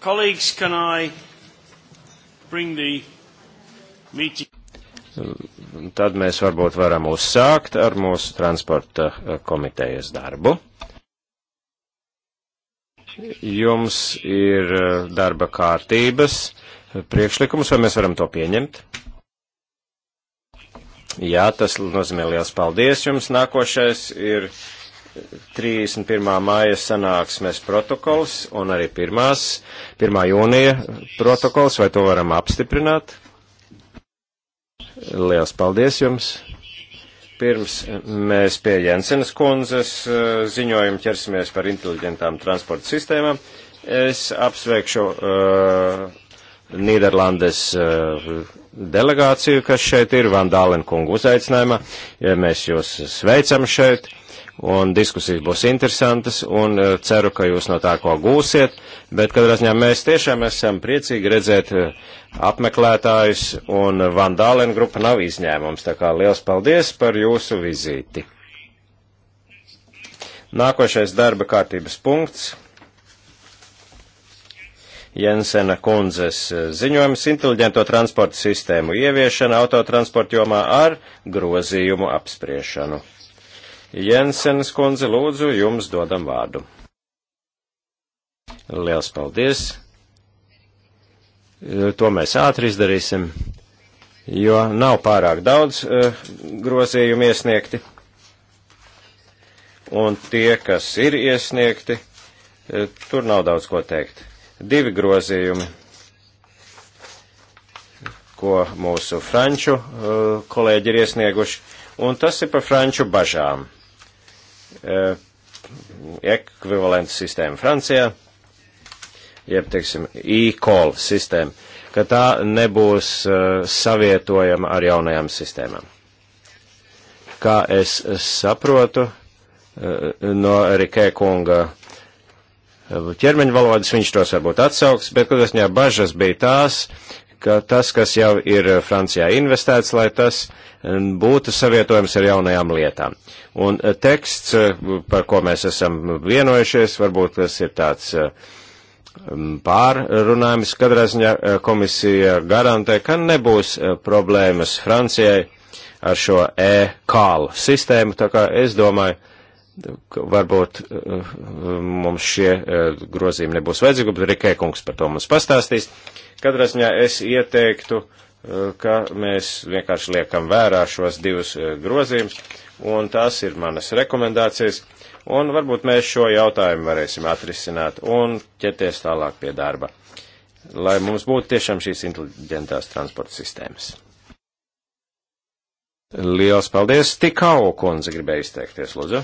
Colleagues, can I bring the meeting? Tad mēs varbūt varam uzsākt ar mūsu transporta eh, komitejas darbu. Jums ir eh, darba kārtības priekšlikums, vai mēs varam to pieņemt? Jā, tas nozīmē liels paldies jums. Nākošais ir 31. māja sanāksmes protokols un arī 1. 1. jūnija protokols, vai to varam apstiprināt? Liels paldies jums! Pirms mēs pie Jensenas kundzes eh, ziņojumu ķersimies par inteliģentām transporta sistēmām, es apsveikšu uh, Nīderlandes uh, delegāciju, kas šeit ir Vandālenkungu uzaicinājumā. Ja mēs jūs sveicam šeit. Uh, un diskusijas būs interesantas, un eh, ceru, ka jūs no tā ko gūsiet, bet katrā ziņā mēs tiešām esam priecīgi redzēt eh, apmeklētājus, un Vandālēna grupa nav izņēmums, tā kā liels paldies par jūsu vizīti. Nākošais darba kārtības punkts. Jensena kundzes eh, ziņojums inteliģento transporta sistēmu ieviešana autotransporta jomā ar grozījumu apspriešanu. Jensenas kundze, lūdzu, jums dodam vārdu. Liels paldies! To mēs ātri izdarīsim, jo nav pārāk daudz eh, grozījumu iesniegti. Un tie, kas ir iesniegti, eh, tur nav daudz ko teikt. Divi grozījumi, ko mūsu franču eh, kolēģi ir iesnieguši, un tas ir par franču bažām Eh, ekvivalents sistēma Francijā, jeb, teiksim, e-call sistēma, ka tā nebūs eh, savietojama ar jaunajām sistēmām. Kā es saprotu eh, no Rikē kunga ķermeņa valodas, viņš tos varbūt atsauks, bet, kad es viņā bažas bija tās, ka tas, kas jau ir eh, Francijā investēts, lai tas eh, būtu savietojams ar jaunajām lietām. Un eh, teksts, par ko mēs esam vienojušies, varbūt tas ir tāds pārrunājums, katrā ziņā komisija garantē, ka nebūs problēmas Francijai ar šo e-kālu sistēmu, tā kā es domāju, varbūt eh, mums šie eh, grozījumi nebūs vajadzīgi, bet Rikē kungs par to mums pastāstīs. Katrā ziņā es ieteiktu, eh, ka mēs vienkārši liekam vērā šos divus grozījumus, un tās ir manas rekomendācijas, un varbūt mēs šo jautājumu varēsim atrisināt un ķerties tālāk pie darba, lai mums būtu tiešām šīs inteliģentās transporta sistēmas. Liels paldies! Tikau kundze gribēja izteikties, lūdzu.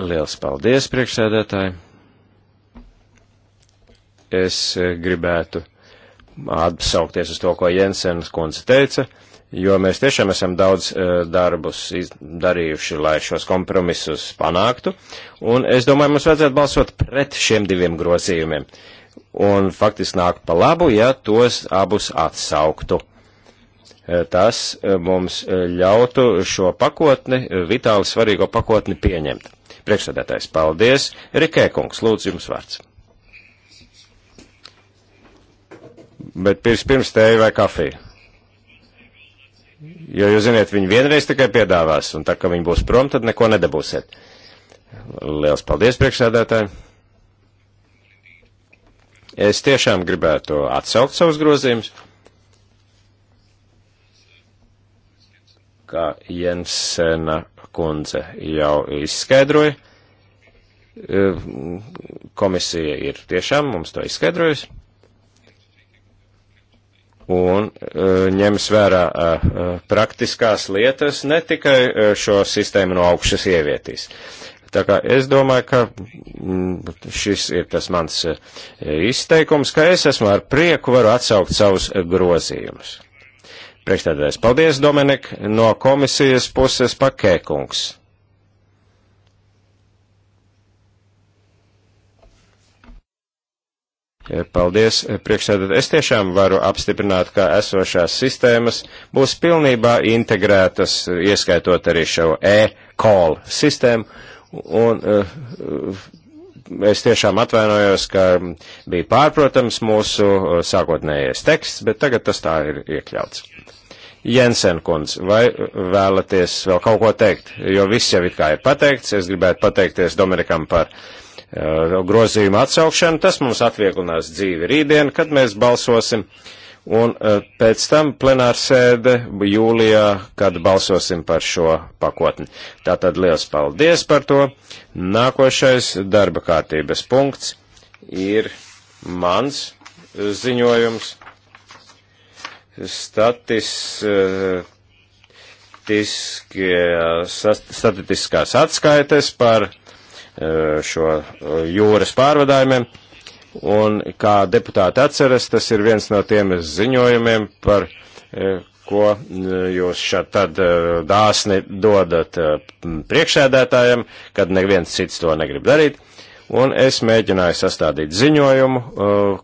Liels paldies, priekšsēdētāji! Es eh, gribētu atsaukties uz to, ko Jensenas kundze teica, jo mēs tiešām esam daudz eh, darbus darījuši, lai šos kompromisus panāktu, un es domāju, mums vajadzētu balsot pret šiem diviem grozījumiem, un faktiski nāk pa labu, ja tos abus atsauktu eh, tas mums ļautu šo pakotni, vitāli svarīgo pakotni pieņemt. Priekšsēdētājs, paldies. Rikē kungs, lūdzu jums vārds. Bet pirms, pirms tēju vai kafiju. Jo, jūs ziniet, viņi vienreiz tikai piedāvās, un tā kā viņi būs prom, tad neko nedabūsiet. Liels paldies priekšsēdētājiem. Es tiešām gribētu atsaukt savus grozījumus. Kā Jensena kundze jau izskaidroja. E, komisija ir tiešām mums to izskaidrojusi un uh, ņems vērā uh, praktiskās lietas, ne tikai uh, šo sistēmu no augšas ievietīs. Tā kā es domāju, ka mm, šis ir tas mans izteikums, ka es esmu ar prieku varu atsaukt savus grozījumus. Priekšstādājs, paldies, Dominik, no komisijas puses pakēkungs. Paldies, priekšsēdētāji. Es tiešām varu apstiprināt, ka esošās sistēmas būs pilnībā integrētas, ieskaitot arī šo e-call sistēmu. Un uh, es tiešām atvainojos, ka bija pārprotams mūsu eh, sākotnējais teksts, bet tagad tas tā ir iekļauts. Jensen kundz, vai vēlaties vēl kaut ko teikt? Jo viss jau it kā ir pateikts, es gribētu pateikties Dominikam par uh, grozījumu atsaukšanu, tas mums atvieglinās dzīvi rītdien, kad mēs balsosim, un uh, pēc tam plenārsēde jūlijā, kad balsosim par šo pakotni. Tātad liels paldies par to. Nākošais darba kārtības punkts ir mans ziņojums statistiskās atskaites par e, šo jūras pārvadājumiem. Un kā deputāti atceras, tas ir viens no tiem ziņojumiem, par e, ko e, jūs šad tad dāsni dodat priekšēdētājiem, kad neviens cits to negrib darīt. Un es mēģināju sastādīt ziņojumu,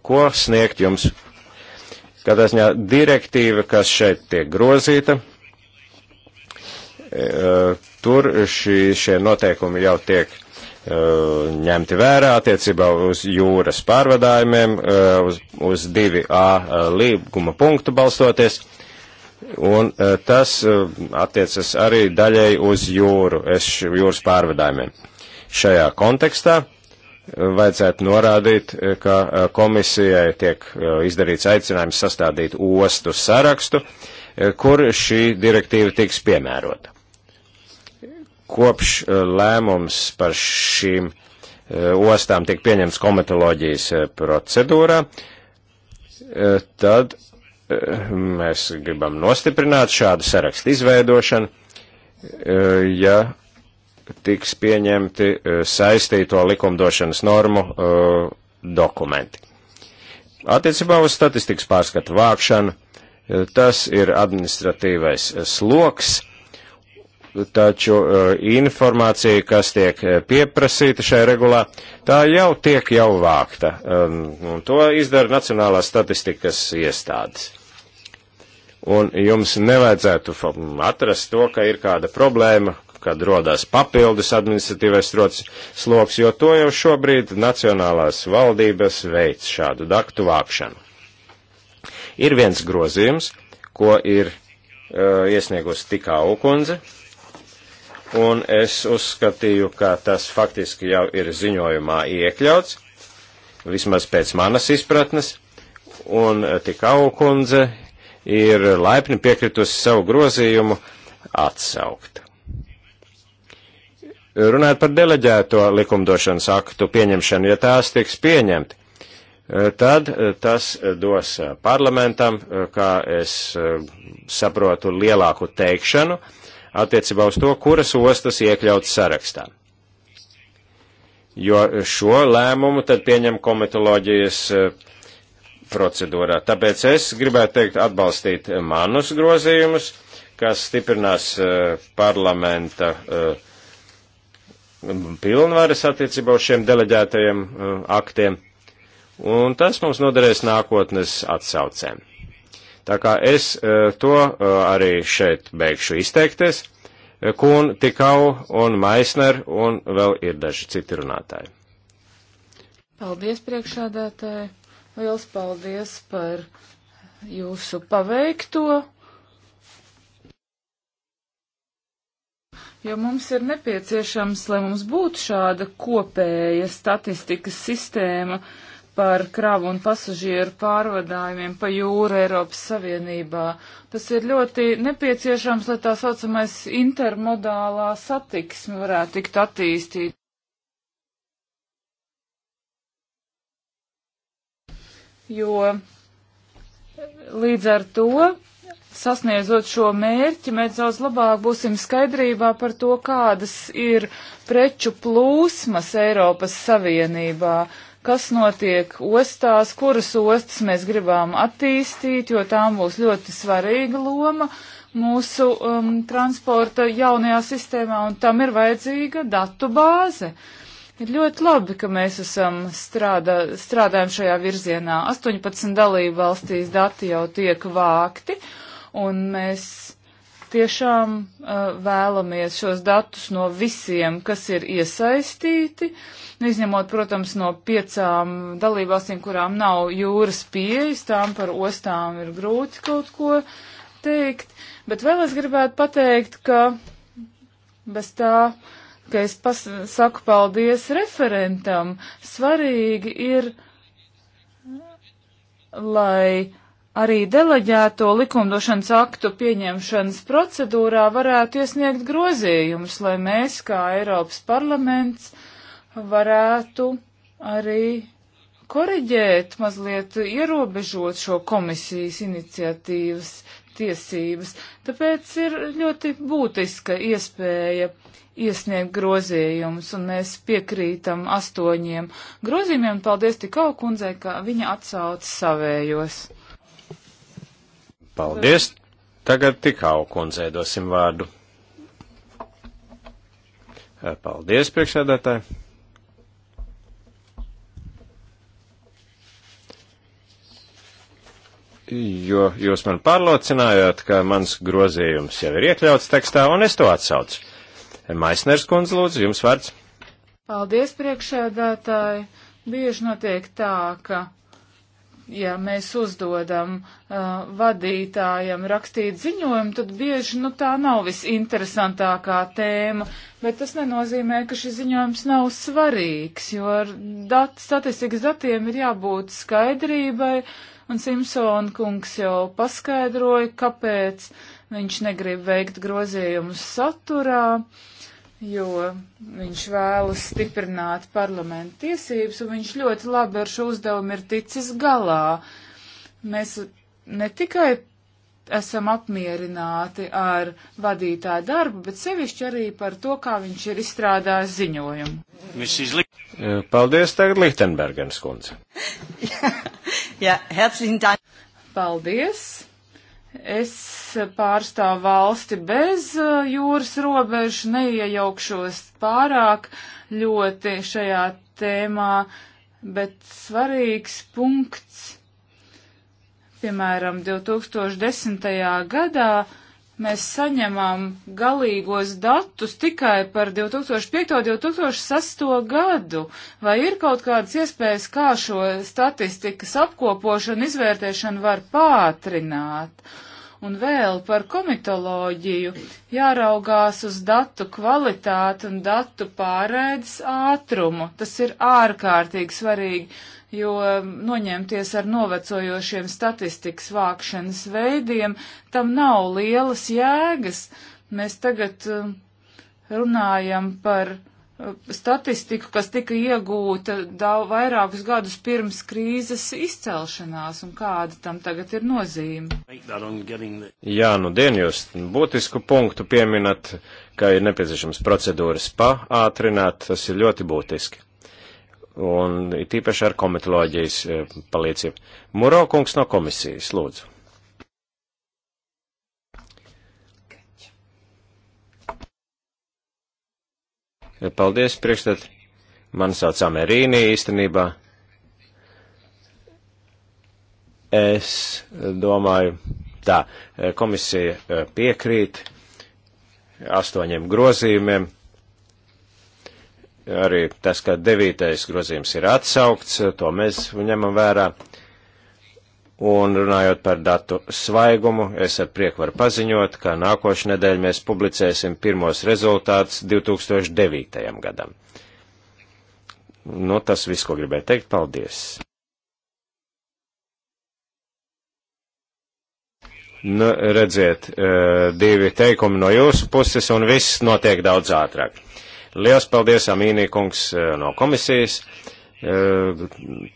ko sniegt jums Katrā ziņā direktīva, kas šeit tiek grozīta, e, e, tur šī, šie noteikumi jau tiek e, ņemti vērā attiecībā uz jūras pārvadājumiem, uz, uz 2A līguma punktu balstoties, un tas attiecas arī daļai uz jūru, es jūras pārvadājumiem. Šajā kontekstā vajadzētu norādīt, ka eh, komisijai tiek eh, izdarīts aicinājums sastādīt ostu sarakstu, eh, kur šī direktīva tiks piemērota. Kopš lēmums par šīm ostām tiek pieņemts komitoloģijas procedūrā, tad mēs gribam nostiprināt šādu sarakstu izveidošanu, ja tiks pieņemti e, saistīto likumdošanas normu e, dokumenti. Attiecībā uz statistikas pārskatu vākšanu, e, tas ir administratīvais sloks, taču informācija, kas tiek pieprasīta šai regulā, tā jau tiek jau vākta, un to izdara Nacionālās statistikas iestādes. Un jums nevajadzētu atrast to, ka ir kāda problēma, kad rodas papildus administratīvais sloks, jo to jau šobrīd nacionālās valdības veids šādu daktu vākšanu. Ir viens grozījums, ko ir uh, iesniegusi tikā Ukundze, un es uzskatīju, ka tas faktiski jau ir ziņojumā iekļauts, vismaz pēc manas izpratnes, un tikā Ukundze ir laipni piekritusi savu grozījumu atsaukt. Runājot par deleģēto likumdošanas aktu pieņemšanu, ja tās tiks pieņemti, eh, tad eh, tas eh, dos parlamentam, kā es saprotu, lielāku teikšanu attiecībā uz to, kuras ostas iekļauts sarakstā. Jo šo lēmumu tad pieņem komitoloģijas procedūrā. Tāpēc es gribētu teikt atbalstīt manus grozījumus, kas stiprinās parlamenta uh, pilnvaras attiecībā uz šiem deleģētajiem uh, aktiem, un tas mums noderēs nākotnes atsaucēm. Tā kā es uh, to uh, arī šeit beigšu izteikties, Kūn, Tikau un Maisner un vēl ir daži citi runātāji. Paldies, priekšādātāji! Liels paldies par jūsu paveikto! jo mums ir nepieciešams, lai mums būtu šāda kopēja statistikas sistēma par kravu un pasažieru pārvadājumiem pa jūru Eiropas Savienībā. Tas ir ļoti nepieciešams, lai tā saucamais intermodālā satiksme varētu tikt attīstīta. Jo līdz ar to sasniedzot šo mērķi, mēs daudz labāk būsim skaidrībā par to, kādas ir preču plūsmas Eiropas Savienībā, kas notiek ostās, kuras ostas mēs gribam attīstīt, jo tām būs ļoti svarīga loma mūsu um, transporta jaunajā sistēmā, un tam ir vajadzīga datu bāze. Ir ļoti labi, ka mēs esam strādā, strādājam šajā virzienā. 18 dalību valstīs dati jau tiek vākti, un mēs tiešām uh, vēlamies šos datus no visiem, kas ir iesaistīti, izņemot, protams, no piecām dalībvalstīm, kurām nav jūras pieejas, tām par ostām ir grūti kaut ko teikt, bet vēl es gribētu pateikt, ka bez tā, ka es pas, saku paldies referentam, svarīgi ir, lai Arī deleģēto likumdošanas aktu pieņemšanas procedūrā varētu iesniegt grozījumus, lai mēs, kā Eiropas parlaments, varētu arī koriģēt, mazliet ierobežot šo komisijas iniciatīvas tiesības. Tāpēc ir ļoti būtiska iespēja iesniegt grozījumus, un mēs piekrītam astoņiem grozījumiem. Paldies tikau kundzei, ka viņa atsauca savējos. Paldies! Tagad tikau kundzei dosim vārdu. Paldies, priekšsēdētāji! Jo jūs man pārliecinājāt, ka mans grozījums jau ir iekļauts tekstā, un es to atsaucu. Maisners kundze, lūdzu, jums vārds. Paldies, priekšsēdētāji! Bieži notiek tā, ka ja mēs uzdodam uh, vadītājam rakstīt ziņojumu, tad bieži nu, tā nav visinteresantākā tēma, bet tas nenozīmē, ka šis ziņojums nav svarīgs, jo ar dat statistikas datiem ir jābūt skaidrībai, un Simpsona kungs jau paskaidroja, kāpēc viņš negrib veikt grozījumus saturā. Uh, jo viņš vēlas stiprināt parlamentu tiesības, un viņš ļoti labi ar šo uzdevumu ir ticis galā. Mēs ne tikai esam apmierināti ar vadītāju darbu, bet sevišķi arī par to, kā viņš ir izstrādājis ziņojumu. Eh, paldies, tagad Lichtenbergens kundze. Jā, herzlichen Dank. Paldies. Es pārstāvu valsti bez uh, jūras robežu, neiejaukšos pārāk ļoti šajā tēmā, bet svarīgs punkts, piemēram, 2010. gadā mēs saņemam galīgos datus tikai par 2005. un 2006. gadu. Vai ir kaut kādas iespējas, kā šo statistikas apkopošanu, izvērtēšanu var pātrināt? Un vēl par komitoloģiju jāraugās uz datu kvalitāti un datu pārēdes ātrumu. Tas ir ārkārtīgi svarīgi jo noņemties ar novecojošiem statistikas vākšanas veidiem, tam nav lielas jēgas. Mēs tagad eh, runājam par eh, statistiku, kas tika iegūta daudz vairākus gadus pirms krīzes izcelšanās, un kāda tam tagad ir nozīme. Jā, nu dien jūs būtisku punktu pieminat, ka ir nepieciešams procedūras paātrināt, tas ir ļoti būtiski un tīpaši ar komitoloģijas e, palīdzību. Muro kungs no komisijas, lūdzu. E, paldies, priekšstat. Man sauc Amerīnī īstenībā. Es domāju, tā, e, komisija piekrīt astoņiem grozījumiem arī tas, ka devītais grozījums ir atsaukts, to mēs ņemam vērā. Un runājot par datu svaigumu, es ar prieku varu paziņot, ka nākošu nedēļu mēs publicēsim pirmos rezultātus 2009. gadam. Nu, tas viss, ko gribēju teikt, paldies. Nu, redziet, eh, divi teikumi no jūsu puses un viss notiek daudz ātrāk. Liels paldies, Amīnī kungs eh, no komisijas. Eh,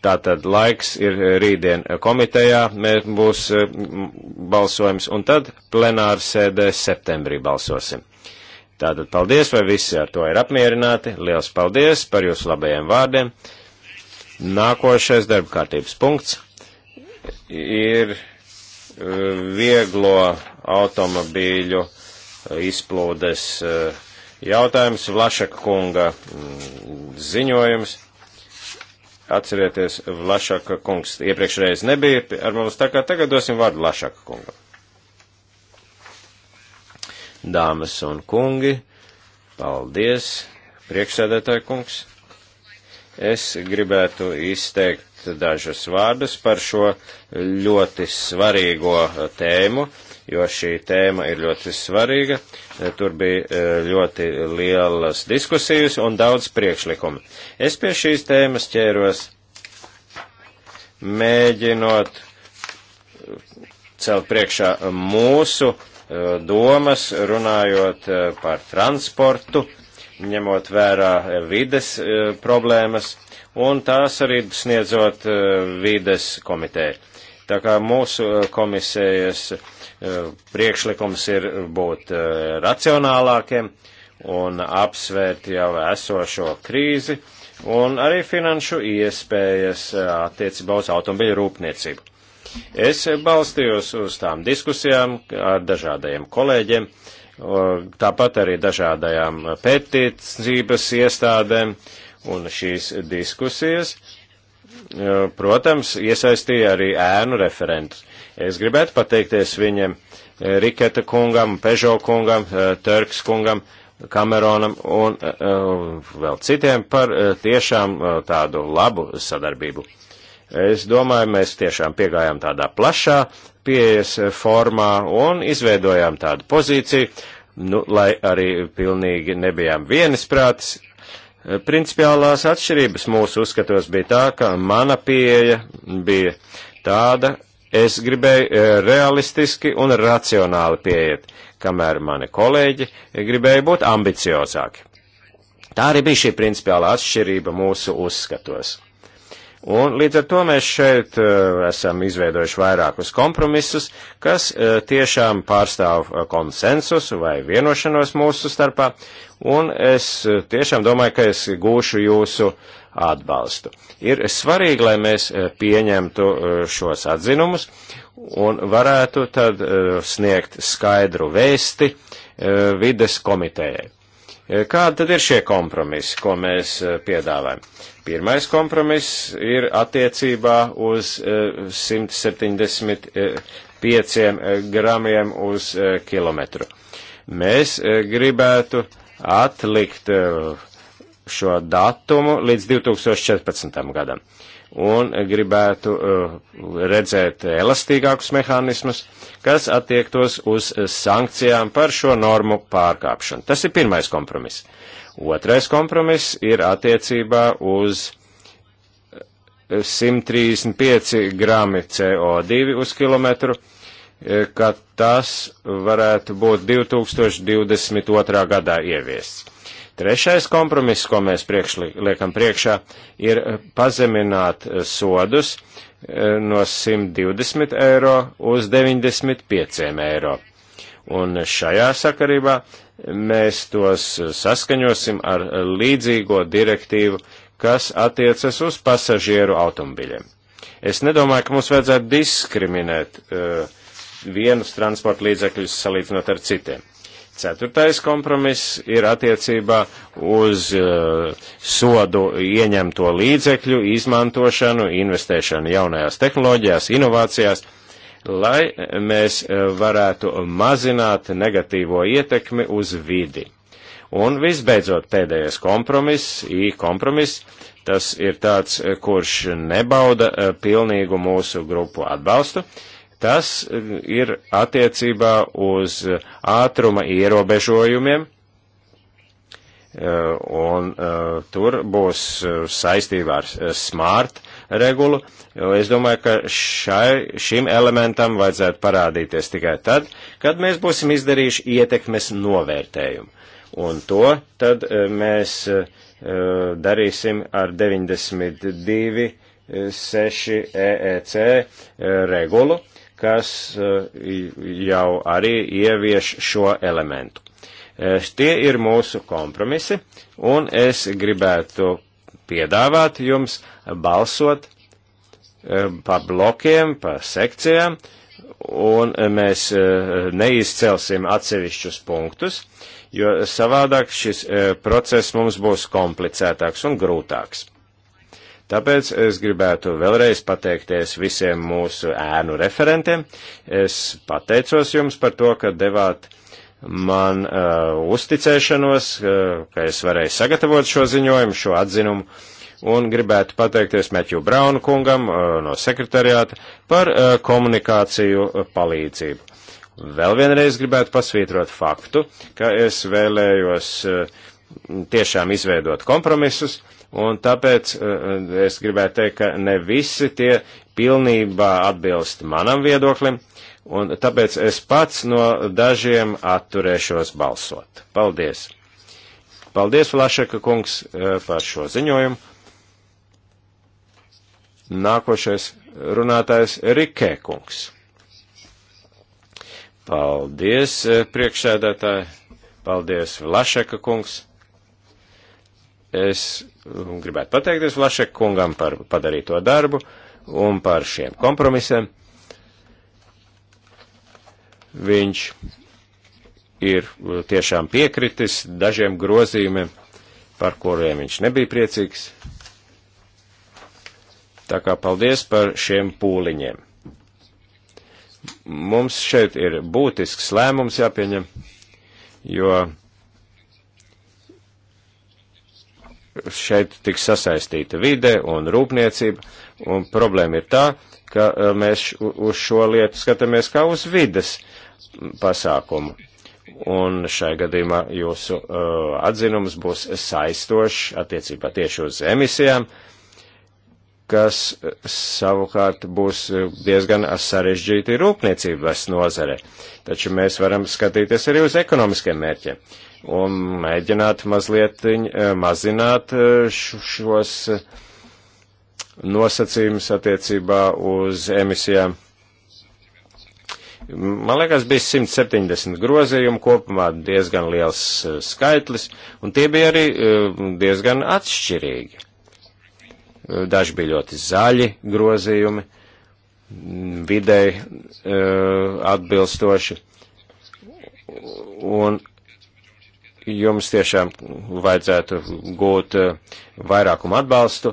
tātad laiks ir rītdien komitejā, mēs būs eh, balsojums, un tad plenāra sēdē septembrī balsosim. Tātad paldies, vai visi ar to ir apmierināti. Liels paldies par jūsu labajiem vārdiem. Nākošais darba kārtības punkts ir vieglo automobīļu izplūdes uh, Jautājums Vlašaka kunga mm, ziņojums. Atcerieties, Vlašaka kungs iepriekšreiz nebija ar mums, tā kā tagad dosim vārdu Vlašaka kungam. Dāmas un kungi, paldies, priekšsēdētāji kungs. Es gribētu izteikt dažus vārdus par šo ļoti svarīgo tēmu, jo šī tēma ir ļoti svarīga. Eh, tur bija eh, ļoti lielas diskusijas un daudz priekšlikumu. Es pie šīs tēmas ķēros mēģinot eh, celt priekšā mūsu domas, runājot par transportu, ņemot vērā vides problēmas un tās arī sniedzot vides komiteju. Tā kā mūsu komisējas Eh, priekšlikums ir būt eh, racionālākiem un apsvērt jau esošo krīzi un arī finanšu iespējas eh, attiecībā uz automobiļu rūpniecību. Es balstījos uz tām diskusijām ar dažādajiem kolēģiem, tāpat arī dažādajām pētniecības iestādēm, un šīs diskusijas, protams, iesaistīja arī ēnu referentus Es gribētu pateikties viņiem, eh, Riketa kungam, Pežo kungam, eh, Turks kungam, Kameronam un eh, vēl citiem par tiešām tādu labu sadarbību. Es domāju, mēs tiešām piegājām tādā plašā pieejas formā un izveidojām tādu pozīciju, nu, lai arī pilnīgi nebijām vienisprātis, Principiālās atšķirības mūsu uzskatos bija tā, ka mana pieeja bija tāda, Es gribēju e, realistiski un racionāli pieiet, kamēr mani kolēģi e, gribēja būt ambiciozāki. Tā arī bija šī principiālā atšķirība mūsu uzskatos. Un līdz ar to mēs šeit e, esam izveidojuši vairākus kompromisus, kas tiešām pārstāv konsensusu vai vienošanos mūsu starpā, un es tiešām domāju, ka es gūšu jūsu uh, atbalstu. Ir svarīgi, lai mēs eh, pieņemtu eh, šos atzinumus un varētu tad eh, sniegt skaidru vēsti vides komitējai. Kādi tad ir šie kompromisi, ko mēs piedāvājam? Pirmais kompromiss ir attiecībā uz 175 gramiem uz kilometru. Mēs gribētu atlikt uh, šo datumu līdz 2014. gadam. Un gribētu uh, redzēt elastīgākus mehānismus, kas attiektos uz sankcijām par šo normu pārkāpšanu. Tas ir pirmais kompromiss. Otrais kompromiss ir attiecībā uz 135 grami CO2 uz kilometru, eh, ka tas varētu būt 2022. gadā ieviests. Trešais kompromiss, ko mēs liekam priekšā, ir eh, pazemināt eh, sodus eh, no 120 eiro uz 95 eiro. Un šajā sakarībā mēs tos saskaņosim ar līdzīgo direktīvu, kas attiecas uz pasažieru automobiļiem. Es nedomāju, ka mums vajadzētu diskriminēt uh, vienus transporta līdzekļus salīdzinot ar citiem. Ceturtais kompromiss ir attiecībā uz uh, sodu ieņemto līdzekļu izmantošanu, investēšanu jaunajās tehnoloģijās, inovācijās, lai mēs eh, varētu mazināt negatīvo ietekmi uz vidi. Un visbeidzot pēdējais kompromiss, I kompromiss, tas ir tāds, eh, kurš nebauda pilnīgu mūsu grupu atbalstu. Uh, Tas e, ir attiecībā uz ātruma ierobežojumiem, e, un e, tur būs saistība ar smart regulu. Es domāju, ka šai, šim elementam vajadzētu parādīties tikai tad, kad mēs būsim izdarījuši ietekmes novērtējumu. Un to tad mēs darīsim ar 92.6 EEC regulu, kas eh, jau arī ievieš šo elementu. Tie ir mūsu kompromisi, un es gribētu piedāvāt jums balsot eh, pa blokiem, pa sekcijām, un mēs eh, neizcelsim atsevišķus punktus, jo savādāk šis process mums būs komplicētāks un grūtāks. Tāpēc es gribētu vēlreiz pateikties visiem mūsu ēnu referentiem. Es pateicos jums par to, ka devāt man uh, uzticēšanos, uh, ka es varēju sagatavot šo ziņojumu, šo atzinumu. Un gribētu pateikties Meķu Braunu kungam uh, no sekretariāta par uh, komunikāciju uh, palīdzību. Vēl vienreiz gribētu pasvītrot faktu, ka es vēlējos uh, tiešām izveidot kompromisus, uh, Un tāpēc eh, eh, es gribētu teikt, ka ne visi tie pilnībā atbilst manam viedoklim, un tāpēc es pats no dažiem atturēšos balsot. Paldies! Paldies, Lašeka kungs, eh, par šo ziņojumu. Nākošais runātājs Rikē kungs. Paldies, priekšsēdētāji! Paldies, Lašeka kungs! Es gribētu pateikties Vlašek kungam par padarīto darbu un par šiem kompromisiem. Viņš ir tiešām piekritis dažiem grozījumiem, par kuriem viņš nebija priecīgs. Tā kā paldies par šiem pūliņiem. Mums šeit ir būtisks lēmums jāpieņem, jo šeit tiks sasaistīta vide un rūpniecība, un problēma ir tā, ka eh, mēs uz šo lietu skatāmies kā uz vides pasākumu. Un šai gadījumā jūsu uh, atzinums būs saistošs attiecībā tieši uz emisijām, kas eh, savukārt būs diezgan sarežģīti rūpniecības nozare. Taču mēs varam skatīties arī uz ekonomiskiem mērķiem. Uh, un mēģināt mazliet e, mazināt e, šos e, nosacījumus attiecībā uz emisijām. Man liekas, bija 170 grozījumi, kopumā diezgan liels skaitlis, un tie bija arī diezgan atšķirīgi. Daži bija ļoti zaļi grozījumi, videi atbilstoši, un jums tiešām vajadzētu gūt eh, vairākumu atbalstu,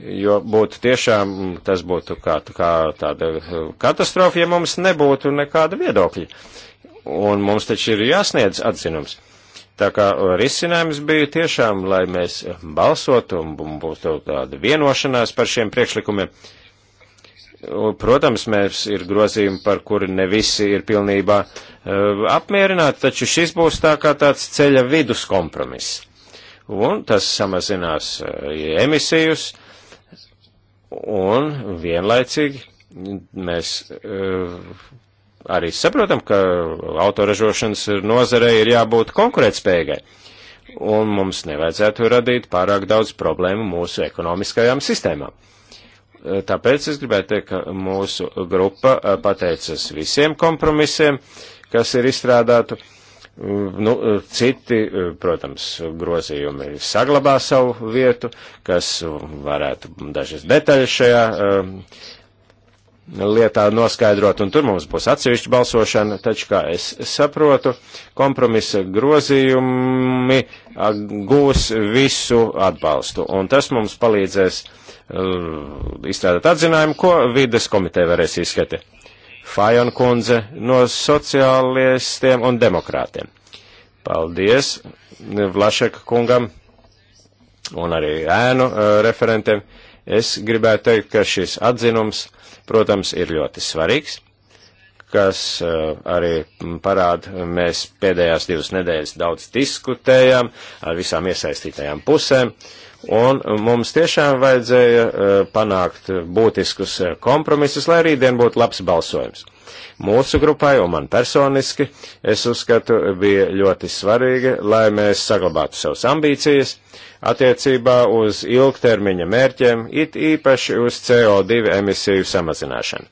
jo būtu tiešām, mm, tas būtu kā, kā tāda eh, katastrofa, ja mums nebūtu nekāda viedokļa. Un mums taču ir jāsniedz atzinums. Tā kā eh, risinājums bija tiešām, lai mēs balsotu un būtu tāda vienošanās par šiem priekšlikumiem. Uh, Protams, mēs ir grozījumi, par kuri ne visi ir pilnībā eh, apmierināti, taču šis būs tā kā tāds ceļa vidus kompromiss. Un tas samazinās eh, emisijas, un vienlaicīgi mēs eh, arī saprotam, ka autoražošanas nozarei ir jābūt konkurētspējīgai. Un mums nevajadzētu radīt pārāk daudz problēmu mūsu ekonomiskajām sistēmām. Tāpēc es gribētu teikt, ka mūsu grupa eh, pateicas visiem kompromisiem, kas ir izstrādātu. Mm, nu, eh, citi, eh, protams, grozījumi saglabā savu vietu, kas varētu dažas detaļas šajā lietā noskaidrot, un tur mums būs atsevišķa balsošana, taču, kā es saprotu, kompromisa grozījumi gūs visu atbalstu, un tas mums palīdzēs uh, Uh, izstrādāt atzinājumu, ko vides komiteja varēs izskatīt. Fajon kundze no sociālistiem un demokrātiem. Paldies Vlašeka kungam un arī ēnu uh, referentiem. Es gribētu teikt, ka šis atzinums, protams, ir ļoti svarīgs, kas uh, arī parāda, mēs pēdējās divas nedēļas daudz diskutējām ar visām iesaistītajām pusēm Un uh, mums tiešām vajadzēja uh, panākt uh, būtiskus kompromisus, lai rītdien būtu labs balsojums. Mūsu grupai un man personiski, es uzskatu, bija ļoti svarīgi, lai mēs saglabātu savas ambīcijas attiecībā uz ilgtermiņa mērķiem, it īpaši uz CO2 emisiju samazināšanu.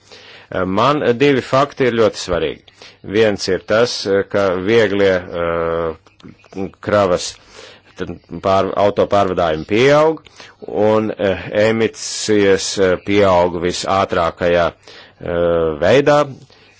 Man divi fakti ir ļoti svarīgi. Viens ir tas, ka vieglie uh, kravas uh, pār, auto pārvadājumi pieaug un eh, emisijas eh, pieaug visātrākajā eh, veidā,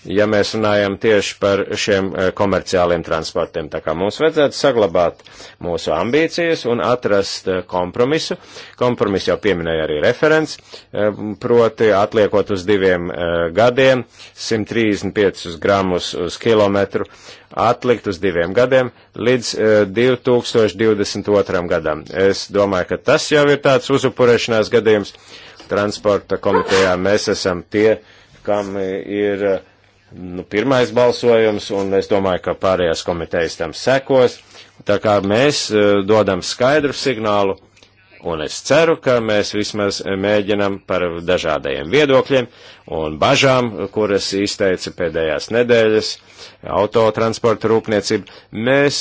ja mēs runājam tieši par šiem eh, komerciāliem transportiem. Tā kā mums vajadzētu saglabāt mūsu ambīcijas un atrast eh, kompromisu. Kompromisu jau pieminēja arī referents, eh, proti atliekot uz diviem gadiem 135 gramus uz kilometru, atlikt uz diviem gadiem līdz 2022. gadam. Es domāju, ka tas jau ir tāds uzupurēšanās gadījums. Transporta komitejā mēs esam tie, kam ir uh, nu, pirmais balsojums, un es domāju, ka pārējās komitejas tam sekos. Tā kā mēs e, dodam skaidru signālu, un es ceru, ka mēs vismaz mēģinam par dažādajiem viedokļiem un bažām, kuras izteica pēdējās nedēļas autotransporta rūpniecība, mēs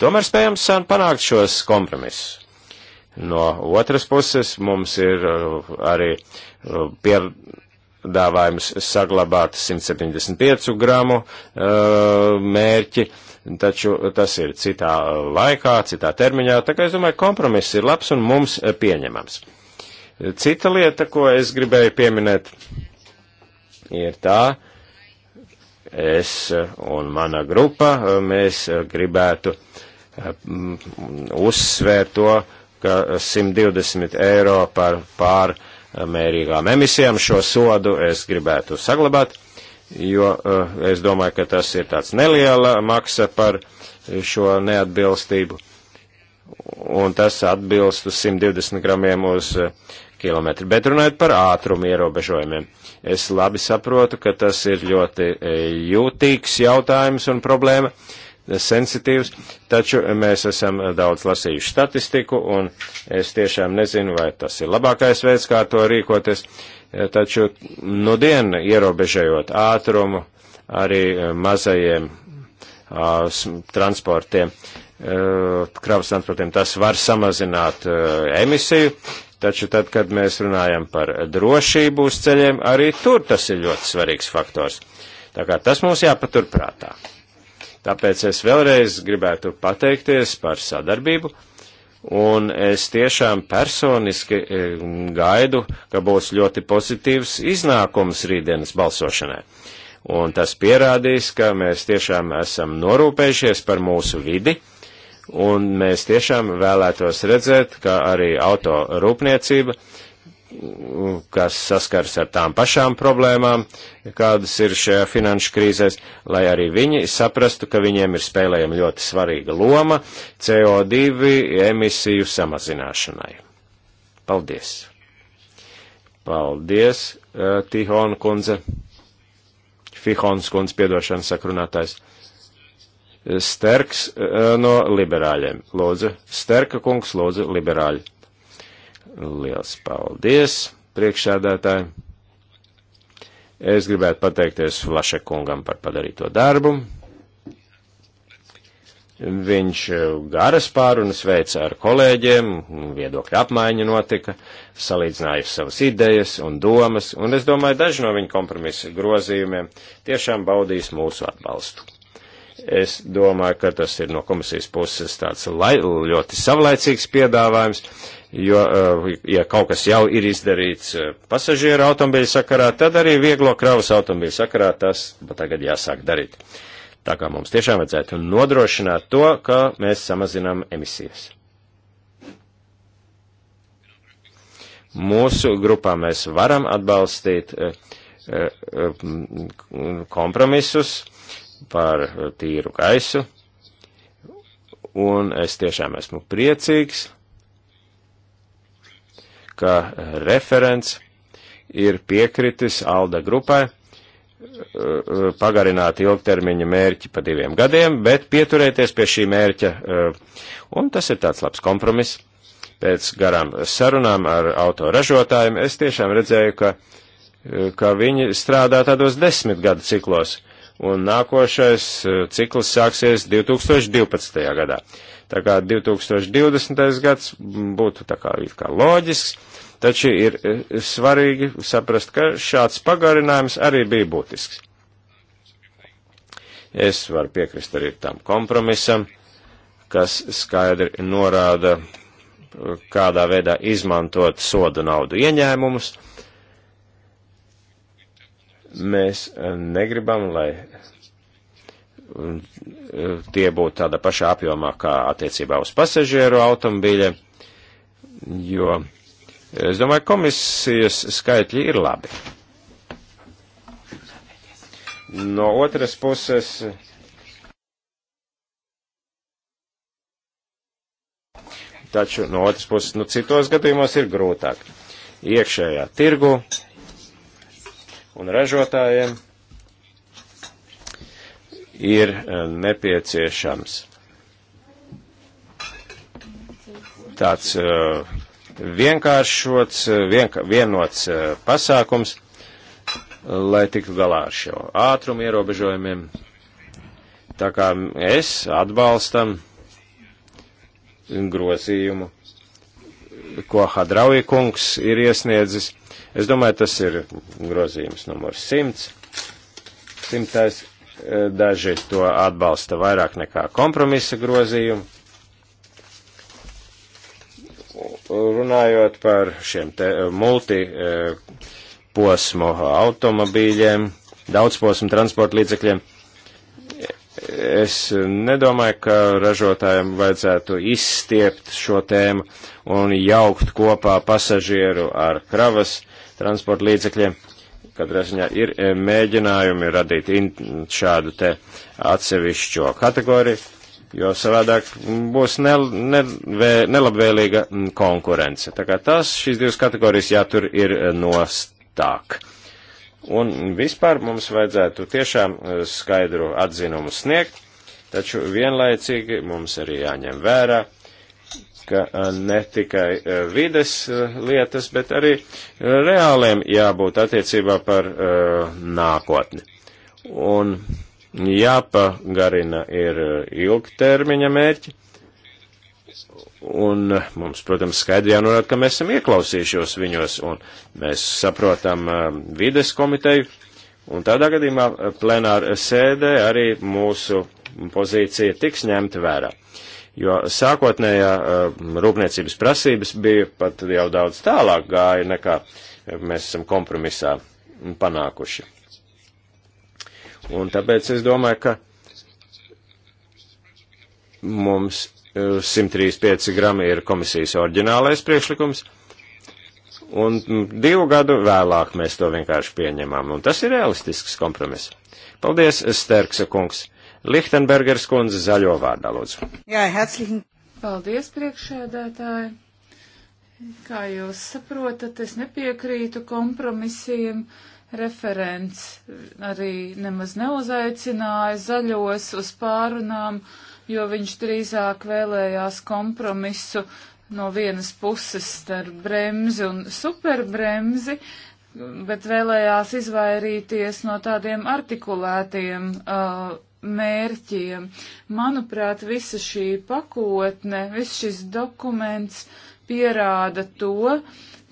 tomēr spējam panākt šos kompromisus. No otras puses mums ir e, arī e, pie piedāvājums saglabāt 175 gramu uh, mērķi, taču tas ir citā laikā, citā termiņā, tā kā es domāju, kompromiss ir labs un mums pieņemams. Cita lieta, ko es gribēju pieminēt, ir tā, es un mana grupa, mēs gribētu mm, uzsvērt to, ka 120 eiro par pār mērīgām emisijām šo sodu es gribētu saglabāt, jo eh, es domāju, ka tas ir tāds neliela maksa par šo neatbilstību. Un tas atbilst uz 120 gramiem uz eh, kilometru. Bet runājot par ātrumu ierobežojumiem, es labi saprotu, ka tas ir ļoti eh, jūtīgs jautājums un problēma. Uh, sensitīvs, taču mēs esam daudz lasījuši statistiku, un es tiešām nezinu, vai tas ir labākais veids, kā to rīkoties, taču nu dienu ierobežējot ātrumu arī mazajiem uh, transportiem, uh, kravas transportiem, tas var samazināt uh, emisiju, taču tad, kad mēs runājam par drošību uz ceļiem, arī tur tas ir ļoti svarīgs faktors. Tā kā tas mums jāpaturprātā. prātā. Tāpēc es vēlreiz gribētu pateikties par sadarbību, un es tiešām personiski e, gaidu, ka būs ļoti pozitīvs iznākums rītdienas balsošanai. Un tas pierādīs, ka mēs tiešām esam norūpējušies par mūsu vidi, un mēs tiešām vēlētos redzēt, ka arī auto rūpniecība kas saskars ar tām pašām problēmām, kādas ir šajā finanšu krīzēs, lai arī viņi saprastu, ka viņiem ir spēlējama ļoti svarīga loma CO2 emisiju samazināšanai. Paldies! Paldies, eh, Tihona kundze! Fihons kundze, piedošanas sakrunātājs. Sterks eh, no liberāļiem. Lūdzu, Sterka kungs, lūdzu, liberāļi. Liels paldies, priekšsēdētāji! Es gribētu pateikties Flašekungam par padarīto darbu. Viņš e, garas pārunas veica ar kolēģiem, viedokļa apmaiņa notika, salīdzināja savas idejas un domas, un es domāju, daži no viņa kompromisa grozījumiem tiešām baudīs mūsu atbalstu. Es domāju, ka tas ir no komisijas puses tāds lai, ļoti savlaicīgs piedāvājums, jo, uh, ja kaut kas jau ir izdarīts uh, pasažieru automobīļu sakarā, tad arī vieglo kravas automobīļu sakarā tas tagad jāsāk darīt. Tā kā mums tiešām vajadzētu nodrošināt to, ka mēs samazinām emisijas. Mūsu grupā mēs varam atbalstīt uh, um, kompromisus, par eh, tīru gaisu, un es tiešām esmu priecīgs, ka eh, referents ir piekritis Alda grupai eh, pagarināt ilgtermiņa mērķi pa diviem gadiem, bet pieturēties pie šī mērķa, un tas ir tāds labs kompromiss. Pēc garām sarunām ar autoražotājiem es tiešām redzēju, ka, ka viņi strādā tādos desmit gadu ciklos, un nākošais eh, cikls sāksies 2012. gadā. Tā kā 2020. gads būtu tā kā, kā loģisks, taču ir eh, svarīgi saprast, ka šāds pagarinājums arī bija būtisks. Es varu piekrist arī tam kompromisam, kas skaidri norāda, eh, kādā veidā izmantot soda naudu ieņēmumus, Mēs eh, negribam, lai eh, tie būtu tādā pašā apjomā kā attiecībā uz pasažieru automobīļiem, jo eh, es domāju, komisijas skaitļi ir labi. No otras puses. Taču no otras puses, nu, citos gadījumos ir grūtāk. Iekšējā tirgu un ražotājiem ir eh, nepieciešams. Tāds eh, vienkāršots, eh, vienka, vienots pasākums, lai tiktu galā ar šo ātrumu ierobežojumiem. Tā kā es atbalstam grozījumu, ko Hadrauja kungs ir iesniedzis Es domāju, tas ir grozījums numurs 100. Simtais e, daži to atbalsta vairāk nekā kompromisa grozījumu. Runājot par šiem te e, multiposmu e, automobīļiem, daudzposmu transporta līdzekļiem, es nedomāju, ka ražotājiem vajadzētu izstiept šo tēmu un jaukt kopā pasažieru ar kravas transporta līdzekļiem. Katrā ziņā ir e, mēģinājumi radīt šādu te atsevišķo kategoriju, jo savādāk būs ne, ne, vē, nelabvēlīga konkurence. Tā kā tās šīs divas kategorijas jātur ir e, nostāk. Un vispār mums vajadzētu tiešām eh, skaidru atzinumu sniegt, taču vienlaicīgi mums arī jāņem vērā, ka eh, ne tikai eh, vides lietas, bet arī reāliem jābūt attiecībā par nākotni. Un jāpagarina ir ilgtermiņa mērķi Un eh, mums, protams, skaidri jānorāda, ka mēs esam ieklausījušos viņos, un mēs saprotam eh, vides komiteju, un tādā gadījumā eh, plenāra sēdē arī mūsu pozīcija tiks ņemta vērā. Jo sākotnējā rūpniecības prasības bija pat jau daudz tālāk gāja, nekā mēs esam kompromisā panākuši. Un tāpēc es domāju, ka mums 135 grami ir komisijas oriģinālais priekšlikums, un divu gadu vēlāk mēs to vienkārši pieņemam, un tas ir realistisks kompromiss. Paldies, Sterksa kungs. Lichtenbergers kundze zaļo vārdā, lūdzu. Jā, herzlichen. Paldies, priekšēdētāji. Kā jūs saprotat, es nepiekrītu kompromisiem. Uh, Referents arī nemaz neuzaicināja zaļos uz pārunām, jo viņš drīzāk vēlējās kompromisu no vienas puses starp bremzi un superbremzi, bet vēlējās izvairīties no tādiem artikulētiem uh, mērķiem. Manuprāt, visa šī pakotne, viss šis dokuments pierāda to,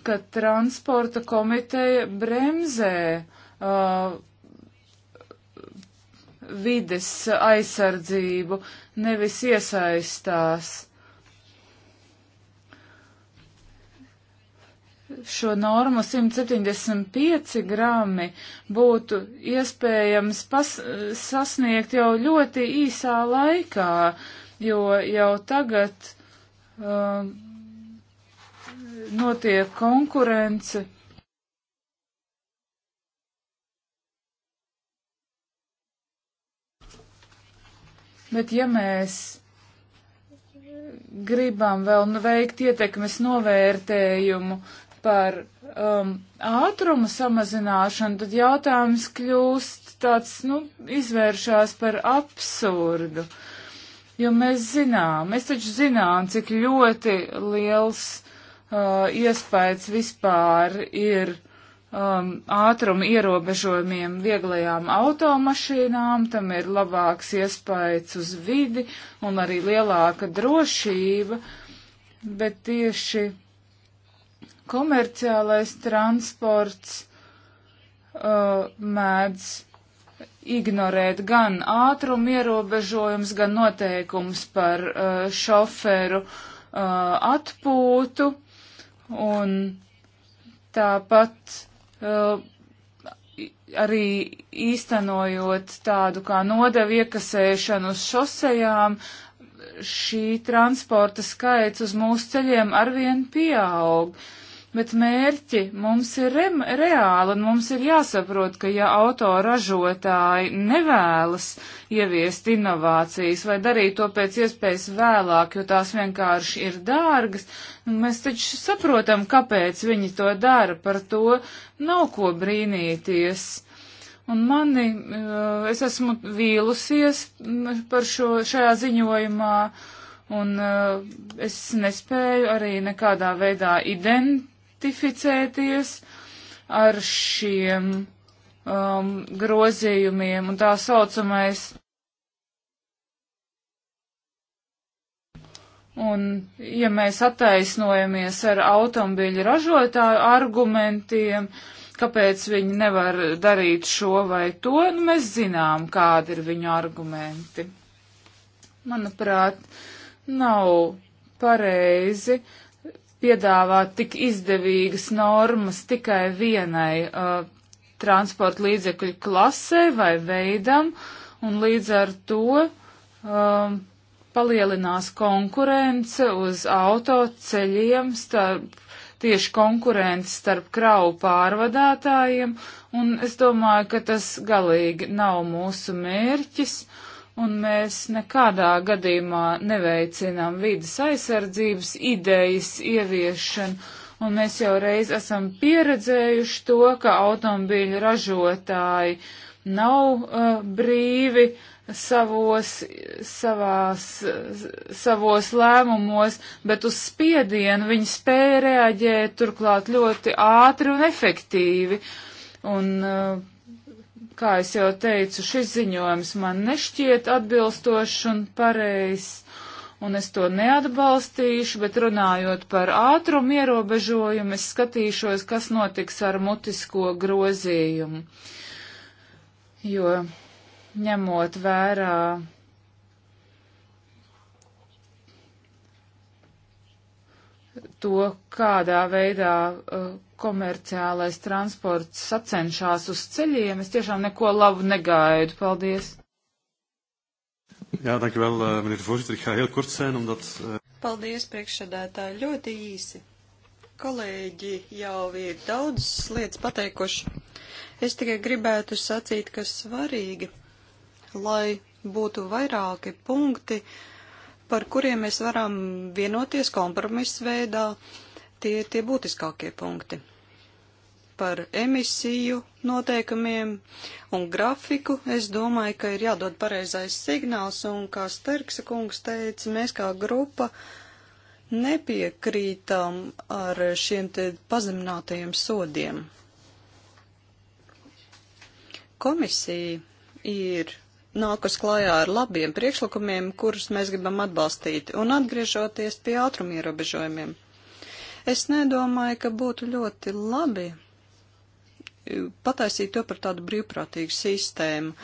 ka transporta komiteja bremzē uh, vides aizsardzību, nevis iesaistās. Šo normu 175 grami būtu iespējams pas, sasniegt jau ļoti īsā laikā, jo jau tagad uh, notiek konkurence. Bet ja mēs gribam vēl nu, veikt ietekmes novērtējumu par um, ātrumu samazināšanu, tad jautājums kļūst tāds, nu, izvēršās par absurdu. Jo mēs zinām, mēs taču zinām, cik ļoti liels uh, iespējas vispār ir um, ātruma ierobežojumiem vieglajām automašīnām, tam ir labāks iespējas uz vidi un arī lielāka drošība, bet tieši komerciālais transports uh, mēdz ignorēt gan ātrumu ierobežojums, gan noteikums par uh, šoferu uh, atpūtu. Uh, un tāpat uh, arī īstenojot tādu kā nodevu iekasēšanu uz šosejām, šī transporta skaits uz mūsu ceļiem arvien pieaug. Uh, bet mērķi mums ir re reāli un mums ir jāsaprot, ka ja autoražotāji nevēlas ieviest inovācijas vai darīt to pēc iespējas vēlāk, jo tās vienkārši ir dārgas, nu, mēs taču saprotam, kāpēc viņi to dara, par to nav ko brīnīties. Un mani, uh, es esmu vīlusies mm, par šo, šajā ziņojumā, un uh, es nespēju arī nekādā veidā ident identificēties ar šiem um, grozījumiem un tā saucamais. Un, ja mēs attaisnojamies ar automobiļu ražotāju argumentiem, kāpēc viņi nevar darīt šo vai to, nu, mēs zinām, kādi ir viņu argumenti. Manuprāt, nav pareizi uh, piedāvāt tik izdevīgas normas tikai vienai uh, transporta līdzekļu klasē vai veidam, un līdz ar to um, palielinās konkurence uz autoceļiem starp tieši konkurence starp kravu pārvadātājiem, un es domāju, ka tas galīgi nav mūsu mērķis un mēs nekādā gadījumā neveicinām vidas aizsardzības idejas ieviešanu, un mēs jau reiz esam pieredzējuši to, ka automobīļu ražotāji nav uh, brīvi savos, savās, savos lēmumos, bet uz spiedienu viņi spēja reaģēt turklāt ļoti ātri un efektīvi. Un uh, Kā es jau teicu, šis ziņojums man nešķiet atbilstošs un pareizs, un es to neatbalstīšu, bet runājot par ātrumu ierobežojumu, es skatīšos, kas notiks ar mutisko grozījumu. Jo ņemot vērā to, kādā veidā uh, komerciālais transports sacenšās uz ceļiem, es tiešām neko labu negaidu. Paldies! Jā, dankjewel, eh, meneer de voorzitter. Ik ga heel kort zijn, omdat... Eh, Paldies, priekšsēdētāji. Ļoti īsi. Kolēģi jau ir daudz lietas pateikuši. Es tikai gribētu sacīt, kas svarīgi, lai būtu vairāki punkti, par kuriem mēs varam vienoties kompromisu veidā. Tie ir tie būtiskākie punkti par emisiju noteikumiem un grafiku, es domāju, ka ir jādod pareizais signāls, un kā Sterksa kungs teica, mēs kā grupa nepiekrītam ar šiem te pazeminātajiem sodiem. Komisija ir nākus klajā ar labiem priekšlikumiem, kurus mēs gribam atbalstīt, un atgriežoties pie ātruma ierobežojumiem. Es nedomāju, ka būtu ļoti labi, pataisīt to par tādu brīvprātīgu sistēmu.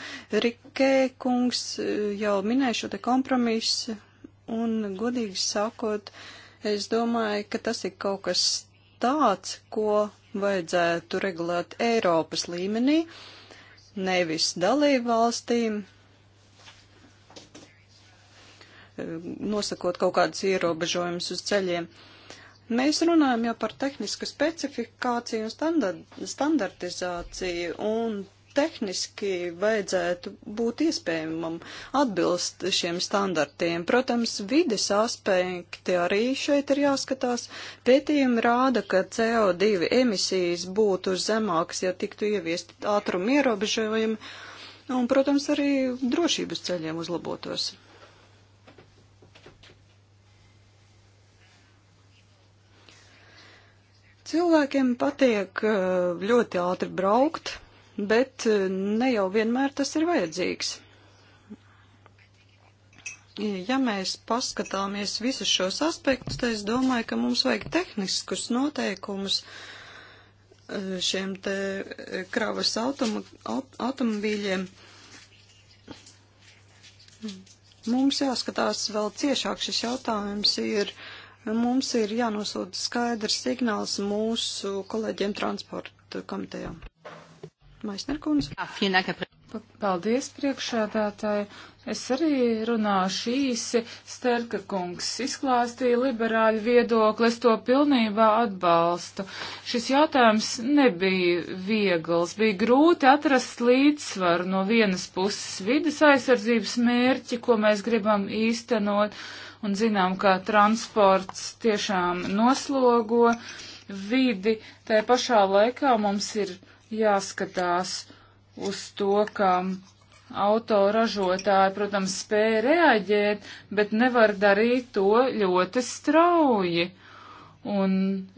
Rikē kungs eh, jau minēja šo te kompromisu, un godīgi sakot, es domāju, ka tas ir kaut kas tāds, ko vajadzētu regulēt Eiropas līmenī, nevis dalību valstīm, eh, nosakot kaut kādus ierobežojumus uz ceļiem. Uh, Mēs runājam jau par tehnisku specifikāciju un standart, standartizāciju, un tehniski vajadzētu būt iespējamam atbilst šiem standartiem. Protams, vides aspekti arī šeit ir jāskatās. Pētījumi rāda, ka CO2 emisijas būtu zemākas, ja tiktu ieviesti ātruma ierobežojumi, un, protams, arī drošības ceļiem uzlabotos. Cilvēkiem patiek eh, ļoti ātri braukt, bet eh, ne jau vienmēr tas ir vajadzīgs. Ja mēs paskatāmies visus šos aspektus, tad es domāju, ka mums vajag tehniskus noteikumus eh, šiem te kravas automa, aut, automobīļiem. Mums jāskatās vēl ciešāk šis jautājums ir. Uh, Mums ir jānosūta skaidrs signāls mūsu kolēģiem transporta komitejā. Maisnerkundze. Paldies, priekšādātāji. Es arī runāšu īsi. Sterka kungs izklāstīja liberāļu viedokli, es to pilnībā atbalstu. Šis jautājums nebija viegls, bija grūti atrast līdzsvaru no vienas puses vidas aizsardzības mērķi, ko mēs gribam īstenot un zinām, kā transports tiešām noslogo vidi. Tā pašā laikā mums ir jāskatās uz to, ka autoražotāji, protams, spēja reaģēt, bet nevar darīt to ļoti strauji. Uh, Un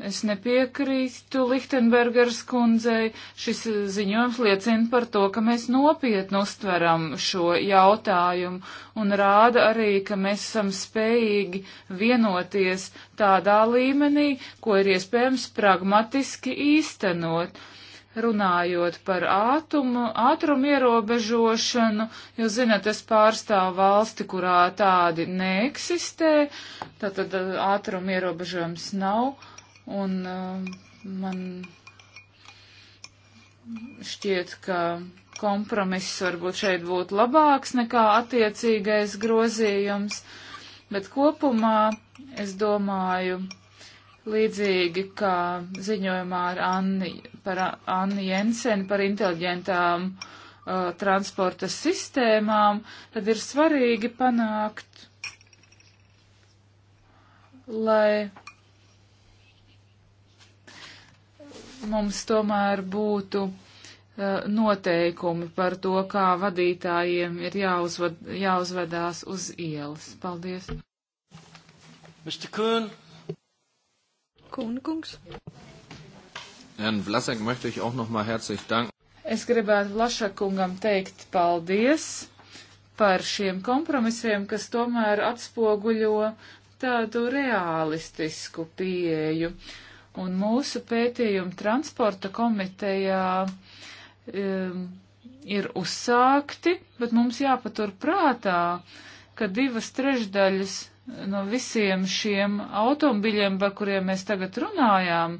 es nepiekrītu Lichtenbergers kundzei. Šis ziņojums liecina par to, ka mēs nopietni uztveram šo jautājumu un rāda arī, ka mēs esam spējīgi vienoties tādā līmenī, ko ir iespējams pragmatiski īstenot runājot par ātumu, ātrumu ierobežošanu, jo, zinat, es pārstāvu valsti, kurā tādi neeksistē, tātad eh, ātrumu ierobežojums nav, un eh, man šķiet, ka kompromiss varbūt šeit būtu labāks nekā attiecīgais grozījums, bet kopumā es domāju, līdzīgi kā ziņojumā ar Anni, par Anni Jensen par inteliģentām uh, transporta sistēmām, tad ir svarīgi panākt, lai mums tomēr būtu uh, noteikumi par to, kā vadītājiem ir jāuzvad, jāuzvedās uz ielas. Paldies. Mr. Kuhn. Kunkungs. Herrn Vlasek möchte ich auch nochmal herzlich danken. Es gribētu Vlašakungam teikt paldies par šiem kompromisiem, kas tomēr atspoguļo tādu realistisku pieeju. Un mūsu pētījumu transporta komitejā um, ir uzsākti, bet mums jāpatur prātā, ka divas trešdaļas no visiem šiem automobiļiem, par kuriem mēs tagad runājām,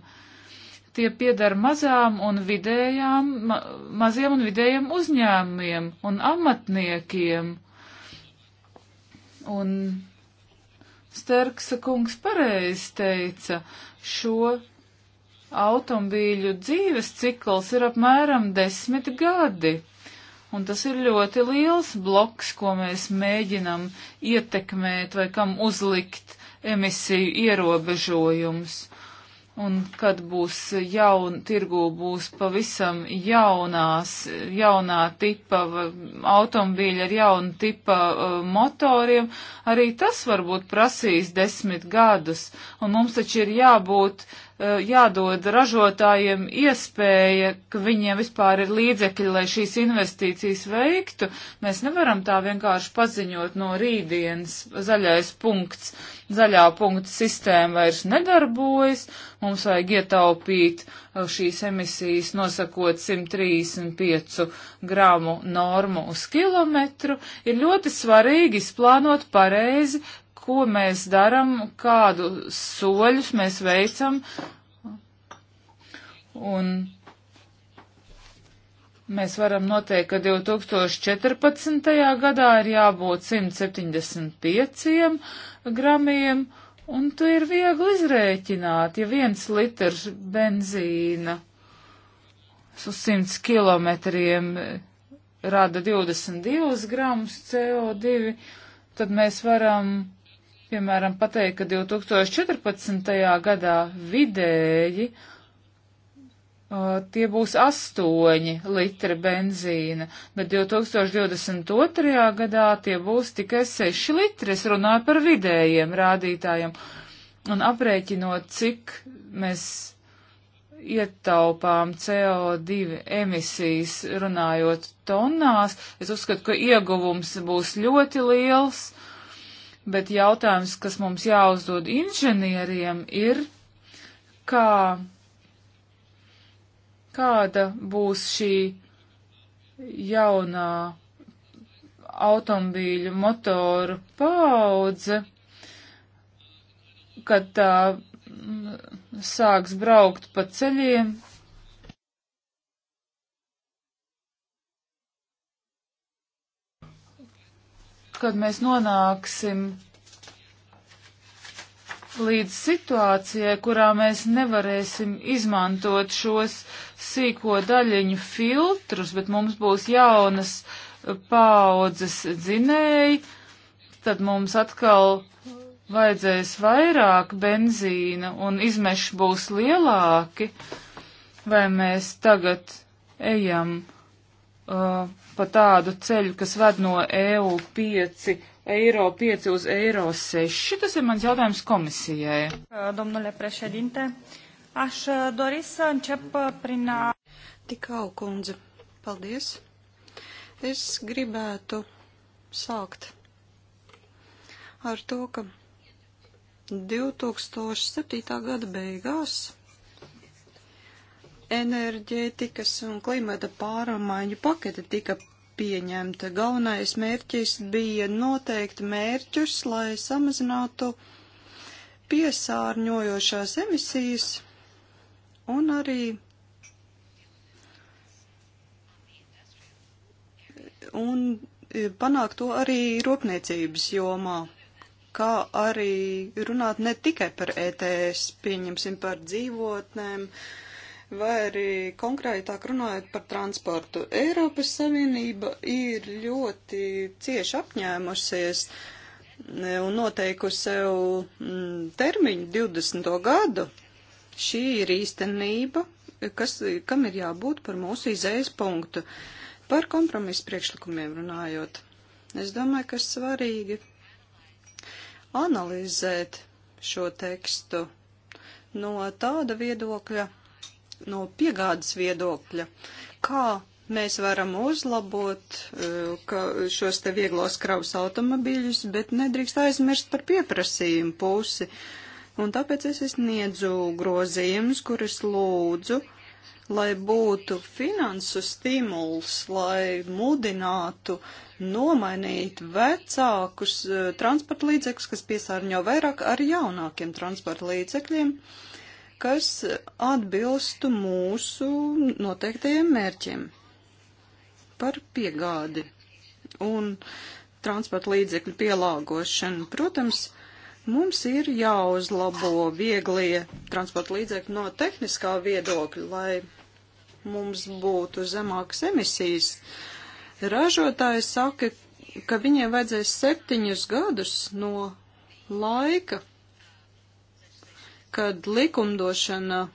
tie piedara mazām un vidējām, ma maziem un vidējiem uzņēmumiem un amatniekiem. Un Sterksa kungs pareizi teica, šo automobīļu dzīves cikls ir apmēram desmit gadi. Un tas ir ļoti liels bloks, ko mēs mēģinam ietekmēt vai kam uzlikt emisiju ierobežojums. Un kad būs jaun, tirgū būs pavisam jaunās, jaunā tipa automobīļa ar jaunu tipa uh, motoriem, arī tas varbūt prasīs desmit gadus. Un mums taču ir jābūt uh, Eh, jādod ražotājiem iespēja, ka viņiem vispār ir līdzekļi, lai šīs investīcijas veiktu. Mēs nevaram tā vienkārši paziņot no rītdienas zaļais punkts, zaļā punkta sistēma vairs nedarbojas, mums vajag ietaupīt eh, šīs emisijas nosakot 135 gramu normu uz kilometru. Ir ļoti svarīgi izplānot pareizi, ko mēs daram, kādu soļus mēs veicam. Un mēs varam noteikt, ka 2014. gadā ir jābūt 175 gramiem, un to ir viegli izrēķināt, ja viens litrs benzīna uz 100 kilometriem rada 22 gramus CO2, tad mēs varam piemēram, pateikt, ka 2014. gadā vidēji uh, tie būs 8 litri benzīna, bet 2022. gadā tie būs tikai 6 litri. Es runāju par vidējiem rādītājiem. Un aprēķinot, cik mēs ietaupām CO2 emisijas runājot tonnās, es uzskatu, ka ieguvums būs ļoti liels. Uh, bet jautājums, kas mums jāuzdod inženieriem, ir, kā, kāda būs šī jaunā automobīļu motoru paudze, kad tā sāks braukt pa ceļiem, kad mēs nonāksim līdz situācijai, kurā mēs nevarēsim izmantot šos sīko daļiņu filtrus, bet mums būs jaunas paaudzes dzinēji, tad mums atkal vajadzēs vairāk benzīna un izmeši būs lielāki, vai mēs tagad ejam uh, pa tādu ceļu, kas ved no EU 5, eiro 5 uz eiro 6? Tas ir mans jautājums komisijai. Uh, domnule președinte, aș uh, dori să încep uh, prin a... Tikau kundze, paldies. Es gribētu sākt ar to, ka 2007. gada beigās enerģētikas un klimata pārmaiņu pakete tika pieņemta. Galvenais mērķis bija noteikt mērķus, lai samazinātu piesārņojošās emisijas un arī un e, panākt to arī rūpniecības jomā, kā arī runāt ne tikai par ETS, pieņemsim par dzīvotnēm, uh, vai arī konkrētāk runājot par transportu. Eiropas Savienība ir ļoti cieši apņēmusies e, un noteikusi sev mm, termiņu 20. gadu. Šī ir īstenība, kas, kam ir jābūt par mūsu izējas punktu. Par kompromisu priekšlikumiem runājot. Es domāju, ka svarīgi analizēt šo tekstu no tāda viedokļa, no piegādes viedokļa, kā mēs varam uzlabot e, ka šos te vieglos kravas automobīļus, bet nedrīkst aizmirst par pieprasījumu pusi. Un tāpēc es sniedzu grozījumus, kurus lūdzu, lai būtu finansu stimuls, lai mudinātu nomainīt vecākus e, transporta līdzekļus, kas piesārņo vairāk ar jaunākiem transporta līdzekļiem. Uh, kas atbilstu mūsu noteiktajiem mērķiem par piegādi un transporta līdzekļu pielāgošanu. Protams, mums ir jāuzlabo vieglie transporta līdzekļi no tehniskā viedokļa, lai mums būtu zemākas emisijas. Ražotāji saka, ka viņiem vajadzēs septiņus gadus no laika, kad likumdošana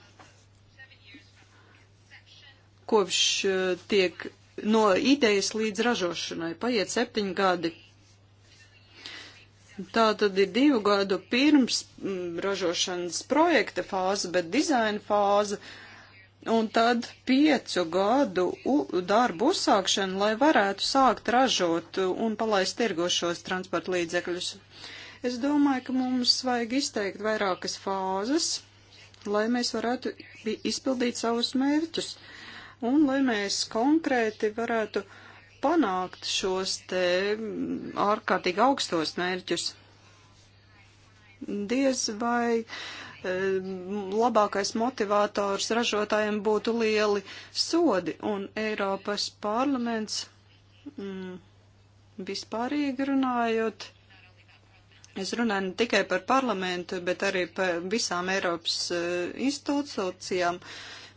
kopš e, tiek no idejas līdz ražošanai paiet septiņi gadi. Tā tad ir divu gadu pirms ražošanas projekta fāze, bet dizaina fāze, un tad piecu gadu darbu uzsākšana, lai varētu sākt ražot un palaist tirgošos transporta līdzekļus. Uh, Es domāju, ka mums vajag izteikt vairākas fāzes, lai mēs varētu izpildīt savus mērķus un lai mēs konkrēti varētu panākt šos te mm, ārkārtīgi augstos mērķus. Diez vai e, labākais motivators ražotājiem būtu lieli sodi un Eiropas parlaments mm, vispārīgi runājot Es runāju ne tikai par parlamentu, bet arī par visām Eiropas e, institūcijām.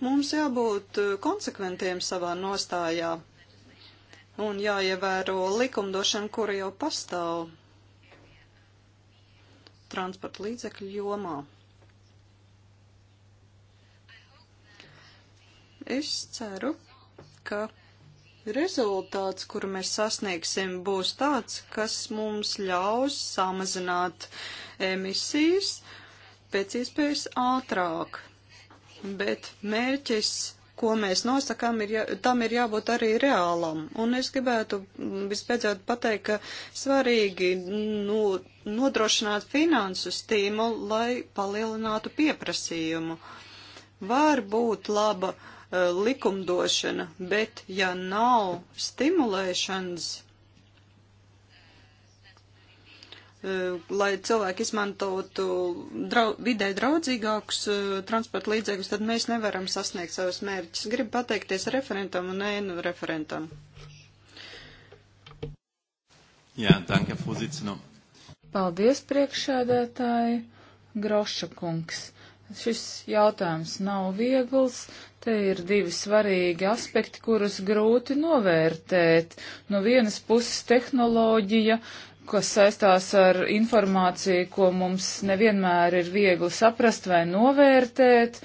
Mums jābūt e, konsekventiem savā nostājā un jāievēro likumdošana, kura jau pastāv transporta līdzekļu jomā. Es ceru, ka rezultāts, kuru mēs sasniegsim, būs tāds, kas mums ļaus samazināt emisijas pēc iespējas ātrāk. Bet mērķis, ko mēs nosakām, ir jā, tam ir jābūt arī reālam. Un es gribētu mm, vispēcot pateikt, ka svarīgi mm, nu, nodrošināt finansu stīmulu, lai palielinātu pieprasījumu. Var būt laba uh, Uh, likumdošana, bet ja nav stimulēšanas, uh, lai cilvēki izmantotu drau, vidē draudzīgākus uh, transporta līdzekļus, tad mēs nevaram sasniegt savus mērķus. Gribu pateikties referentam un ēnu referentam. Jā, danke, Fuzicino. Paldies, priekšsēdētāji, Groša kungs. Šis jautājums nav viegls, te ir divi svarīgi aspekti, kurus grūti novērtēt. No vienas puses tehnoloģija, kas saistās ar informāciju, ko mums nevienmēr ir viegli saprast vai novērtēt,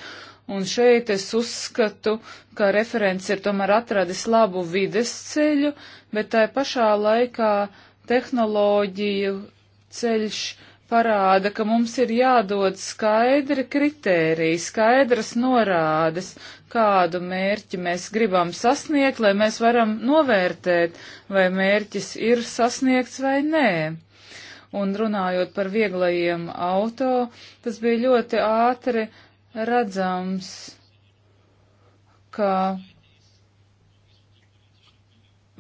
un šeit es uzskatu, ka referents ir tomēr atradis labu vides ceļu, bet tai pašā laikā tehnoloģiju ceļš parāda, ka mums ir jādod skaidri kritēriji, skaidras norādes, kādu mērķi mēs gribam sasniegt, lai mēs varam novērtēt, vai mērķis ir sasniegts vai nē. Un runājot par vieglajiem auto, tas bija ļoti ātri redzams, ka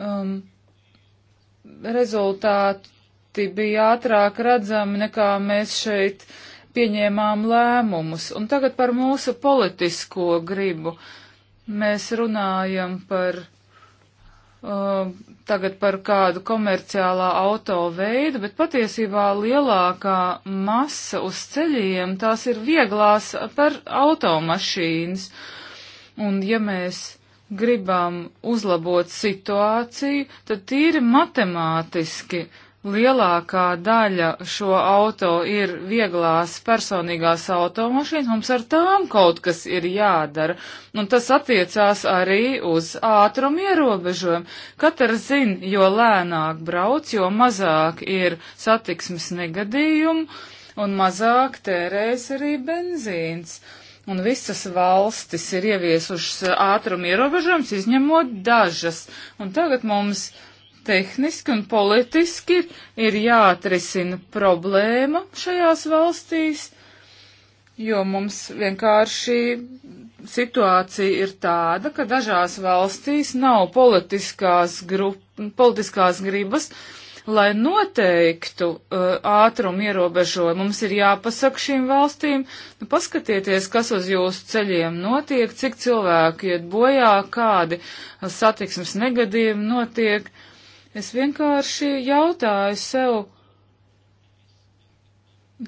um, rezultātu efekti bija ātrāk redzami, nekā mēs šeit pieņēmām lēmumus. Un tagad par mūsu politisko gribu. Mēs runājam par, uh, tagad par kādu komerciālā auto veidu, bet patiesībā lielākā masa uz ceļiem tās ir vieglās par automašīnas. Un ja mēs gribam uzlabot situāciju, tad tīri matemātiski lielākā daļa šo auto ir vieglās personīgās automašīnas, mums ar tām kaut kas ir jādara. Un tas attiecās arī uz ātrumu ierobežojumu. Katrs zin, jo lēnāk brauc, jo mazāk ir satiksmes negadījumu un mazāk tērēs arī benzīns. Un visas valstis ir ieviesušas ātrumu ierobežojums, izņemot dažas. Un tagad mums tehniski un politiski ir jāatrisina problēma šajās valstīs, jo mums vienkārši situācija ir tāda, ka dažās valstīs nav politiskās, grup, politiskās gribas, lai noteiktu uh, ātrumu ierobežojumu, mums ir jāpasaka šīm valstīm, nu, paskatieties, kas uz jūsu ceļiem notiek, cik cilvēki iet bojā, kādi satiksmes negadījumi notiek. Es vienkārši jautāju sev,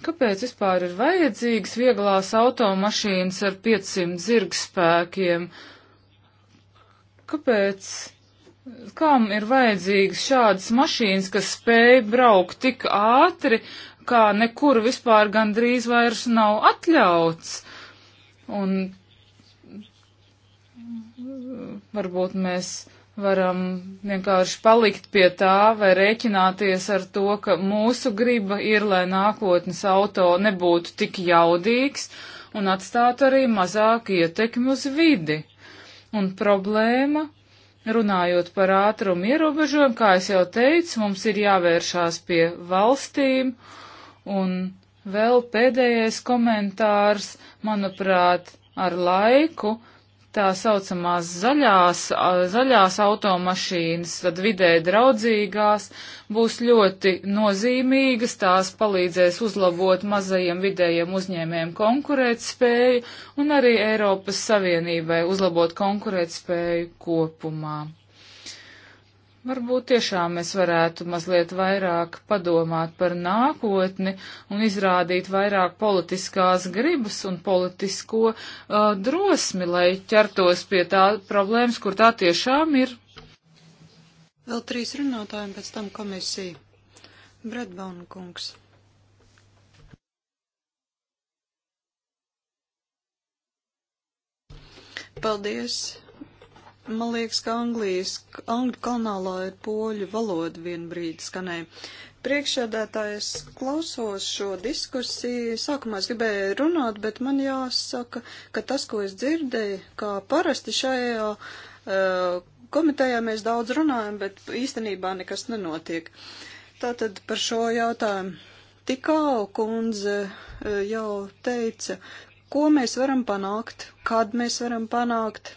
kāpēc vispār ir vajadzīgas vieglās automašīnas ar 500 zirgspēkiem? Kāpēc? Kam ir vajadzīgas šādas mašīnas, kas spēj braukt tik ātri, kā nekur vispār gandrīz vairs nav atļauts? Un varbūt mēs varam vienkārši palikt pie tā vai rēķināties ar to, ka mūsu griba ir, lai nākotnes auto nebūtu tik jaudīgs un atstātu arī mazāk ietekmi uz vidi. Un problēma, runājot par ātrumu ierobežojumu, kā es jau teicu, mums ir jāvēršās pie valstīm un vēl pēdējais komentārs, manuprāt, ar laiku tā saucamās zaļās, zaļās automašīnas, tad vidē draudzīgās, būs ļoti nozīmīgas, tās palīdzēs uzlabot mazajiem vidējiem uzņēmējiem konkurētspēju un arī Eiropas Savienībai uzlabot konkurētspēju kopumā. Varbūt tiešām mēs varētu mazliet vairāk padomāt par nākotni un izrādīt vairāk politiskās gribas un politisko uh, drosmi, lai ķertos pie tā problēmas, kur tā tiešām ir. Vēl trīs runātājiem pēc tam komisija. Bredbauna kungs. Paldies! Man liekas, ka Anglijas, Angļu kanālā ir poļu valoda vienu brīdi skanēja. Priekšēdētājs klausos šo diskusiju. Sākumā es gribēju runāt, bet man jāsaka, ka tas, ko es dzirdēju, kā parasti šajā uh, komitejā mēs daudz runājam, bet īstenībā nekas nenotiek. Tātad par šo jautājumu. Tikau kundze uh, jau teica, ko mēs varam panākt, kad mēs varam panākt,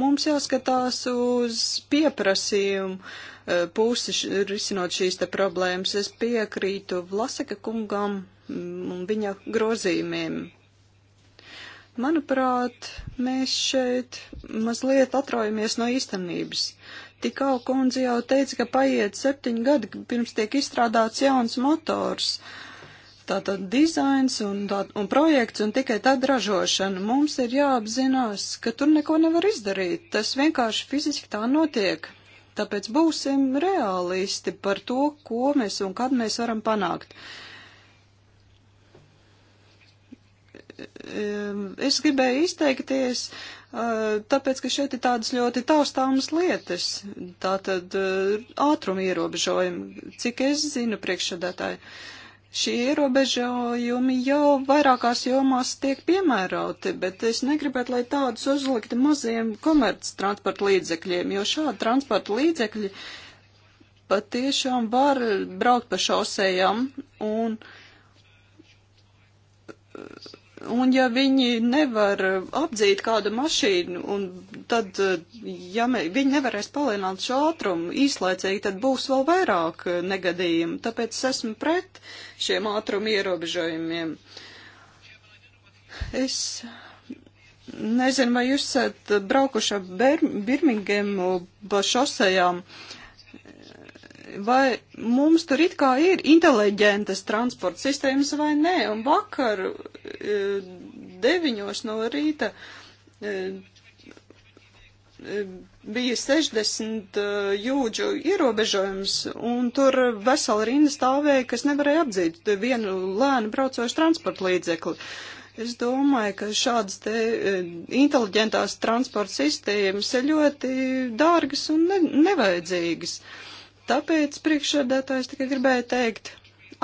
Mums jāskatās uz pieprasījumu eh, pusi risinot šīs te problēmas. Es piekrītu Vlaseka kungam mm, un viņa grozījumiem. Manuprāt, mēs šeit mazliet atraujamies no īstenības. Tikā kundze jau teica, ka paiet septiņi gadi, pirms tiek izstrādāts jauns motors. Uh, Tātad dizains un, tā, un projekts un tikai tad ražošana. Mums ir jāapzinās, ka tur neko nevar izdarīt. Tas vienkārši fiziski tā notiek. Tāpēc būsim realisti par to, ko mēs un kad mēs varam panākt. Ehm, es gribēju izteikties, eh, tāpēc, ka šeit ir tādas ļoti taustāmas lietas, tātad eh, ātruma ierobežojumi, cik es zinu priekšsēdētāju Šie ierobežojumi jau vairākās jomās tiek piemēroti, bet es negribētu, lai tādus uzlikti maziem komerc transporta līdzekļiem, jo šādi transporta līdzekļi patiešām var braukt pa šausējām un Un ja viņi nevar eh, apdzīt kādu mašīnu, un tad, eh, ja mē, viņi nevarēs palielināt šo ātrumu īslaicīgi, tad būs vēl vairāk eh, negadījumu. Tāpēc es esmu pret šiem ātrumu ierobežojumiem. Es nezinu, vai jūs esat braukuši ar Bir Birmingemu pa šosejām. Uh, vai mums tur it kā ir inteliģentas transporta sistēmas vai nē, un vakar e, deviņos no rīta e, e, bija 60 jūdžu ierobežojums, un tur vesela rinda stāvēja, kas nevarēja apdzīt vienu lēnu braucošu transporta līdzekli. Es domāju, ka šādas te inteliģentās transporta sistēmas ir ļoti dārgas un ne nevajadzīgas. Uh, Tāpēc priekšsēdētājs tikai gribēja teikt,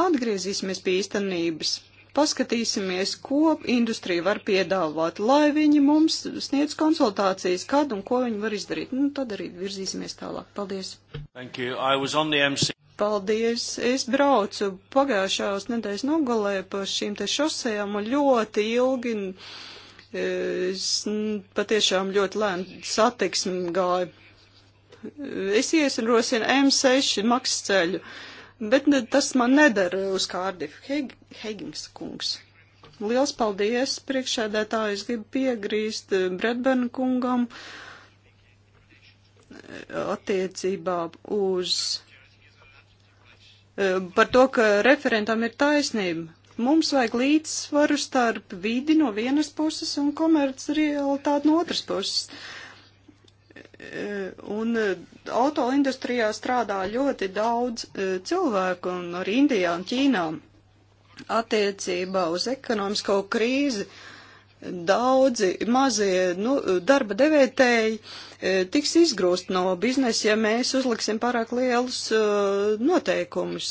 atgriezīsimies pie īstenības, paskatīsimies, ko industrija var piedāvāt, lai viņi mums sniedz konsultācijas, kad un ko viņi var izdarīt. Nu, tad arī virzīsimies tālāk. Paldies! Paldies! Es braucu pagājušās nedēļas nogalē pa šīm te šosejām un ļoti ilgi, e, es patiešām ļoti lēni satiksmi gāju Es iesaļosinu M6 maks ceļu, bet ne, tas man nedara uz Kārdifu. Heig, Heigings kungs. Liels paldies priekšēdētāji, es gribu piegrīst eh, Bredbena kungam eh, attiecībā uz eh, par to, ka referentam ir taisnība mums vajag līdzsvaru starp vidi no vienas puses un komerc realitāti no otras puses. Eh, un eh, auto industrijā strādā ļoti daudz eh, cilvēku, un arī Indijā un Ķīnā attiecībā uz ekonomisko krīzi daudzi mazie nu, darba devētēji tiks izgrūst no biznesa, ja mēs uzliksim pārāk lielus noteikumus.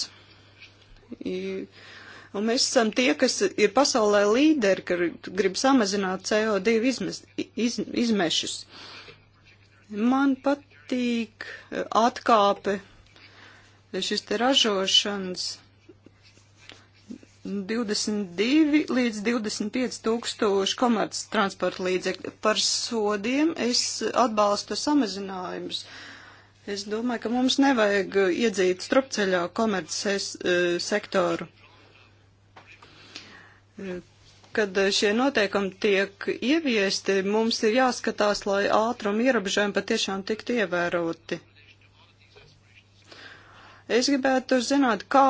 Un mēs esam tie, kas ir pasaulē līderi, ka grib samazināt CO2 izmes, iz, izmešus. Iz, Man patīk eh, atkāpe šis te ražošanas 22 līdz 25 tūkstoši komerc transporta līdzekļu. Par sodiem es atbalstu samazinājumus. Es domāju, ka mums nevajag iedzīt strupceļā komerc eh, sektoru. Eh, kad eh, šie noteikumi tiek ieviesti, mums ir jāskatās, lai ātruma ierobežojumi patiešām tiktu ievēroti. Es gribētu zināt, kā,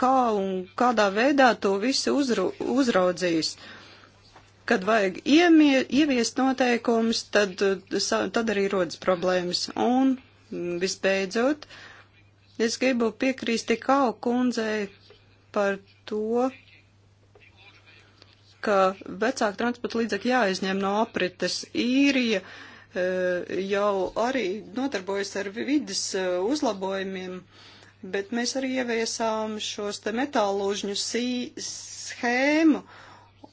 kā un kādā veidā to visi uzru, uzraudzīs. Kad vajag iemie, ieviest noteikumus, tad, eh, tad arī rodas problēmas. Un visbeidzot, es gribu piekrīst tik augu kundzei par to, ka vecāku transporta līdzekļu jāizņem no aprites. Īrija e, jau arī nodarbojas ar vidas e, uzlabojumiem, bet mēs arī ieviesām šos te metālūžņu schēmu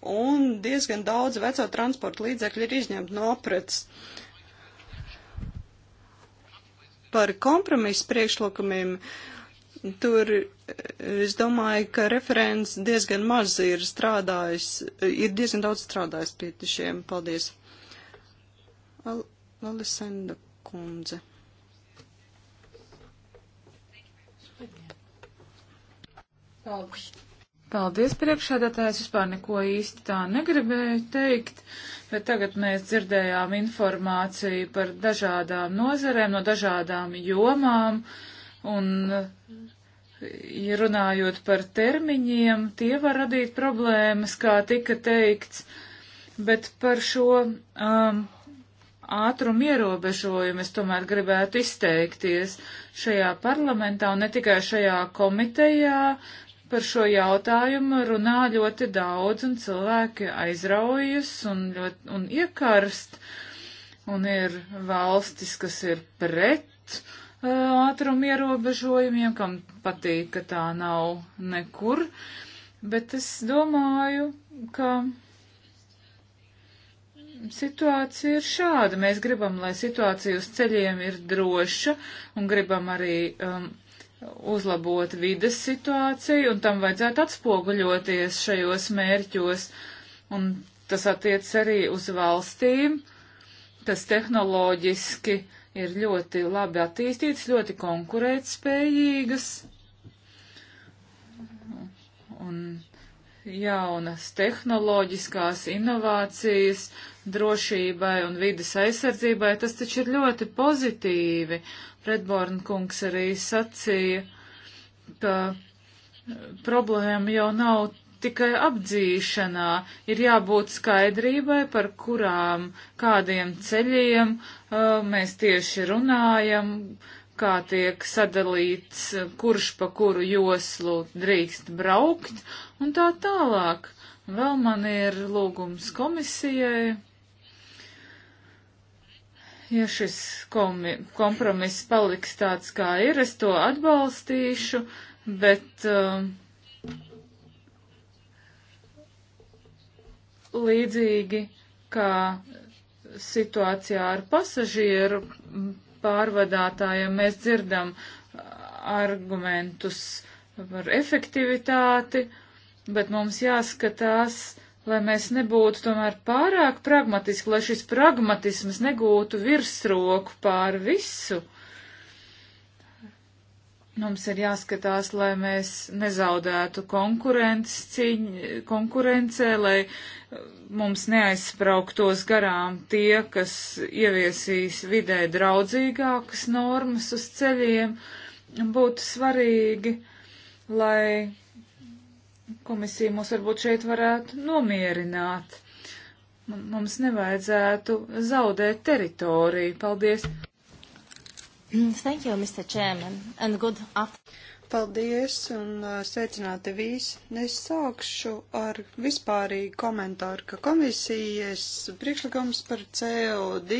un diezgan daudz veco transporta līdzekļu ir izņemti no apretes. Par kompromisu priekšlikumiem uh, Tur eh, es domāju, ka referents diezgan maz ir strādājis, eh, ir diezgan daudz strādājis pie šiem. Paldies. Al Alisenda kundze. Paldies. Paldies priekšādātājs, vispār neko īsti tā negribēju teikt, bet tagad mēs dzirdējām informāciju par dažādām nozarēm, no dažādām jomām. Uh, Un, ja runājot par termiņiem, tie var radīt problēmas, kā tika teikts, bet par šo um, ātrumu ierobežojumu es tomēr gribētu izteikties šajā parlamentā un ne tikai šajā komitejā. Par šo jautājumu runā ļoti daudz, un cilvēki aizraujas un, ļoti, un iekarst, un ir valstis, kas ir pret, uh, Uh, ātrumu ierobežojumiem, kam patīk, ka tā nav nekur. Bet es domāju, ka situācija ir šāda. Mēs gribam, lai situācija uz ceļiem ir droša un gribam arī um, uzlabot vides situāciju, un tam vajadzētu atspoguļoties šajos mērķos. Un tas attiec arī uz valstīm, kas tehnoloģiski uh, ir ļoti labi attīstītas, ļoti konkurētspējīgas. Un jaunas tehnoloģiskās inovācijas drošībai un vidas aizsardzībai, tas taču ir ļoti pozitīvi. Predborn kungs arī sacīja, ka problēma jau nav tikai apdzīšanā, ir jābūt skaidrībai, par kurām, kādiem ceļiem uh, mēs tieši runājam, kā tiek sadalīts, uh, kurš pa kuru joslu drīkst braukt un tā tālāk. Vēl man ir lūgums komisijai. Ja šis komi, kompromiss paliks tāds, kā ir, es to atbalstīšu, bet uh, līdzīgi kā situācijā ar pasažieru pārvadātājiem mēs dzirdam argumentus par efektivitāti, bet mums jāskatās, lai mēs nebūtu tomēr pārāk pragmatiski, lai šis pragmatisms negūtu virsroku pār visu. Mums ir jāskatās, lai mēs nezaudētu ciņ, konkurencē, lai uh, mums neaizsprauktos garām tie, kas ieviesīs vidē draudzīgākas normas uz ceļiem. Būtu svarīgi, lai komisija mūs varbūt šeit varētu nomierināt. Mums nevajadzētu zaudēt teritoriju. Paldies! Mm, thank you, Mr. Chairman, and good afternoon. Paldies un uh, sveicināti visi. Es sākšu ar vispārīgu komentāru, ka komisijas priekšlikums par CO2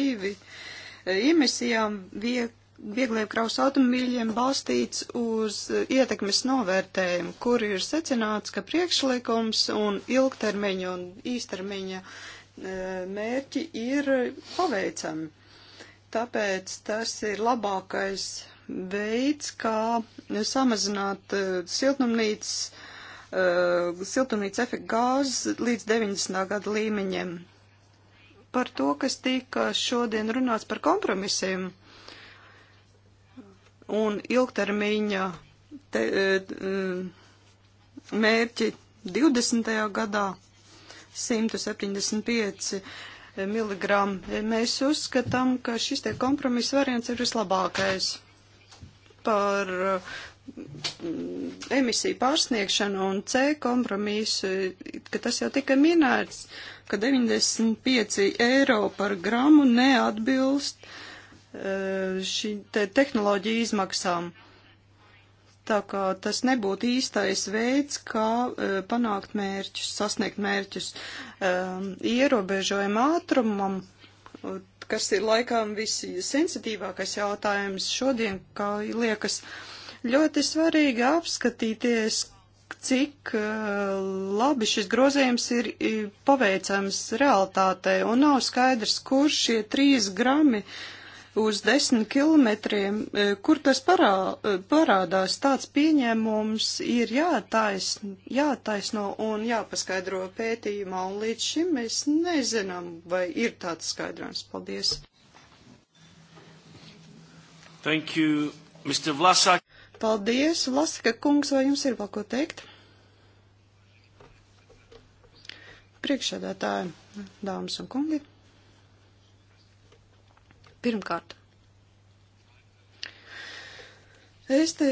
emisijām viegliem kraus automobīļiem balstīts uz ietekmes novērtējumu, kur ir secināts, ka priekšlikums un ilgtermiņa un īstermiņa uh, mērķi ir paveicami Tāpēc tas ir labākais veids, kā samazināt eh, siltumnīcas, eh, siltumnīcas efekta gāzes līdz 90. gada līmeņiem. Par to, kas tika šodien runāts par kompromisiem un ilgtermiņa te, eh, mērķi 20. gadā 175 mg. Mēs uzskatām, ka šis te kompromiss variants ir vislabākais par mm, emisiju pārsniegšanu un C kompromisu, ka tas jau tika minēts, ka 95 eiro par gramu neatbilst eh, šī te tehnoloģija izmaksām. Uh, Tā kā tas nebūtu īstais veids, kā e, panākt mērķus, sasniegt mērķus e, ierobežojuma ātrumam, kas ir laikam vissensitīvākais jautājums šodien, kā liekas. Ļoti svarīgi apskatīties, cik e, labi šis grozījums ir paveicams realitātei, un nav skaidrs, kurš šie trīs grami uh, uz desmit kilometriem, e, kur tas parā, e, parādās, tāds pieņēmums ir jātais, jātaisno un jāpaskaidro pētījumā, un līdz šim mēs nezinām, vai ir tāds skaidrojums. Paldies. Thank you, Mr. Vlasak. Paldies, Vlasaka kungs, vai jums ir vēl ko teikt? Priekšsēdētāji, dāmas un kungi. Pirmkārt, es te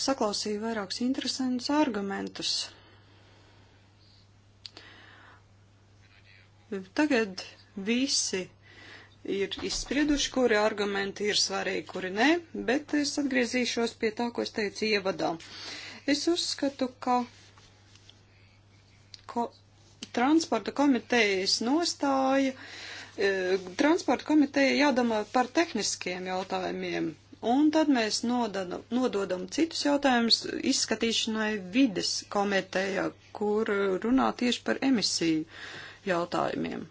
saklausīju vairākus interesantus argumentus. Tagad visi ir izsprieduši, kuri argumenti ir svarīgi, kuri nē, bet es atgriezīšos pie tā, ko es teicu ievadā. Es uzskatu, ka ko, transporta komitejas nostāja uh, E, transporta komiteja jādomā par tehniskiem jautājumiem, un tad mēs nododam, nododam citus jautājumus izskatīšanai vides komitejā, kur runā tieši par emisiju jautājumiem.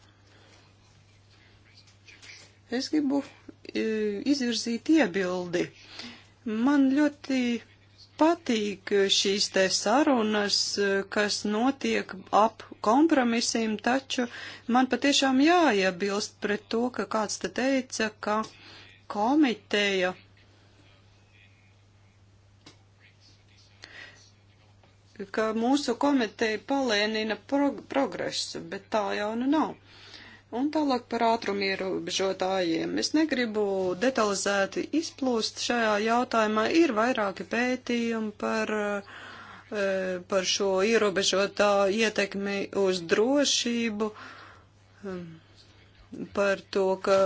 Es gribu e, izvirzīt iebildi. Man ļoti patīk šīs te sarunas, kas notiek ap kompromisiem, taču man patiešām jāiebilst pret to, ka kāds te teica, ka komiteja ka mūsu komiteja palēnina prog progresu, bet tā jau nu nav. Un tālāk par ātrumierobežotājiem. Es negribu detalizēti izplūst šajā jautājumā. Ir vairāki pētījumi par, eh, par šo ierobežotā ietekmi uz drošību, eh, par to, ka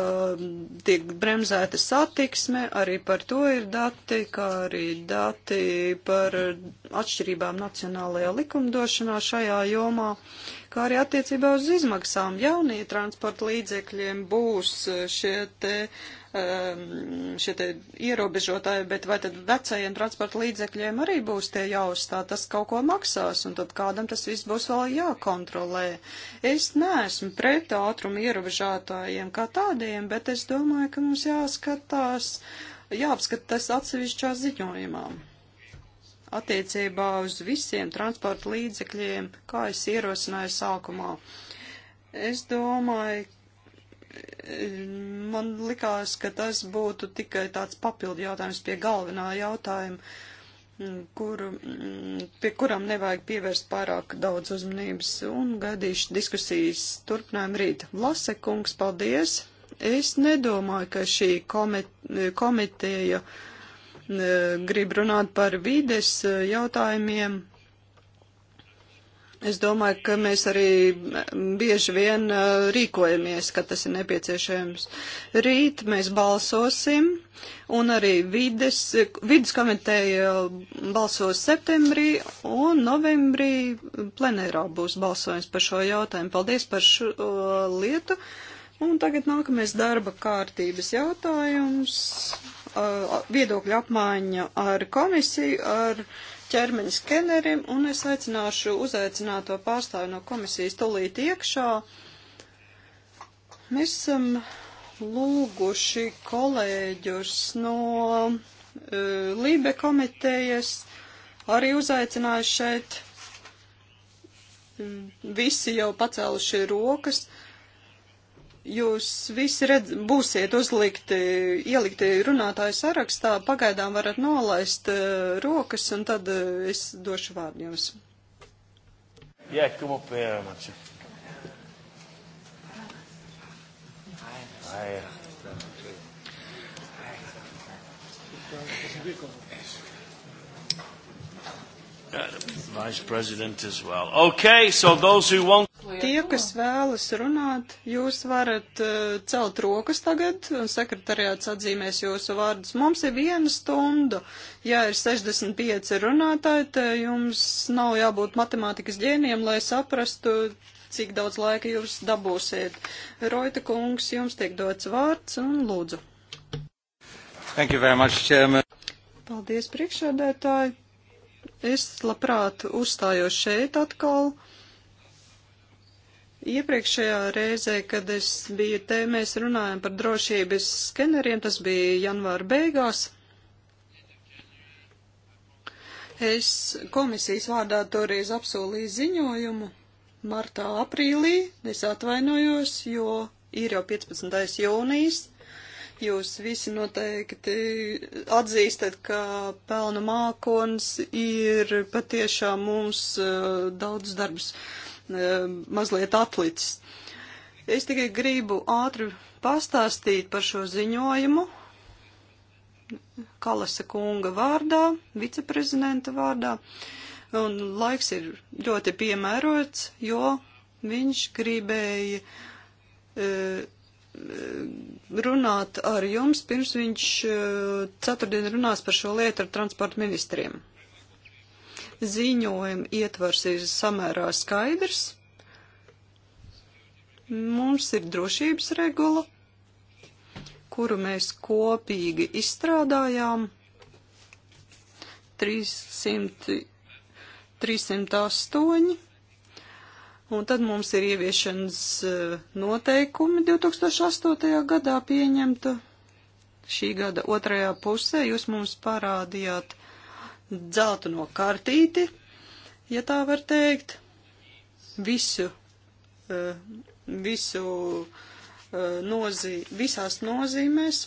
tiek bremzēta satiksme, arī par to ir dati, kā arī dati par atšķirībām nacionālajā likumdošanā šajā jomā. Uh, kā arī attiecībā uz izmaksām. Jaunie transporta līdzekļiem būs eh, šie te, ehm, šie te ierobežotāji, bet vai tad vecajiem transporta līdzekļiem arī būs tie jāuzstā, tas kaut ko maksās, un tad kādam tas viss būs vēl jākontrolē. Es neesmu pret ātrumu ierobežotājiem kā tādiem, bet es domāju, ka mums jāskatās, jāapskatās atsevišķā ziņojumā attiecībā uz visiem transporta līdzekļiem, kā es ierosināju sākumā. Es domāju, man likās, ka tas būtu tikai tāds papildu jautājums pie galvenā jautājuma, kur, pie kuram nevajag pievērst pārāk daudz uzmanības un gaidīšu diskusijas turpinājumu rīt. Lase kungs, paldies! Es nedomāju, ka šī komiteja. komiteja E, grib runāt par vides e, jautājumiem. Es domāju, ka mēs arī bieži vien e, rīkojamies, ka tas ir nepieciešams. Rīt mēs balsosim, un arī vides, vides komiteja balsos septembrī, un novembrī plenērā būs balsojums par šo jautājumu. Paldies par šo lietu, un tagad nākamais darba kārtības jautājums. Uh, viedokļu apmaiņa ar komisiju, ar ķermeņa skenerim, un es aicināšu uzaicināto pārstāvi no komisijas tolīt iekšā. Mēs esam lūguši kolēģus no uh, Lībe komitejas, arī uzaicinājuši šeit. Visi jau pacēluši rokas. Jūs visi redz, būsiet uzlikti, ielikti runātāju sarakstā, pagaidām varat nolaist uh, rokas, un tad uh, es došu vārdu jums. Jā, come up here, Maču. Vice President as well. Okay, so those who won't. Tie, kas vēlas runāt, jūs varat uh, celt rokas tagad, un sekretariāts atzīmēs jūsu vārdus. Mums ir viena stunda. Ja ir 65 runātāji, tad jums nav jābūt matemātikas ģēniem, lai saprastu, cik daudz laika jūs dabūsiet. Roita kungs, jums tiek dots vārds, un lūdzu. Thank you very much, Chairman. Paldies, priekšādētāji. Es labprāt uzstājos šeit atkal. Uh, Iepriekšējā reizē, kad es biju te, mēs runājam par drošības skeneriem, tas bija janvāra beigās. Es komisijas vārdā toreiz apsolīju ziņojumu martā, aprīlī. Es atvainojos, jo ir jau 15. jūnijas. Jūs visi noteikti atzīstat, ka pelnu mākons ir patiešām mums uh, daudz darbs. Uh, E, mazliet atlicis. Es tikai gribu ātri pastāstīt par šo ziņojumu Kalasa kunga vārdā, viceprezidenta vārdā. Un laiks ir ļoti piemērots, jo viņš gribēja e, runāt ar jums, pirms viņš e, ceturtdien runās par šo lietu ar transporta ministriem ziņojuma ietvars ir samērā skaidrs. Mums ir drošības regula, kuru mēs kopīgi izstrādājām 300, 308, un tad mums ir ieviešanas eh, noteikumi 2008. gadā pieņemta šī gada otrajā pusē. Jūs mums parādījāt dzelteno kartīti, ja tā var teikt, visu, eh, visu eh, nozī, visās nozīmēs.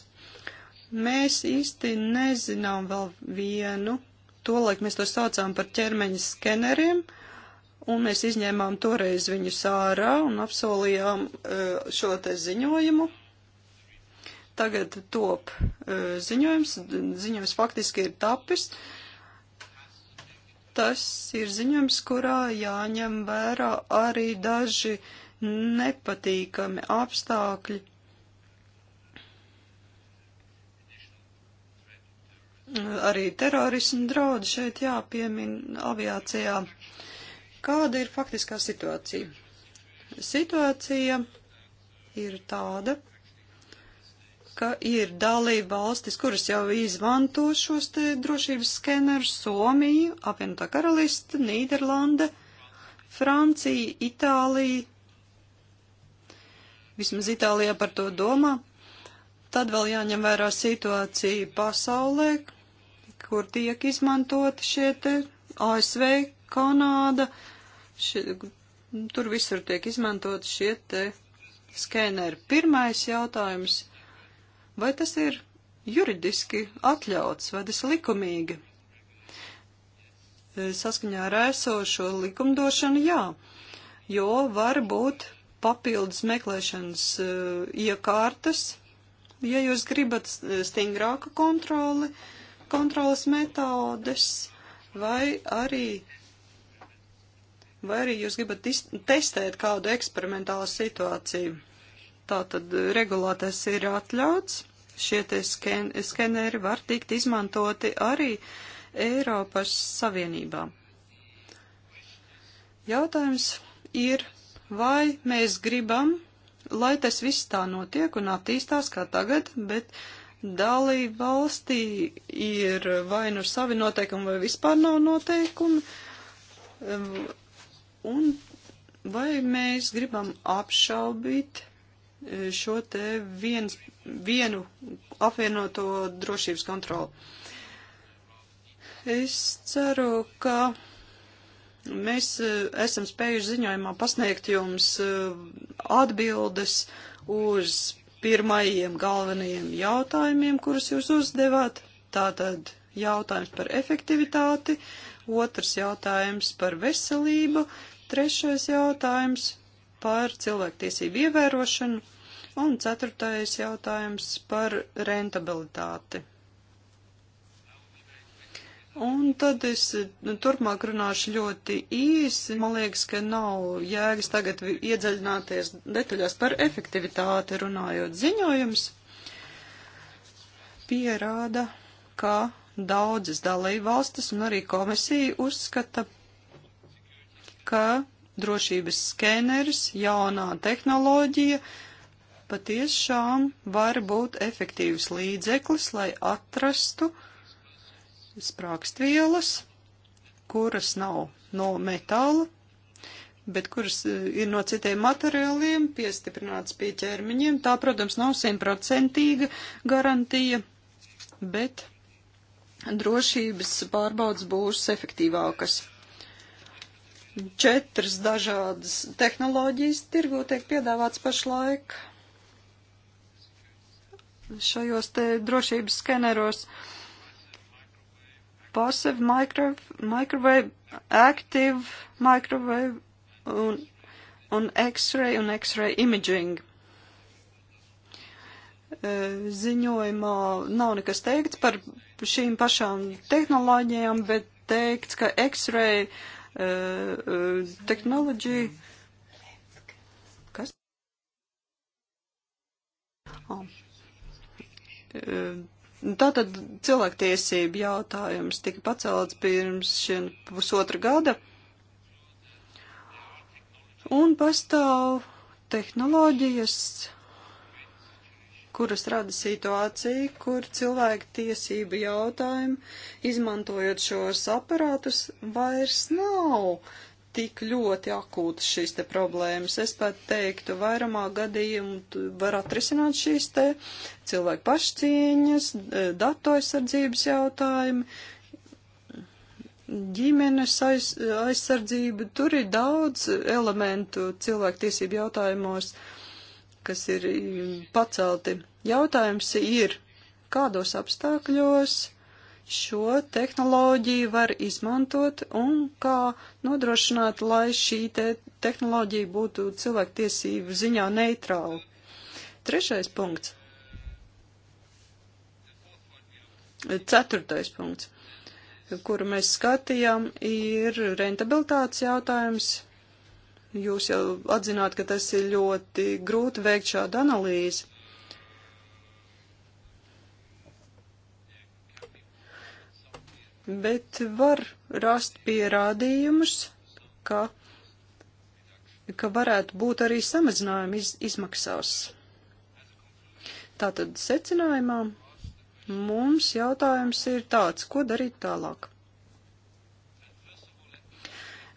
Mēs īsti nezinām vēl vienu, tolaik mēs to saucām par ķermeņa skeneriem, un mēs izņēmām toreiz viņu sārā un apsolījām eh, šo te ziņojumu. Tagad top ziņojums, ziņojums faktiski ir tapis, uh, tas ir ziņojums, kurā jāņem vērā arī daži nepatīkami apstākļi. Arī terorismu draudu šeit jāpiemin aviācijā. Kāda ir faktiskā situācija? Situācija ir tāda, ka ir dalība valstis, kuras jau izmanto šos te drošības skenerus - Somija, apvienotā karalista, Nīderlanda, Francija, Itālija. Vismaz Itālijā par to domā. Tad vēl jāņem vērā situācija pasaulē, kur tiek izmantoti šie te ASV, Kanāda, šie, tur visur tiek izmantoti šie te skeneri. Pirmais jautājums Vai tas ir juridiski atļauts, vai tas ir likumīgi? Eh, saskaņā ar esošo likumdošanu jā, jo var būt papildus meklēšanas eh, iekārtas, ja jūs gribat eh, stingrāku kontroli, kontrolas metodes, vai arī, vai arī jūs gribat testēt kādu eksperimentālu situāciju. Tātad eh, regulātais ir atļauts. Šie te sken skeneri var tikt izmantoti arī Eiropas Savienībā. Jautājums ir, vai mēs gribam, lai tas viss tā notiek un attīstās kā tagad, bet dalība valstī ir vai nu savi noteikumi, vai vispār nav noteikumi. Ehm, un vai mēs gribam apšaubīt šo te viens, vienu apvienoto drošības kontroli. Es ceru, ka mēs e, esam spējuši ziņojumā pasniegt jums e, atbildes uz pirmajiem galvenajiem jautājumiem, kurus jūs uzdevāt. Tātad jautājums par efektivitāti, otrs jautājums par veselību, trešais jautājums par cilvēktiesību ievērošanu Un ceturtais jautājums par rentabilitāti. Un tad es nu, turpmāk runāšu ļoti īsi. Man liekas, ka nav jēgas tagad iedziļināties detaļās par efektivitāti runājot ziņojums. Pierāda, ka daudzas dalībvalstis un arī komisija uzskata, ka drošības skeneris, jaunā tehnoloģija, uh, patiešām var būt efektīvs līdzeklis, lai atrastu sprākstvielas, kuras nav no metāla, bet kuras e, ir no citiem materiāliem, piestiprināts pie ķermeņiem. Tā, protams, nav simtprocentīga garantija, bet drošības pārbaudas būs efektīvākas četras dažādas tehnoloģijas tirgu tiek piedāvāts pašlaik šajos te drošības skeneros. Passive micro, microwave, active microwave un, un X-ray un X-ray imaging. E, ziņojumā nav nekas teikts par šīm pašām tehnoloģijām, bet teikts, ka X-ray uh, tehnoloģija. Kas? Oh. Ehm, tātad cilvēktiesība jautājums tika pacelts pirms šiem pusotra gada. Un pastāv tehnoloģijas, kuras rada situācija, kur cilvēku tiesību jautājumi, izmantojot šos aparātus, vairs nav tik ļoti akūtas šīs te problēmas. Es pat teiktu, vairumā gadījumu var atrisināt šīs te cilvēku pašcieņas, datu aizsardzības jautājumi, ģimenes aiz, aizsardzība. Tur ir daudz elementu cilvēku tiesību jautājumos, kas ir mm, pacelti. Jautājums ir, kādos apstākļos šo tehnoloģiju var izmantot un kā nodrošināt, lai šī te tehnoloģija būtu cilvēktiesību ziņā neitrāla. Trešais punkts. Ceturtais punkts, kuru mēs skatījām, ir rentabilitātes jautājums. Jūs jau atzināt, ka tas ir ļoti grūti veikt šādu analīzi bet var rast pierādījumus, ka, ka varētu būt arī samazinājumi iz, izmaksās. Tātad secinājumā mums jautājums ir tāds, ko darīt tālāk.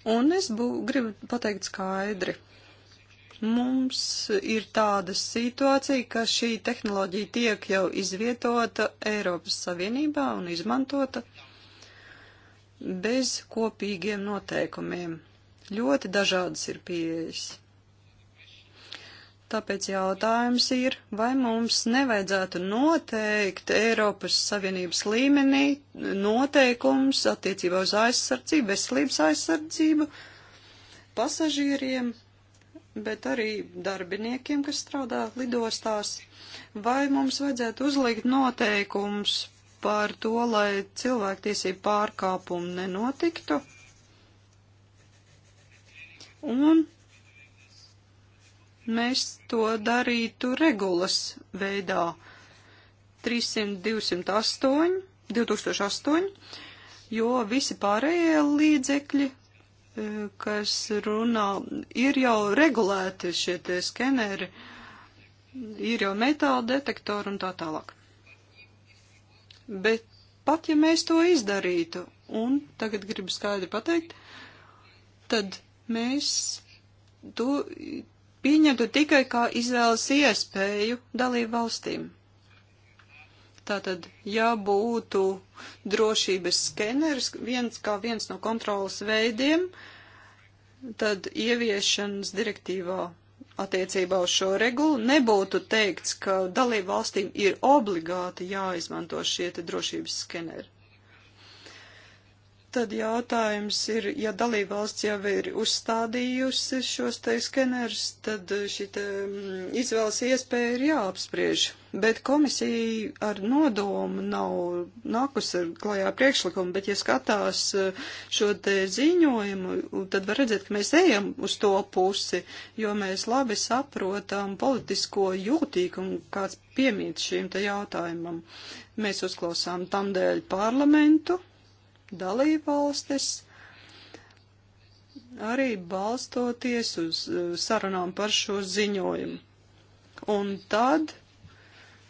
Un es bū, gribu pateikt skaidri. Mums ir tāda situācija, ka šī tehnoloģija tiek jau izvietota Eiropas Savienībā un izmantota uh, bez kopīgiem noteikumiem. Ļoti dažādas ir pieejas. Tāpēc jautājums ir, vai mums nevajadzētu noteikt Eiropas Savienības līmenī noteikums attiecībā uz aizsardzību, veselības aizsardzību pasažieriem, bet arī darbiniekiem, kas strādā lidostās, vai mums vajadzētu uzlikt noteikums par to, lai cilvēktiesību pārkāpumu nenotiktu. Un mēs to darītu regulas veidā 300-208, 2008, jo visi pārējie līdzekļi, eh, kas runā, ir jau regulēti šie tie skeneri, ir jau metāla detektori un tā tālāk. Bet pat ja mēs to izdarītu, un tagad gribu skaidri pateikt, tad mēs to pieņemtu tikai kā izvēles iespēju dalību valstīm. Tātad, ja būtu drošības skeneris viens kā viens no kontrolas veidiem, tad ieviešanas direktīvā attiecībā uz šo regulu nebūtu teikts, ka dalību valstīm ir obligāti jāizmanto šie drošības skeneri. Tad jautājums ir, ja dalībvalsts jau ir uzstādījusi šos te skenerus, tad šī mm, izvēles iespēja ir jāapspriež. Bet komisija ar nodomu nav nākus ar klajā priekšlikumu, bet ja skatās eh, šo te ziņojumu, tad var redzēt, ka mēs ejam uz to pusi, jo mēs labi saprotam politisko jūtīgumu, kāds piemīt šīm te jautājumam. Mēs uzklausām tamdēļ parlamentu dalībvalstis, arī balstoties uz eh, sarunām par šo ziņojumu. Un tad,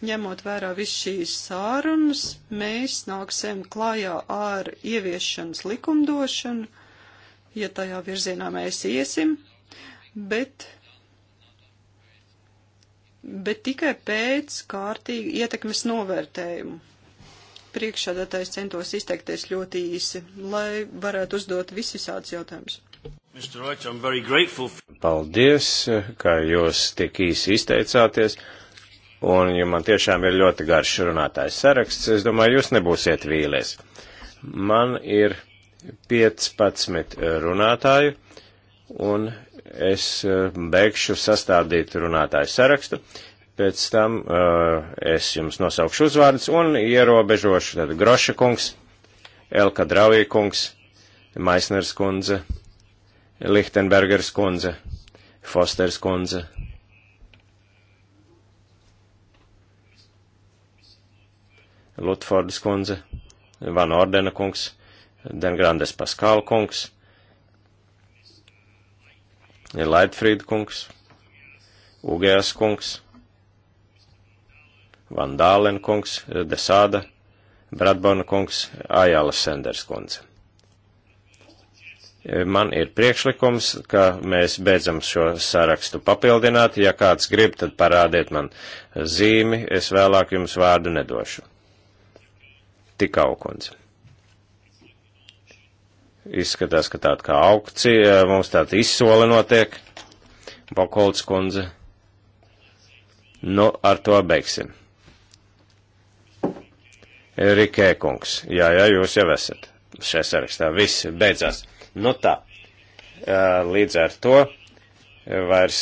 ņemot vērā visu šīs sārunas, mēs nāksim klājā ar ieviešanas likumdošanu, ja tajā virzienā mēs iesim, bet bet tikai pēc kārtīgi ietekmes novērtējumu priekšsēdētājs centos izteikties ļoti īsi, lai varētu uzdot visisāds jautājums. Paldies, ka jūs tik īsi izteicāties. Un, ja man tiešām ir ļoti garš runātājs saraksts, es domāju, jūs nebūsiet vīlies. Man ir 15 eh, runātāju, un es eh, beigšu sastādīt runātāju sarakstu. Pēc tam uh, es jums nosaukšu uzvārdus un ierobežošu tad Groša kungs, Elka Dravī kungs, Maisners kundze, Lichtenbergers kundze, Fosters kundze. Lutfordas kundze, Van Ordena kungs, Dengrandes Paskāla kungs, Leitfrīda kungs, Ugējas kungs, Van Dālen kungs, Desāda, Bradbona kungs, Ajāla Senders kundze. Man ir priekšlikums, ka mēs beidzam šo sarakstu papildināt. Ja kāds grib, tad parādiet man zīmi, es vēlāk jums vārdu nedošu. Tikau kundze. Izskatās, ka tāda kā aukcija, mums tāda izsole notiek. Bokolts kundze. Nu, ar to beigsim. Rikē kungs. Jā, jā, jūs jau esat šajā sarakstā. Viss beidzās. Nu tā. Līdz ar to vairs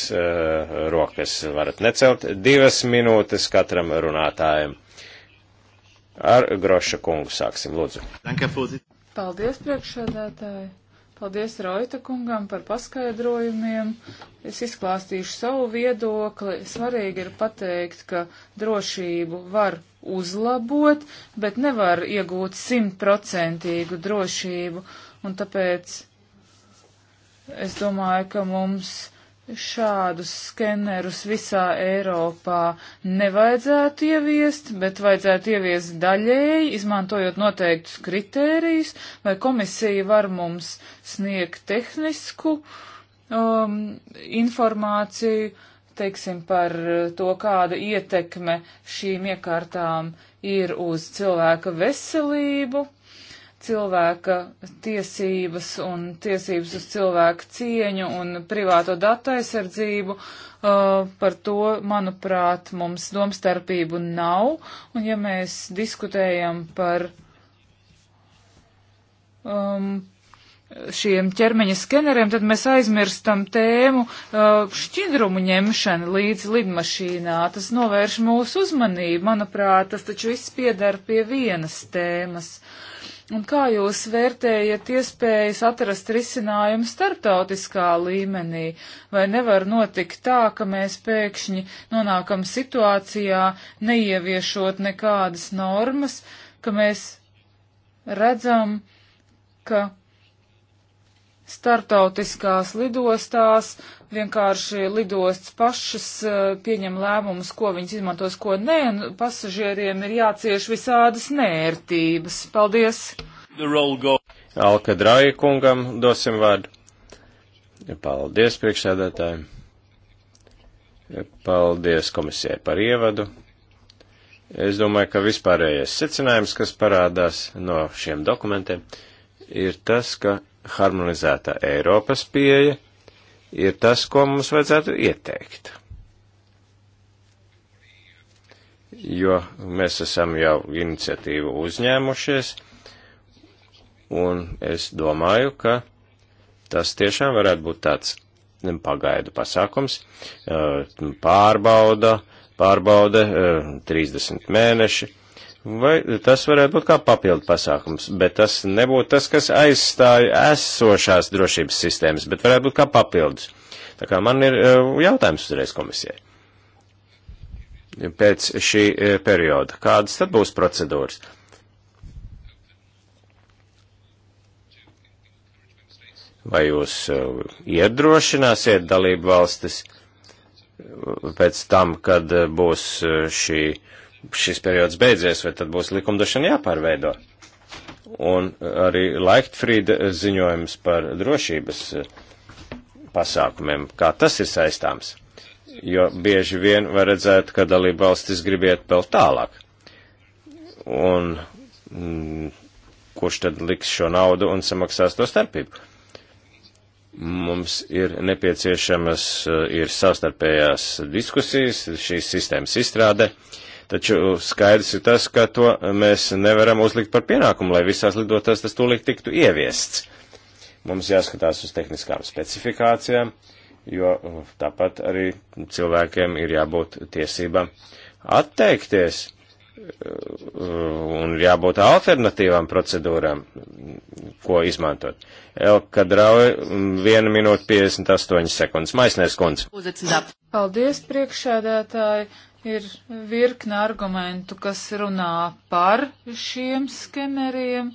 rokas varat necelt. Divas minūtes katram runātājam. Ar Groša kungu sāksim, lūdzu. Paldies, priekšsēdētāji. Paldies Raita kungam par paskaidrojumiem. Es izklāstīšu savu viedokli. Svarīgi ir pateikt, ka drošību var uzlabot, bet nevar iegūt simtprocentīgu drošību. Un tāpēc es domāju, ka mums šādus skenerus visā Eiropā nevajadzētu ieviest, bet vajadzētu ieviest daļēji, izmantojot noteiktus kritērijus, vai komisija var mums sniegt tehnisku um, informāciju teiksim, par eh, to, kāda ietekme šīm iekārtām ir uz cilvēka veselību, cilvēka tiesības un tiesības uz cilvēka cieņu un privāto datu aizsardzību. Uh, par to, manuprāt, mums domstarpību nav. Un ja mēs diskutējam par um, šiem ķermeņa skeneriem, tad mēs aizmirstam tēmu uh, šķidrumu ņemšanu līdz lidmašīnā. Tas novērš mūsu uzmanību. Manuprāt, tas taču viss piedara pie vienas tēmas. Un kā jūs vērtējat iespējas atrast risinājumu starptautiskā līmenī? Vai nevar notikt tā, ka mēs pēkšņi nonākam situācijā, neieviešot nekādas normas, ka mēs redzam, ka startautiskās lidostās, vienkārši lidostas pašas eh, pieņem lēmumus, ko viņas izmantos, ko nē, un pasažieriem ir jācieš visādas nērtības. Paldies! Alka Draja kungam dosim vārdu. Paldies priekšsēdētājiem. Paldies komisijai par ievadu. Es domāju, ka vispārējais secinājums, kas parādās no šiem dokumentiem, ir tas, ka harmonizētā Eiropas pieeja ir tas, ko mums vajadzētu ieteikt. Jo mēs esam jau iniciatīvu uzņēmušies, un es domāju, ka tas tiešām varētu būt tāds pagaidu pasākums, uh, pārbauda, pārbauda 30 uh, mēneši Vai tas varētu būt kā papildu pasākums, bet tas nebūtu tas, kas aizstāja esošās drošības sistēmas, bet varētu būt kā papildus. Tā kā man ir eh, jautājums uzreiz komisijai. Pēc šī eh, perioda, kādas tad būs procedūras? Vai jūs eh, iedrošināsiet dalību valstis pēc tam, kad būs šī uh, šis periods beidzies, vai tad būs likumdošana jāpārveido. Un arī Laiktfrīda ziņojums par drošības eh, pasākumiem, kā tas ir saistāms. Jo bieži vien var redzēt, ka dalība valstis grib iet vēl tālāk. Un mm, kurš tad liks šo naudu un samaksās to starpību? mums ir nepieciešamas eh, ir savstarpējās diskusijas, šīs sistēmas izstrāde, Taču skaidrs ir tas, ka to mēs nevaram uzlikt par pienākumu, lai visās lidotās tas tūlīt tiktu ieviests. Mums jāskatās uz tehniskām specifikācijām, jo tāpat arī cilvēkiem ir jābūt tiesībām atteikties un jābūt alternatīvām procedūrām, ko izmantot. Elka Drauja, 1 minūte 58 sekundes. Maisnēs kundze. Paldies, priekšēdētāji. Ir virkna argumentu, kas runā par šiem skeneriem.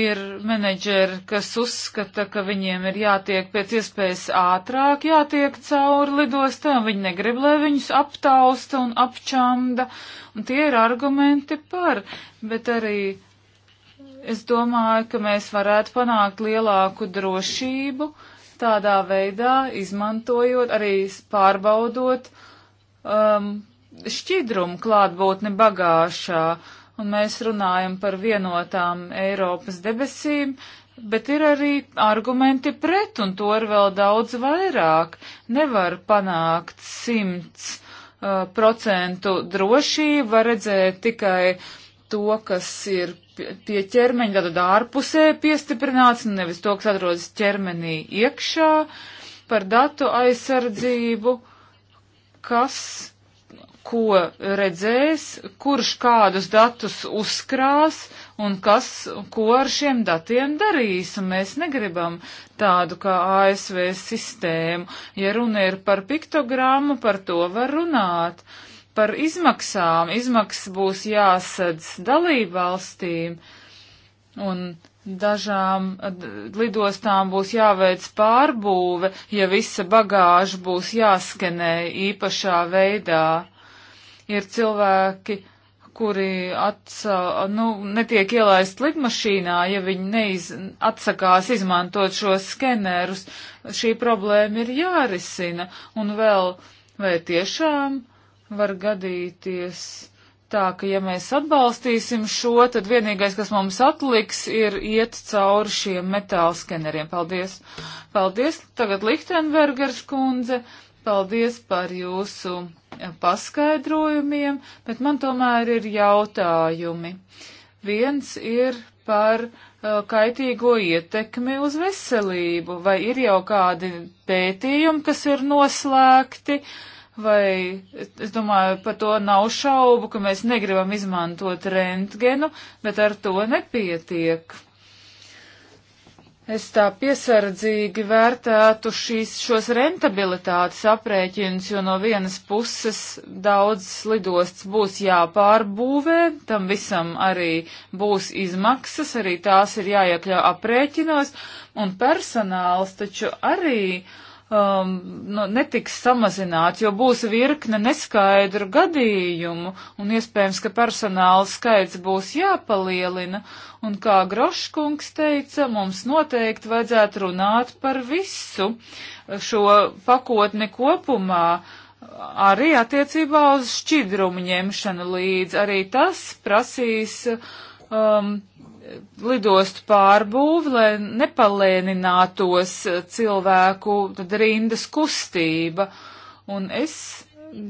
Ir menedžeri, kas uzskata, ka viņiem ir jātiek pēc iespējas ātrāk, jātiek cauri lidostā, un viņi negrib, lai viņus aptausta un apčamda. Un tie ir argumenti par, bet arī es domāju, ka mēs varētu panākt lielāku drošību tādā veidā, izmantojot, arī pārbaudot um, šķidrumu klātbūtni bagāšā, un mēs runājam par vienotām Eiropas debesīm, bet ir arī argumenti pret, un to ir vēl daudz vairāk. Nevar panākt simts uh, procentu drošību, var redzēt tikai to, kas ir pie ķermeņa, tad ārpusē piestiprināts, nevis to, kas atrodas ķermenī iekšā, par datu aizsardzību, kas ko redzēs, kurš kādus datus uzkrās un kas, ko ar šiem datiem darīs. Un mēs negribam tādu kā ASV sistēmu. Ja runa ir par piktogrammu, par to var runāt. Par izmaksām. Izmaksas būs jāsadz dalībvalstīm. Un Dažām lidostām būs jāveic pārbūve, ja visa bagāža būs jāskenē īpašā veidā. Ir cilvēki, kuri atsa, nu, netiek ielaist lidmašīnā, ja viņi neiz, atsakās izmantot šos skenerus. Šī problēma ir jārisina. Un vēl, vai tiešām var gadīties tā, ka ja mēs atbalstīsim šo, tad vienīgais, kas mums atliks, ir iet cauri šiem metāla skeneriem. Paldies! Paldies! Tagad Lichtenbergers kundze, paldies par jūsu paskaidrojumiem, bet man tomēr ir jautājumi. Viens ir par uh, kaitīgo ietekmi uz veselību. Vai ir jau kādi pētījumi, kas ir noslēgti, vai es domāju, par to nav šaubu, ka mēs negribam izmantot rentgenu, bet ar to nepietiek. Es tā piesardzīgi vērtētu šīs, šos rentabilitātes aprēķinus, jo no vienas puses daudz lidosts būs jāpārbūvē, tam visam arī būs izmaksas, arī tās ir jāiekļau aprēķinos, un personāls taču arī uh, um, nu, netiks samazināts, jo būs virkne neskaidru gadījumu un iespējams, ka personāla skaits būs jāpalielina. Un kā Groškungs teica, mums noteikti vajadzētu runāt par visu šo pakotni kopumā. Arī attiecībā uz šķidrumu ņemšanu līdz, arī tas prasīs um, lidostu pārbūvi, lai nepalēninātos cilvēku tad rindas kustība. Un es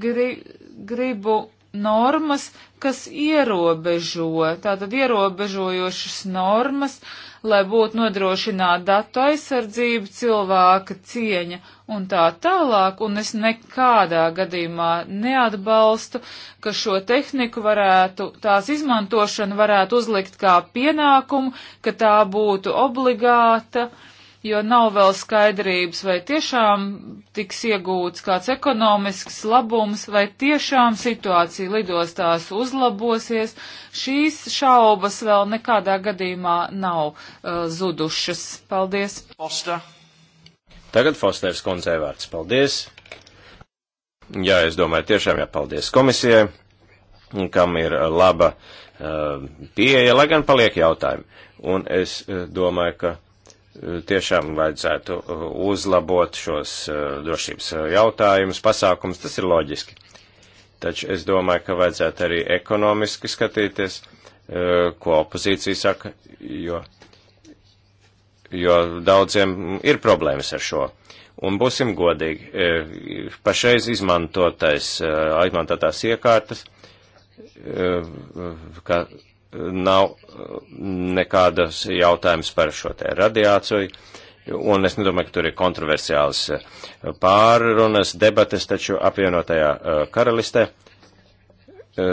gri, gribu normas, kas ierobežo, tātad ierobežojošas normas, lai būtu nodrošināta datu aizsardzība, cilvēka cieņa un tā tālāk, un es nekādā gadījumā neatbalstu, ka šo tehniku varētu, tās izmantošanu varētu uzlikt kā pienākumu, ka tā būtu obligāta. Uh, jo nav vēl skaidrības, vai tiešām tiks iegūts kāds ekonomisks labums, vai tiešām situācija lidostās uzlabosies. Šīs šaubas vēl nekādā gadījumā nav uh, zudušas. Paldies! Foster. Tagad Fosters kundzei vārds. Paldies! Jā, es domāju, tiešām jāpaldies komisijai, kam ir laba uh, pieeja, lai gan paliek jautājumi. Un es uh, domāju, ka tiešām vajadzētu uh, uzlabot šos uh, drošības uh, jautājumus, pasākums, tas ir loģiski. Taču es domāju, ka vajadzētu arī ekonomiski skatīties, ko opozīcija saka, jo, jo daudziem ir problēmas ar šo. Un būsim godīgi, pašreiz izmantotais, izmantotās iekārtas, ka nav eh, nekādas jautājums par šo te radiāciju, un es nedomāju, ka tur ir kontroversiāls eh, pārunas, debates, taču apvienotajā eh, karalistē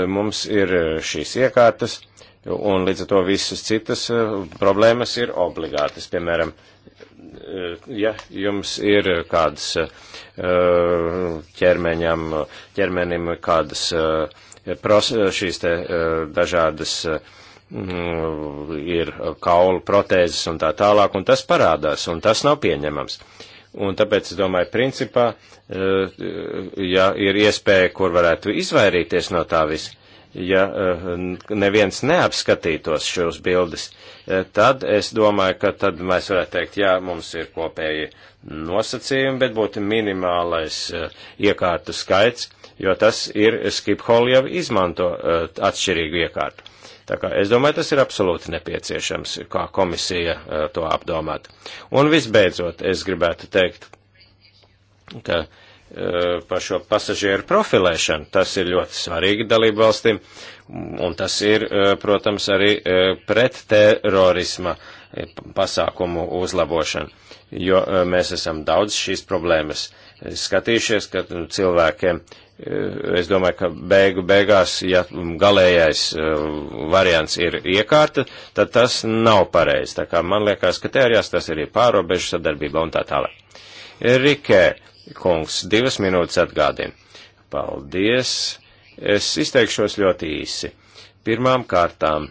mums ir šīs iekārtas, un līdz ar to visas citas problēmas ir obligātas. Piemēram, ja jums ir kādas ķermeņam, ķermenim kādas uh, Eh, pros, eh, šīs te eh, dažādas mm, ir kaulu protēzes un tā tālāk, un tas parādās, un tas nav pieņemams. Un tāpēc es domāju, principā, ja ir iespēja, kur varētu izvairīties no tā visa, ja neviens neapskatītos šos bildes, tad es domāju, ka tad mēs varētu teikt, jā, mums ir kopēji nosacījumi, bet būtu minimālais iekārtu skaits jo tas ir Skiphol jau izmanto eh, atšķirīgu iekārtu. Tā kā es domāju, tas ir absolūti nepieciešams, kā komisija eh, to apdomāt. Un visbeidzot, es gribētu teikt, ka eh, par šo pasažieru profilēšanu. Tas ir ļoti svarīgi dalību valstīm, un tas ir, protams, arī pret terorisma pasākumu uzlabošanu, jo mēs esam daudz šīs problēmas skatījušies, ka cilvēkiem Es domāju, ka beigu beigās, ja galējais e, variants ir iekārta, tad tas nav pareizi. Tā kā man liekas, ka te arī tas ir pārobežu sadarbība un tā tālāk. Rikē, kungs, divas minūtes atgādina. Paldies. Es izteikšos ļoti īsi. Pirmām kārtām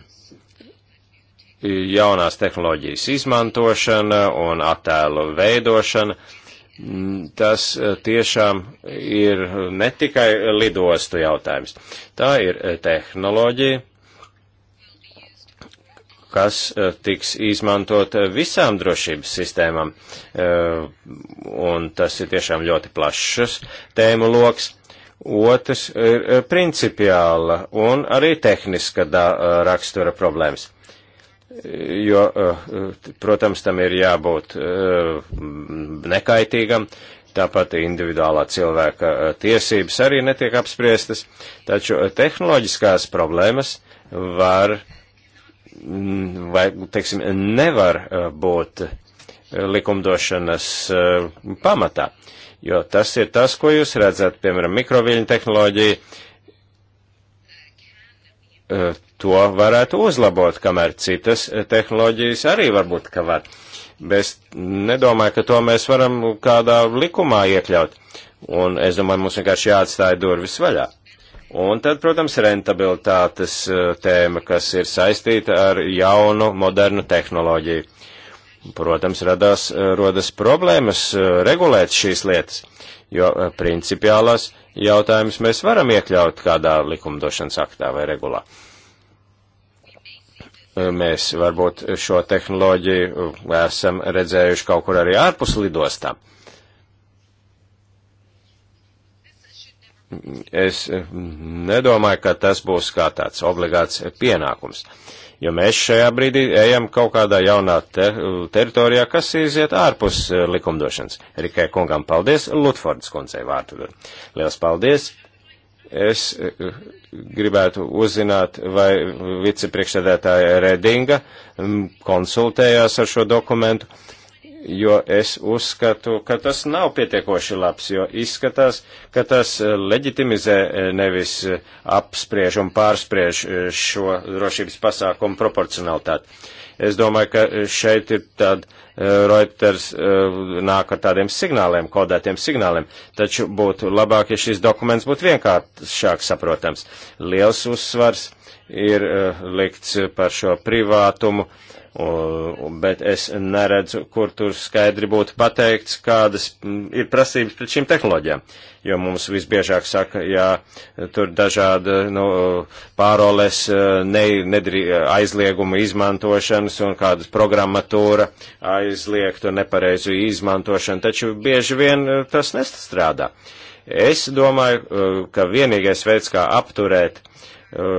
jaunās tehnoloģijas izmantošana un attēlu veidošana Mm, tas eh, tiešām ir ne tikai lidostu jautājums. Tā ir eh, tehnoloģija, kas eh, tiks izmantot visām drošības sistēmām, un tas ir tiešām ļoti plašs tēmu loks. Otrs ir principiāla un arī tehniska rakstura problēmas jo, eh, protams, tam ir jābūt eh, nekaitīgam, tāpat individuālā cilvēka eh, tiesības arī netiek apspriestas, taču tehnoloģiskās problēmas var, mm, vai, teiksim, nevar būt likumdošanas pamatā, jo tas ir tas, ko jūs redzat, piemēram, mikroviļņu tehnoloģija, Eh, to varētu uzlabot, kamēr citas eh, tehnoloģijas arī varbūt, ka var. Bet es nedomāju, ka to mēs varam kādā likumā iekļaut. Un es domāju, mums vienkārši jāatstāja durvis vaļā. Un tad, protams, rentabilitātes eh, tēma, kas ir saistīta ar jaunu, modernu tehnoloģiju. Protams, radās, rodas problēmas regulēt šīs lietas, jo principiālās jautājumus mēs varam iekļaut kādā likumdošanas aktā vai regulā. Mēs varbūt šo tehnoloģiju esam redzējuši kaut kur arī ārpus lidostām. es eh, nedomāju, ka tas būs kā tāds obligāts pienākums. Jo mēs šajā brīdī ejam kaut kādā jaunā ter teritorijā, kas iziet ārpus eh, likumdošanas. Rikai kungam paldies, Lutfords kundzei vārtu. Liels paldies! Es eh, gribētu uzzināt, vai vicepriekšsēdētāja Redinga mm, konsultējās ar šo dokumentu jo es uzskatu, ka tas nav pietiekoši labs, jo izskatās, ka tas eh, leģitimizē eh, nevis eh, apspriež un pārspriež šo drošības pasākumu proporcionalitāti. Es domāju, ka šeit ir tāda Reuters nāk ar tādiem signāliem, kodētiem signāliem, taču būtu labāk, ja šis dokuments būtu vienkāršāk saprotams. Liels uzsvars ir likts par šo privātumu bet es neredzu, kur tur skaidri būtu pateikts, kādas ir prasības pret šīm tehnoloģijām. Jo mums visbiežāk saka, jā, tur dažāda nu, pāroles e, ne, nedrī, aizlieguma izmantošanas un kādas programmatūra aizliegtu nepareizu izmantošanu, taču bieži vien e, tas nestrādā. Es domāju, e, ka vienīgais veids, kā apturēt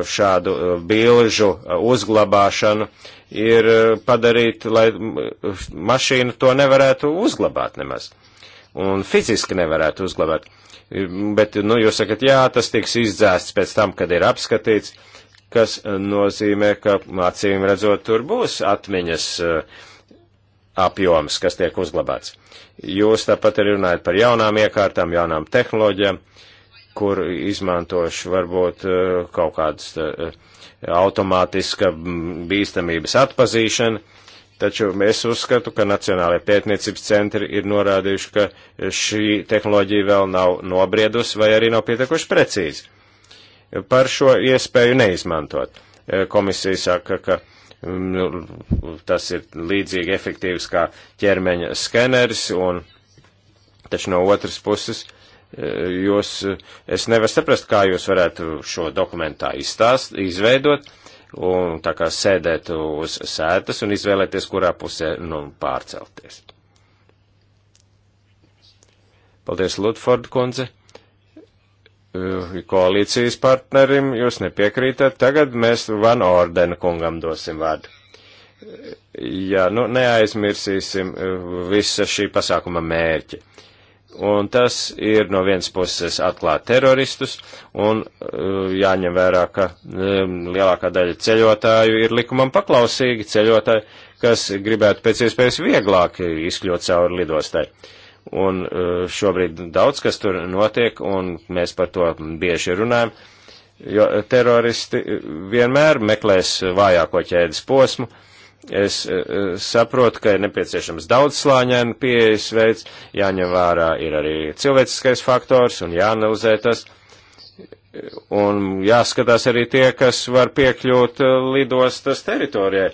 šādu bilžu uzglabāšanu, ir eh, padarīt, lai mašīna to nevarētu uzglabāt nemaz. Un fiziski nevarētu uzglabāt. Bet, nu, jūs sakat, jā, tas tiks izdzēsts pēc tam, kad ir apskatīts, kas nozīmē, ka acīm redzot, tur būs atmiņas eh, apjoms, kas tiek uzglabāts. Jūs tāpat arī runājat par jaunām iekārtām, jaunām tehnoloģijām, kur izmantošu varbūt eh, kaut kādas automātiska bīstamības atpazīšana, taču es uzskatu, ka Nacionālajie pētniecības centri ir norādījuši, ka šī tehnoloģija vēl nav nobriedusi vai arī nav pietiekuši precīzi. Par šo iespēju neizmantot. E, komisija saka, ka nu, tas ir līdzīgi efektīvs kā ķermeņa skeners, un taču no otras puses uh, jūs, es nevaru saprast, kā jūs varētu šo dokumentā izstāst, izveidot, un tā kā sēdēt uz sētas un izvēlēties, kurā pusē, nu, pārcelties. Paldies, Lutford kundze. Eh, koalīcijas partnerim jūs nepiekrītat, tagad mēs Van Orden kungam dosim vārdu. Eh, jā, nu neaizmirsīsim eh, visa šī pasākuma mērķi Un tas ir no vienas puses atklāt teroristus, un uh, jāņem vērā, ka um, lielākā daļa ceļotāju ir likumam paklausīgi ceļotāji, kas gribētu pēc iespējas vieglāk izkļūt cauri lidostai. Un uh, šobrīd daudz kas tur notiek, un mēs par to bieži runājam, jo teroristi vienmēr meklēs vājāko ķēdes posmu, Es eh, eh, saprotu, ka ir nepieciešams daudzslāņainu pieejas veids, jāņem vērā ir arī cilvēciskais faktors un jāanalizē tas. Un jāskatās arī tie, kas var piekļūt eh, lidostas teritorijai.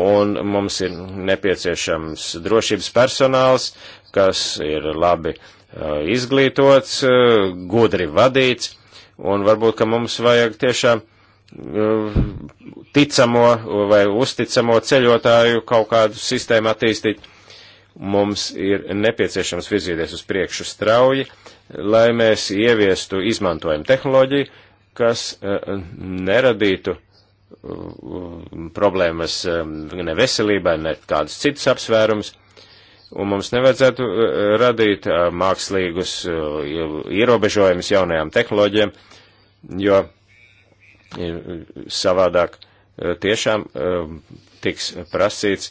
Un mums ir nepieciešams drošības personāls, kas ir labi izglītots, gudri vadīts. Un varbūt, ka mums vajag tiešām ticamo vai uzticamo ceļotāju kaut kādu sistēmu attīstīt. Mums ir nepieciešams virzīties uz priekšu strauji, lai mēs ieviestu izmantojumu tehnoloģiju, kas eh, neradītu eh, problēmas eh, ne veselībai, ne kādus citus apsvērumus. Un mums nevajadzētu radīt mākslīgus ierobežojumus jaunajām tehnoloģijām, jo Eh, savādāk eh, tiešām eh, tiks prasīts,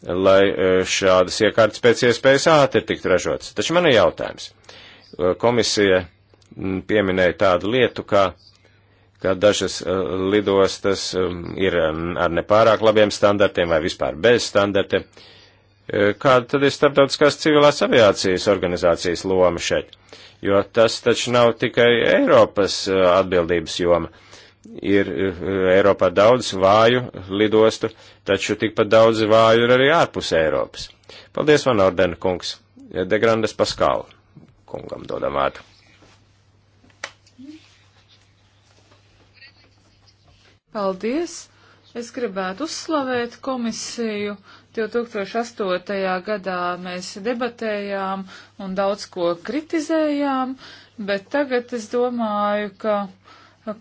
lai šādas iekārtas pēc iespējas ātri tiktu ražotas. Taču man ir jautājums. Komisija mm, pieminēja tādu lietu, kā, ka dažas lidostas mm, ir mm, ar nepārāk labiem standartiem vai vispār bez standartiem. Kāda tad ir starptautiskās civilās aviācijas organizācijas loma šeit? Jo tas taču nav tikai Eiropas atbildības joma ir eh, Eiropā daudz vāju lidostu, taču tikpat daudz vāju ir arī ārpus Eiropas. Paldies, Van Orden kungs. De Grandes Paskal kungam dodam vārdu. Paldies! Es gribētu uzslavēt komisiju. 2008. gadā mēs debatējām un daudz ko kritizējām, bet tagad es domāju, ka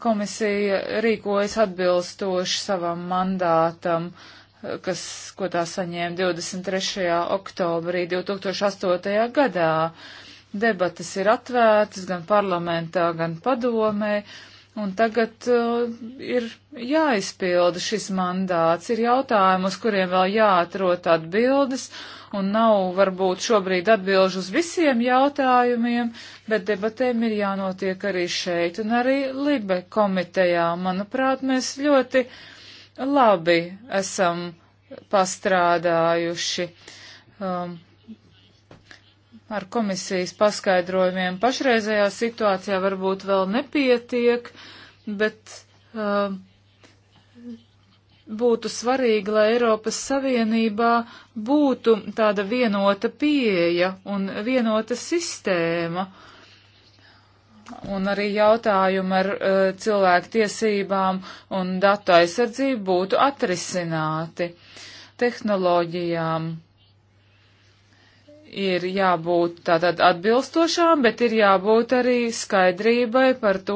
komisija rīkojas atbilstoši savam mandātam, kas, ko tā saņēma 23. oktobrī 2008. gadā. Debates ir atvērtas gan parlamentā, gan padomē, Un tagad uh, ir jāizpilda šis mandāts, ir jautājumi, uz kuriem vēl jāatrot atbildes, un nav varbūt šobrīd atbilžu uz visiem jautājumiem, bet debatēm ir jānotiek arī šeit un arī Libe komitejā. Manuprāt, mēs ļoti labi esam pastrādājuši. Um, ar komisijas paskaidrojumiem pašreizējā situācijā varbūt vēl nepietiek, bet uh, būtu svarīgi, lai Eiropas Savienībā būtu tāda vienota pieeja un vienota sistēma. Un arī jautājumi ar uh, cilvēku tiesībām un datu aizsardzību būtu atrisināti tehnoloģijām ir jābūt tātad atbilstošām, bet ir jābūt arī skaidrībai par to,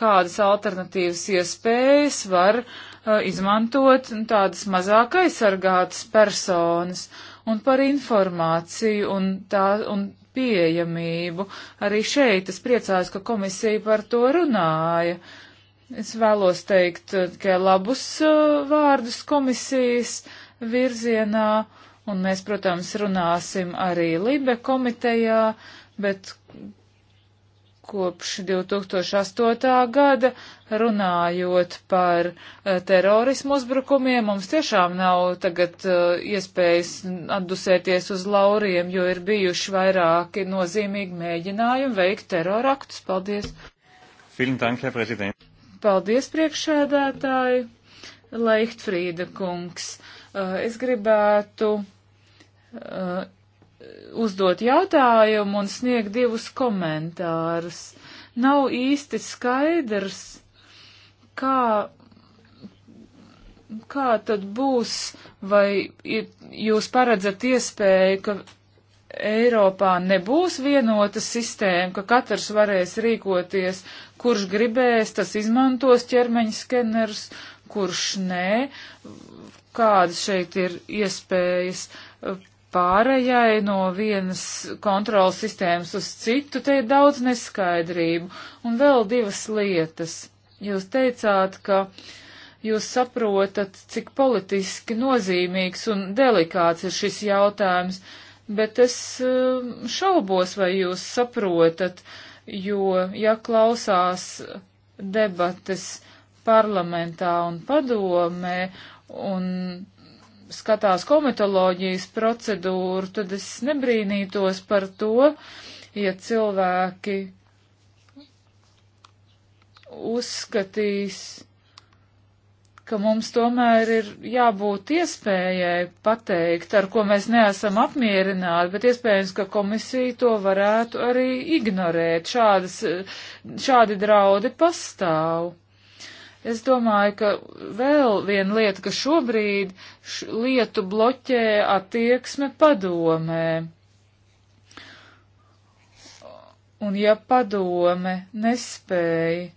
kādas alternatīvas iespējas var uh, izmantot tādas mazāk aizsargātas personas un par informāciju un, tā, un pieejamību. Arī šeit es priecājos, ka komisija par to runāja. Es vēlos teikt uh, tikai labus uh, vārdus komisijas virzienā Un mēs, protams, runāsim arī Libe komitejā, bet kopš 2008. gada runājot par eh, terorismu uzbrukumiem, mums tiešām nav tagad eh, iespējas atdusēties uz lauriem, jo ir bijuši vairāki nozīmīgi mēģinājumi veikt teroraktus. Paldies! Dank, Paldies, priekšsēdētāji! Leichtfrīda kungs. Eh, es gribētu uh, uzdot jautājumu un sniegt divus komentārus. Nav īsti skaidrs, kā, kā tad būs, vai jūs paredzat iespēju, ka Eiropā nebūs vienota sistēma, ka katrs varēs rīkoties, kurš gribēs, tas izmantos ķermeņa skeners, kurš nē, kādas šeit ir iespējas pārējai no vienas kontrolas sistēmas uz citu, te ir daudz neskaidrību. Un vēl divas lietas. Jūs teicāt, ka jūs saprotat, cik politiski nozīmīgs un delikāts ir šis jautājums, bet es um, šaubos, vai jūs saprotat, jo, ja klausās debates parlamentā un padomē, un skatās komitoloģijas procedūru, tad es nebrīnītos par to, ja cilvēki uzskatīs, ka mums tomēr ir jābūt iespējai pateikt, ar ko mēs neesam apmierināti, bet iespējams, ka komisija to varētu arī ignorēt. Šādas, šādi draudi pastāv. Es domāju, ka vēl viena lieta, ka šobrīd š, lietu bloķē attieksme padomē. Un ja padome nespēja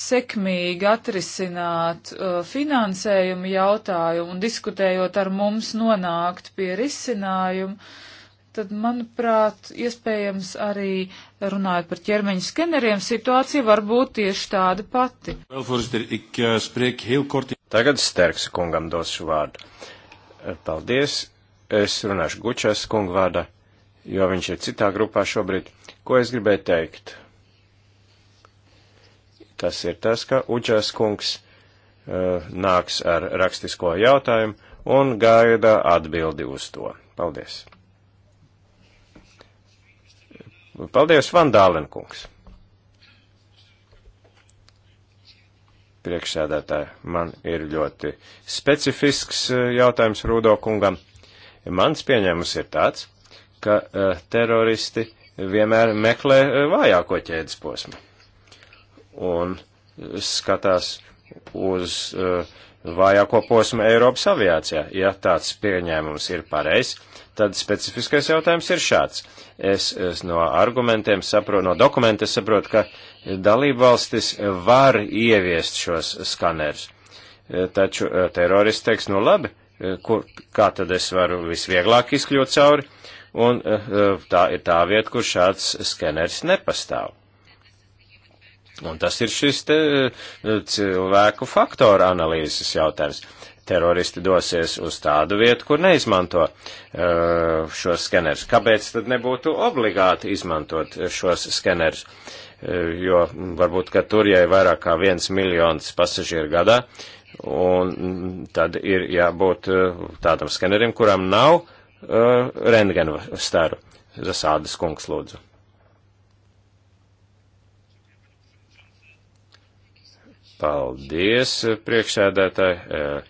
sekmīgi atrisināt uh, finansējumu jautājumu un diskutējot ar mums nonākt pie risinājumu, uh, tad, manuprāt, iespējams arī runājot par ķermeņa skeneriem, situācija var būt tieši tāda pati. Eh, Tagad Sterks kungam došu vārdu. Eh, paldies. Es runāšu Gučas kungu vārdā, jo viņš ir citā grupā šobrīd. Ko es gribēju teikt? Tas ir tas, ka Uģas kungs uh, nāks ar rakstisko jautājumu un gaida atbildi uz to. Paldies! Paldies, Vandālenkungs. Priekšsēdētāji, man ir ļoti specifisks e, jautājums Rūdo kungam. Mans pieņēmums ir tāds, ka uh, teroristi vienmēr meklē e, vājāko ķēdes posmu un skatās uz uh, vājāko posmu Eiropas aviācijā. Ja tāds pieņēmums ir pareizs, Tad specifiskais jautājums ir šāds. Es, es no argumentiem saprotu, no dokumenta saprotu, ka dalībvalstis var ieviest šos skanerus. Taču eh, terorists teiks, nu labi, eh, kur, kā tad es varu visvieglāk izkļūt cauri, un eh, tā ir tā vieta, kur šāds skeners nepastāv. Un tas ir šis te cilvēku faktora analīzes jautājums teroristi dosies uz tādu vietu, kur neizmanto uh, šos skenerus. Kāpēc tad nebūtu obligāti izmantot šos skenerus? Uh, jo varbūt, ka tur jau ir vairāk kā viens miljons pasažieru gadā, un tad ir jābūt uh, tādam skenerim, kuram nav rentgenu staru. Zasādas kungs lūdzu. Paldies, priekšsēdētāji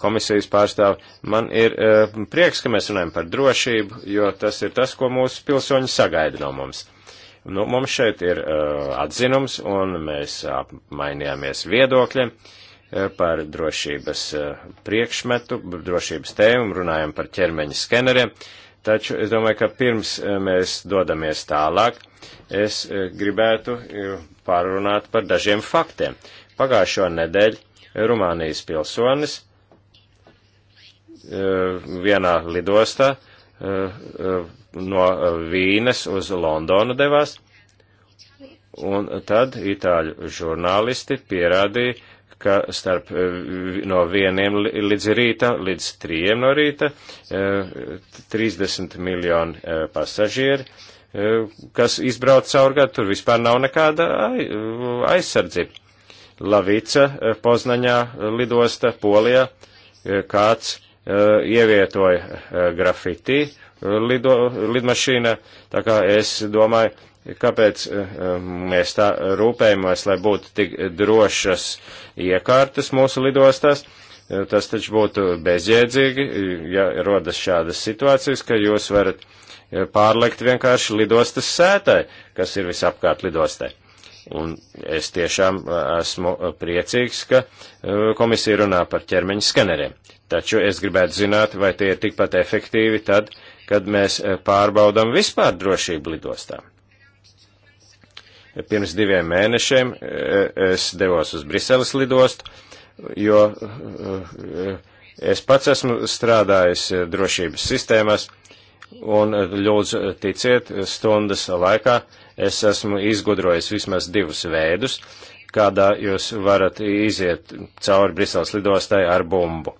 komisijas pārstāvi. Man ir e, prieks, ka mēs runājam par drošību, jo tas ir tas, ko mūsu pilsoņi sagaida no mums. Nu, mums šeit ir e, atzinums, un mēs apmainījāmies viedokļiem e, par drošības priekšmetu, drošības tēmu, runājam par ķermeņa skeneriem. Taču es domāju, ka pirms mēs dodamies tālāk, es gribētu pārunāt par dažiem faktiem. Pagājušo nedēļu Rumānijas pilsonis Eh, vienā lidostā eh, eh, no Vīnes uz Londonu devās, un tad itāļu žurnālisti pierādīja, ka starp no vieniem līdz rīta, līdz trījiem no rīta, 30 miljoni pasažieri, kas izbrauc caur gadu, tur vispār nav nekāda aizsardzība. Lavica Poznaņā lidosta Polijā, kāds ievietoja grafiti lido, lidmašīna, tā kā es domāju, kāpēc mēs tā rūpējamies, lai būtu tik drošas iekārtas mūsu lidostās. Tas taču būtu bezjēdzīgi, ja rodas šādas situācijas, ka jūs varat pārlekt vienkārši lidostas sētai, kas ir visapkārt lidostai. Un es tiešām esmu priecīgs, ka komisija runā par ķermeņa skaneriem. Taču es gribētu zināt, vai tie ir tikpat efektīvi tad, kad mēs eh, pārbaudam vispār drošību lidostā. Pirms diviem mēnešiem eh, es devos uz Briseles lidostu, jo eh, es pats esmu strādājis drošības sistēmas, un lūdzu ticiet, stundas laikā es esmu izgudrojis vismaz divus veidus, kādā jūs varat iziet cauri Briseles lidostai ar bumbu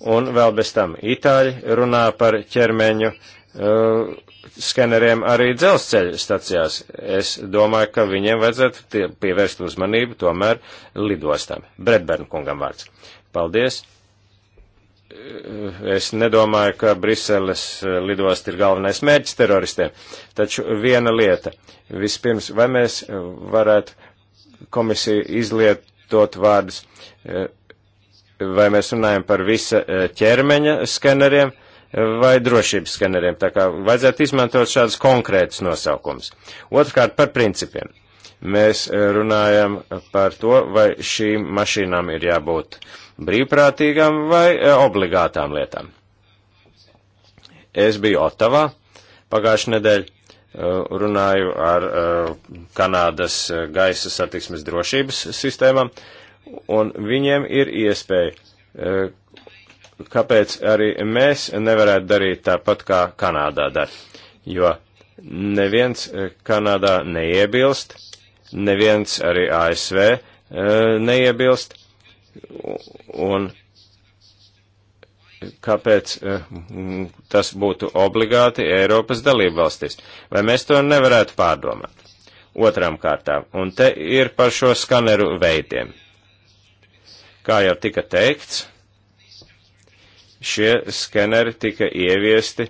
un vēl bez tam Itāļi runā par ķermeņu uh, eh, skaneriem arī dzelzceļa stacijās. Es domāju, ka viņiem vajadzētu pievērst uzmanību tomēr lidostām. Bredbern kungam vārds. Paldies! Eh, es nedomāju, ka Briseles eh, lidost ir galvenais mērķis teroristiem, taču viena lieta. Vispirms, vai mēs varētu komisiju izlietot vārdus vai mēs runājam par visa e, ķermeņa skeneriem e, vai drošības skeneriem. Tā kā vajadzētu izmantot šādus konkrētus nosaukumus. Otrkārt par principiem. Mēs e, runājam par to, vai šīm mašīnām ir jābūt brīvprātīgām vai obligātām lietām. Es biju Otavā pagājušajā nedēļā, runāju ar Kanādas gaisa satiksmes drošības sistēmām, uh, un viņiem ir iespēja. Eh, kāpēc arī mēs nevarētu darīt tāpat, kā Kanādā dara? Jo neviens eh, Kanādā neiebilst, neviens arī ASV eh, neiebilst, un kāpēc tas būtu obligāti Eiropas dalībvalstīs? Vai mēs to nevarētu pārdomāt? Otram kārtām, un te ir par šo skaneru veidiem. Kā jau tika teikts, šie skeneri tika ieviesti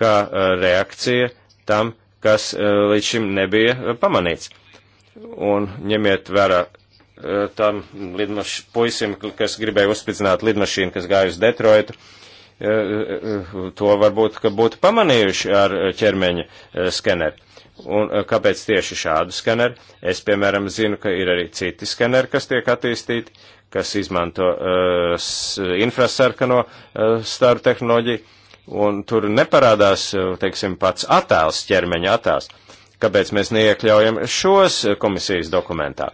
kā e, reakcija tam, kas e, līdz šim nebija e, pamanīts. Un ņemiet vērā tam lidmaš, puisim, kas gribēja uzspridzināt lidmašīnu, kas gāja uz Detroitu, to varbūt, ka būtu pamanījuši ar ķermeņa skeneri. Un kāpēc tieši šādu skeneri? Es, piemēram, zinu, ka ir arī citi skeneri, kas tiek attīstīti, kas izmanto uh, infrasarkano uh, eh, staru tehnoloģiju, un tur neparādās, eh, teiksim, pats attēls, ķermeņa attēls. Kāpēc mēs neiekļaujam šos komisijas dokumentā?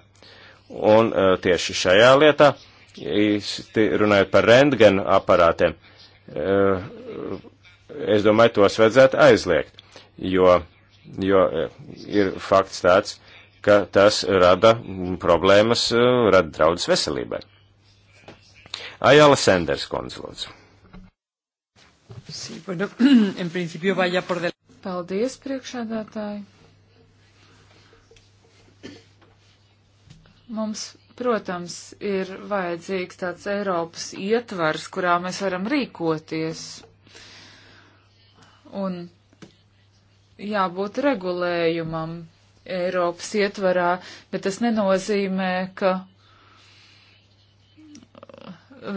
Un uh, tieši šajā lietā, īsti runājot par rentgenu aparātiem, uh, es domāju, tos vajadzētu aizliegt, jo, jo ir fakts tāds, ka tas rada mm, problēmas, eh, rada draudus veselībai. Ajala Sanders, konsulants. Sí, bueno, en principio vaya por del... Paldies, priekšādātāji. Mums, protams, ir vajadzīgs tāds Eiropas ietvars, kurā mēs varam rīkoties. Un jābūt regulējumam Eiropas ietvarā, bet tas nenozīmē, ka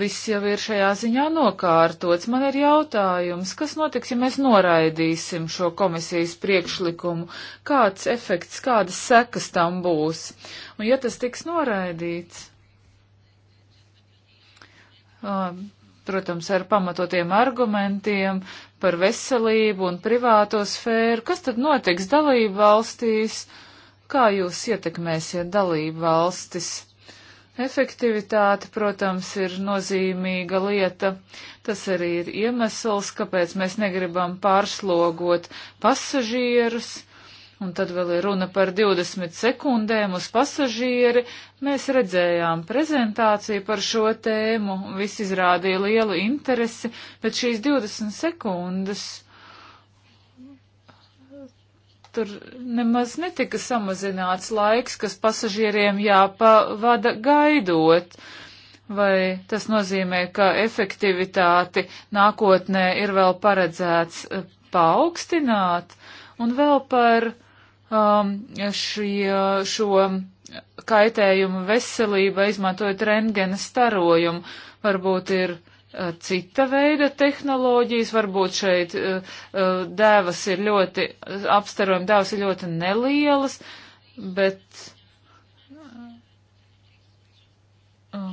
viss jau ir šajā ziņā nokārtots. Man ir jautājums, kas notiks, ja mēs noraidīsim šo komisijas priekšlikumu? Kāds efekts, kādas sekas tam būs? Un ja tas tiks noraidīts? Protams, ar pamatotiem argumentiem, par veselību un privāto sfēru, kas tad notiks dalību valstīs, kā jūs ietekmēsiet dalību valstis? Efektivitāte, protams, ir nozīmīga lieta. Tas arī ir iemesls, kāpēc mēs negribam pārslogot pasažierus Un tad vēl ir runa par 20 sekundēm uz pasažieri. Mēs redzējām prezentāciju par šo tēmu, visi izrādīja lielu interesi, bet šīs 20 sekundes tur nemaz netika samazināts laiks, kas pasažieriem jāpavada gaidot. Vai tas nozīmē, ka efektivitāti nākotnē ir vēl paredzēts eh, paaugstināt? Un vēl par um, šī, šo kaitējumu veselībai, izmantojot rentgena starojumu. Varbūt ir uh, cita veida tehnoloģijas, varbūt šeit uh, uh dēvas ir ļoti, apstarojuma dēvas ir ļoti nelielas, bet. Uh, uh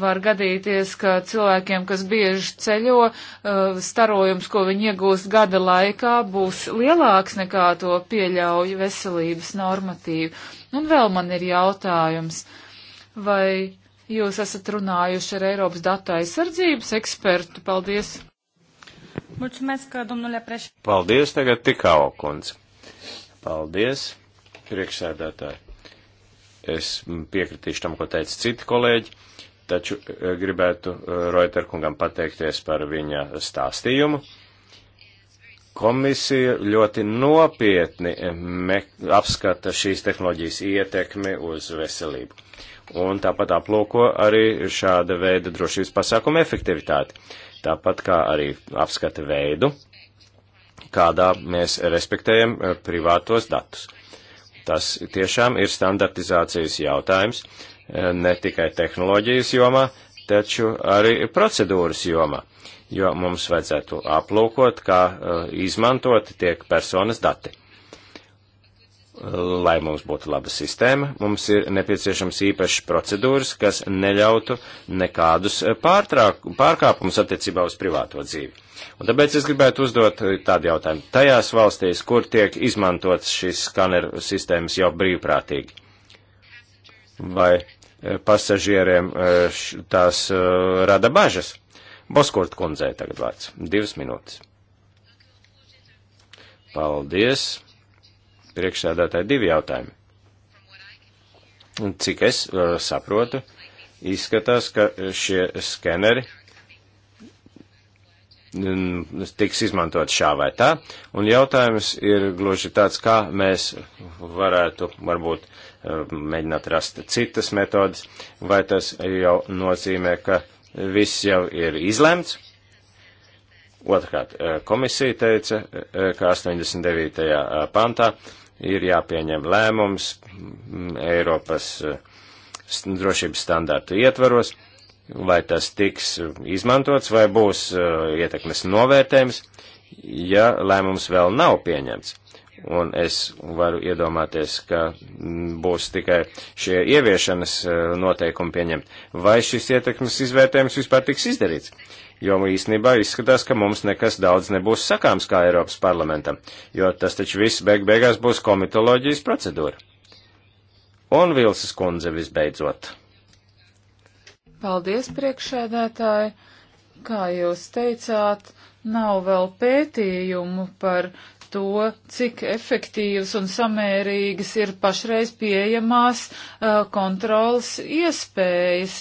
var gadīties, ka cilvēkiem, kas bieži ceļo, eh, starojums, ko viņi iegūst gada laikā, būs lielāks nekā to pieļauj veselības normatīvi. Un vēl man ir jautājums, vai jūs esat runājuši ar Eiropas datu aizsardzības ekspertu? Paldies! Mulțumesc, domnule președinte. Paldies, tagad tikau, kundze. Paldies, priekšsēdētāji. Es piekritīšu tam, ko teica citi kolēģi taču eh, gribētu eh, Reuter kungam pateikties par viņa stāstījumu. Komisija ļoti nopietni eh, apskata šīs tehnoloģijas ietekmi uz veselību. Un tāpat aplūko arī šāda veida drošības pasākuma efektivitāti. Tāpat kā arī apskata veidu, kādā mēs respektējam privātos datus. Tas tiešām ir standartizācijas jautājums, E, ne tikai tehnoloģijas jomā, taču arī procedūras jomā, jo mums vajadzētu aplūkot, kā e, izmantot tiek personas dati. Lai mums būtu laba sistēma, mums ir nepieciešams īpašas procedūras, kas neļautu nekādus e, pārkāpumus attiecībā uz privāto dzīvi. Un tāpēc es gribētu uzdot tādu jautājumu. Tajās valstīs, kur tiek izmantots šīs skaneru sistēmas jau brīvprātīgi, vai pasažieriem e, tās e, rada bažas. Boskurt kundzē tagad vārds. Divas minūtes. Paldies. Priekšsēdētāji divi jautājumi. Cik es e, saprotu, izskatās, ka šie skeneri tiks izmantot šā vai tā, un jautājums ir gluži tāds, kā mēs varētu varbūt eh, mēģināt rast citas metodas, vai tas jau nozīmē, ka viss jau ir izlemts. Otrkārt, eh, komisija teica, eh, ka 89. pantā ir jāpieņem lēmums mm, Eiropas drošības standārtu ietvaros, vai tas tiks izmantots, vai būs uh, ietekmes novērtējums, ja lēmums vēl nav pieņemts. Un es varu iedomāties, ka mm, būs tikai šie ieviešanas uh, noteikumi pieņemt. Vai šis ietekmes izvērtējums vispār tiks izdarīts? Jo īstenībā izskatās, ka mums nekas daudz nebūs sakāms kā Eiropas parlamentam, jo tas taču viss beig beigās būs komitoloģijas procedūra. Un Vilsas kundze visbeidzot. Paldies, priekšēdētāji! Kā jūs teicāt, nav vēl pētījumu par to, cik efektīvas un samērīgas ir pašreiz pieejamās uh, kontrolas iespējas.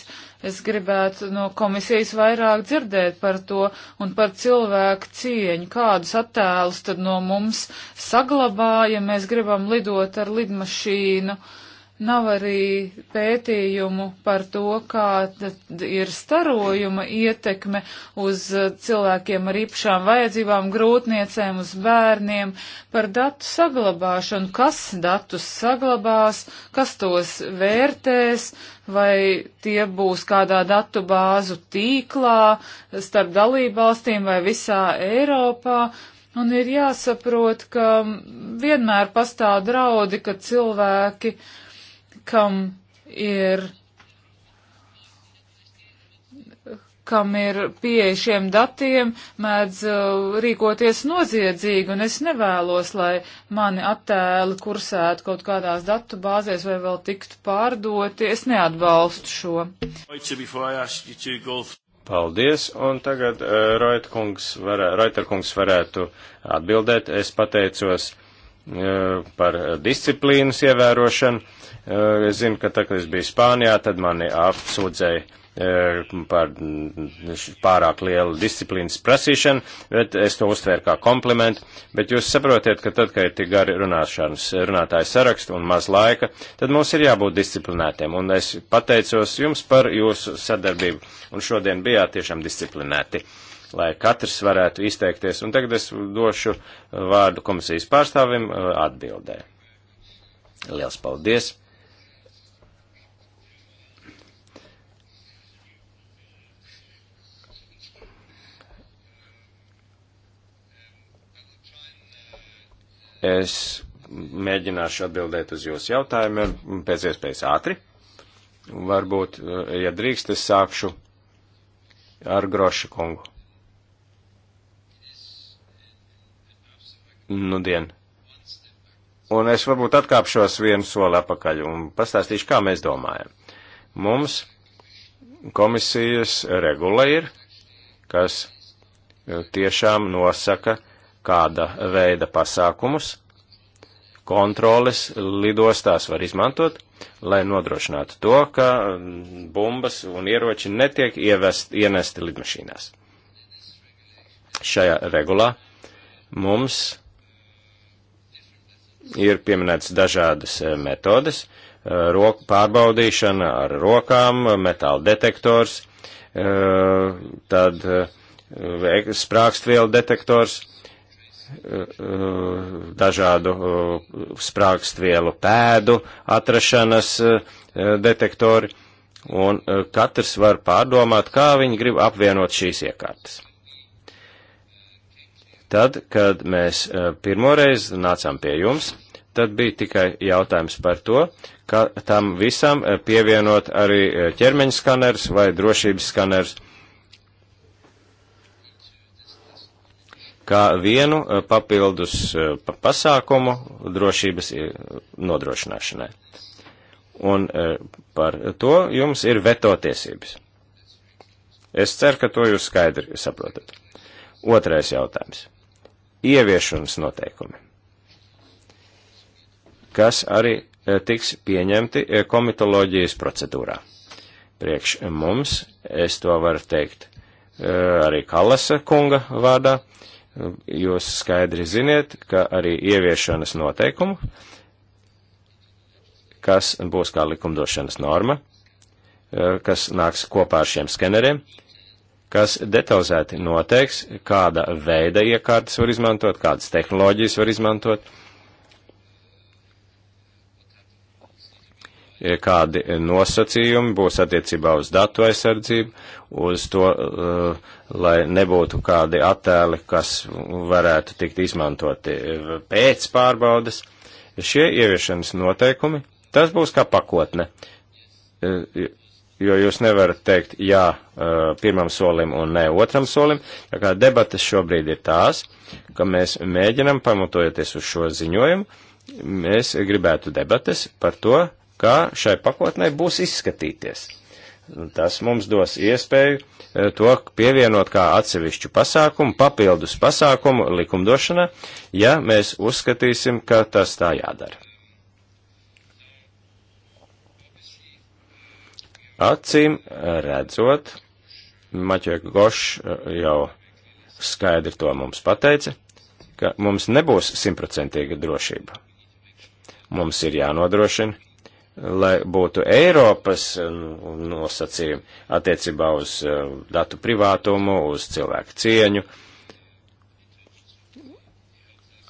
Es gribētu no komisijas vairāk dzirdēt par to un par cilvēku cieņu, kādus attēlus tad no mums saglabā, ja mēs gribam lidot ar lidmašīnu. Uh, Nav arī pētījumu par to, kāda ir starojuma ietekme uz uh, cilvēkiem ar īpašām vajadzībām, grūtniecēm, uz bērniem, par datu saglabāšanu, kas datus saglabās, kas tos vērtēs, vai tie būs kādā datu bāzu tīklā starp dalībvalstīm vai visā Eiropā. Un ir jāsaprot, ka vienmēr pastāv draudi, ka cilvēki uh, kam ir kam ir pieeja šiem datiem, mēdz uh, rīkoties noziedzīgi, un es nevēlos, lai mani attēli kursētu kaut kādās datu bāzēs vai vēl tiktu pārdoti. Es neatbalstu šo. Paldies, un tagad uh, Raitarkungs varē, varētu atbildēt. Es pateicos uh, par disciplīnas ievērošanu Eh, es zinu, ka tā, kad es biju Spānijā, tad mani apsūdzēja eh, par mm, pārāk lielu disciplīnas prasīšanu, bet es to uztvēru kā komplimentu. Bet jūs saprotiet, ka tad, kad ir tik gari runāšanas, runātāju sarakstu un maz laika, tad mums ir jābūt disciplinētiem. Un es pateicos jums par jūsu sadarbību. Un šodien bijāt tiešām disciplinēti lai katrs varētu izteikties. Un tagad es došu vārdu komisijas pārstāvim eh, atbildē. Liels paldies! Es mēģināšu atbildēt uz jūsu jautājumiem pēc iespējas ātri. Varbūt, eh, ja drīkst, es sākšu ar Groša kungu. Nudien. Un es varbūt atkāpšos vienu soli apakaļ un pastāstīšu, kā mēs domājam. Mums komisijas regula ir, kas eh, tiešām nosaka kāda veida pasākumus kontroles lidostās var izmantot, lai nodrošinātu to, ka mm, bumbas un ieroči netiek ievest, ienesti lidmašīnās. Šajā regulā mums ir pieminēts dažādas eh, metodes, eh, roku pārbaudīšana ar rokām, metāla detektors, eh, tad e, sprākstvielu detektors, dažādu uh, sprākstvielu pēdu atrašanas uh, detektori, un uh, katrs var pārdomāt, kā viņi grib apvienot šīs iekārtas. Tad, kad mēs pirmoreiz nācām pie jums, tad bija tikai jautājums par to, ka tam visam pievienot arī ķermeņa skaners vai drošības skaners – kā vienu eh, papildus eh, pasākumu drošības eh, nodrošināšanai. Un par to jums ir veto tiesības. Es ceru, ka to jūs skaidri saprotat. Otrais jautājums. Ieviešanas noteikumi, kas arī tiks pieņemti komitoloģijas procedūrā. Priekš mums, es to varu teikt arī Kalasa kunga vārdā, Jūs skaidri ziniet, ka arī ieviešanas noteikumu, kas būs kā likumdošanas norma, eh, kas nāks kopā ar šiem skeneriem, kas detalizēti noteiks, kāda veida iekārtas var izmantot, kādas tehnoloģijas var izmantot, kādi nosacījumi būs attiecībā uz datu aizsardzību, uz to, eh, lai nebūtu kādi attēli, kas varētu tikt izmantoti eh, pēc pārbaudas. Šie ieviešanas noteikumi, tas būs kā pakotne, eh, jo jūs nevarat teikt jā pirmam solim un nē otram solim, tā kā debatas šobrīd ir tās, ka mēs mēģinam pamatojoties uz šo ziņojumu, mēs gribētu debates par to, kā šai pakotnē būs izskatīties. Tas mums dos iespēju e, to pievienot kā atsevišķu pasākumu, papildus pasākumu likumdošana, ja mēs uzskatīsim, ka tas tā jādara. Acīm redzot, Maķēka Gošs e, jau skaidri to mums pateica, ka mums nebūs simtprocentīga drošība. Mums ir jānodrošina, lai būtu Eiropas um, nosacījumi attiecībā uz um, datu privātumu, uz cilvēku cieņu,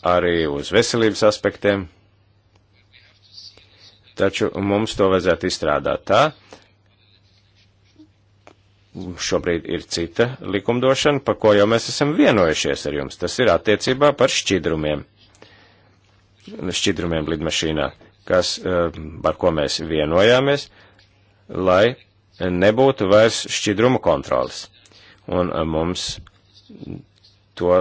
arī uz veselības aspektiem. Taču mums to vajadzētu izstrādāt tā. Šobrīd ir cita likumdošana, par ko jau mēs esam vienojušies ar jums. Tas ir attiecībā par šķidrumiem. Šķidrumiem lidmašīnā kas, par eh, ko mēs vienojāmies, lai nebūtu vairs šķidruma kontrolas. Un eh, mums to,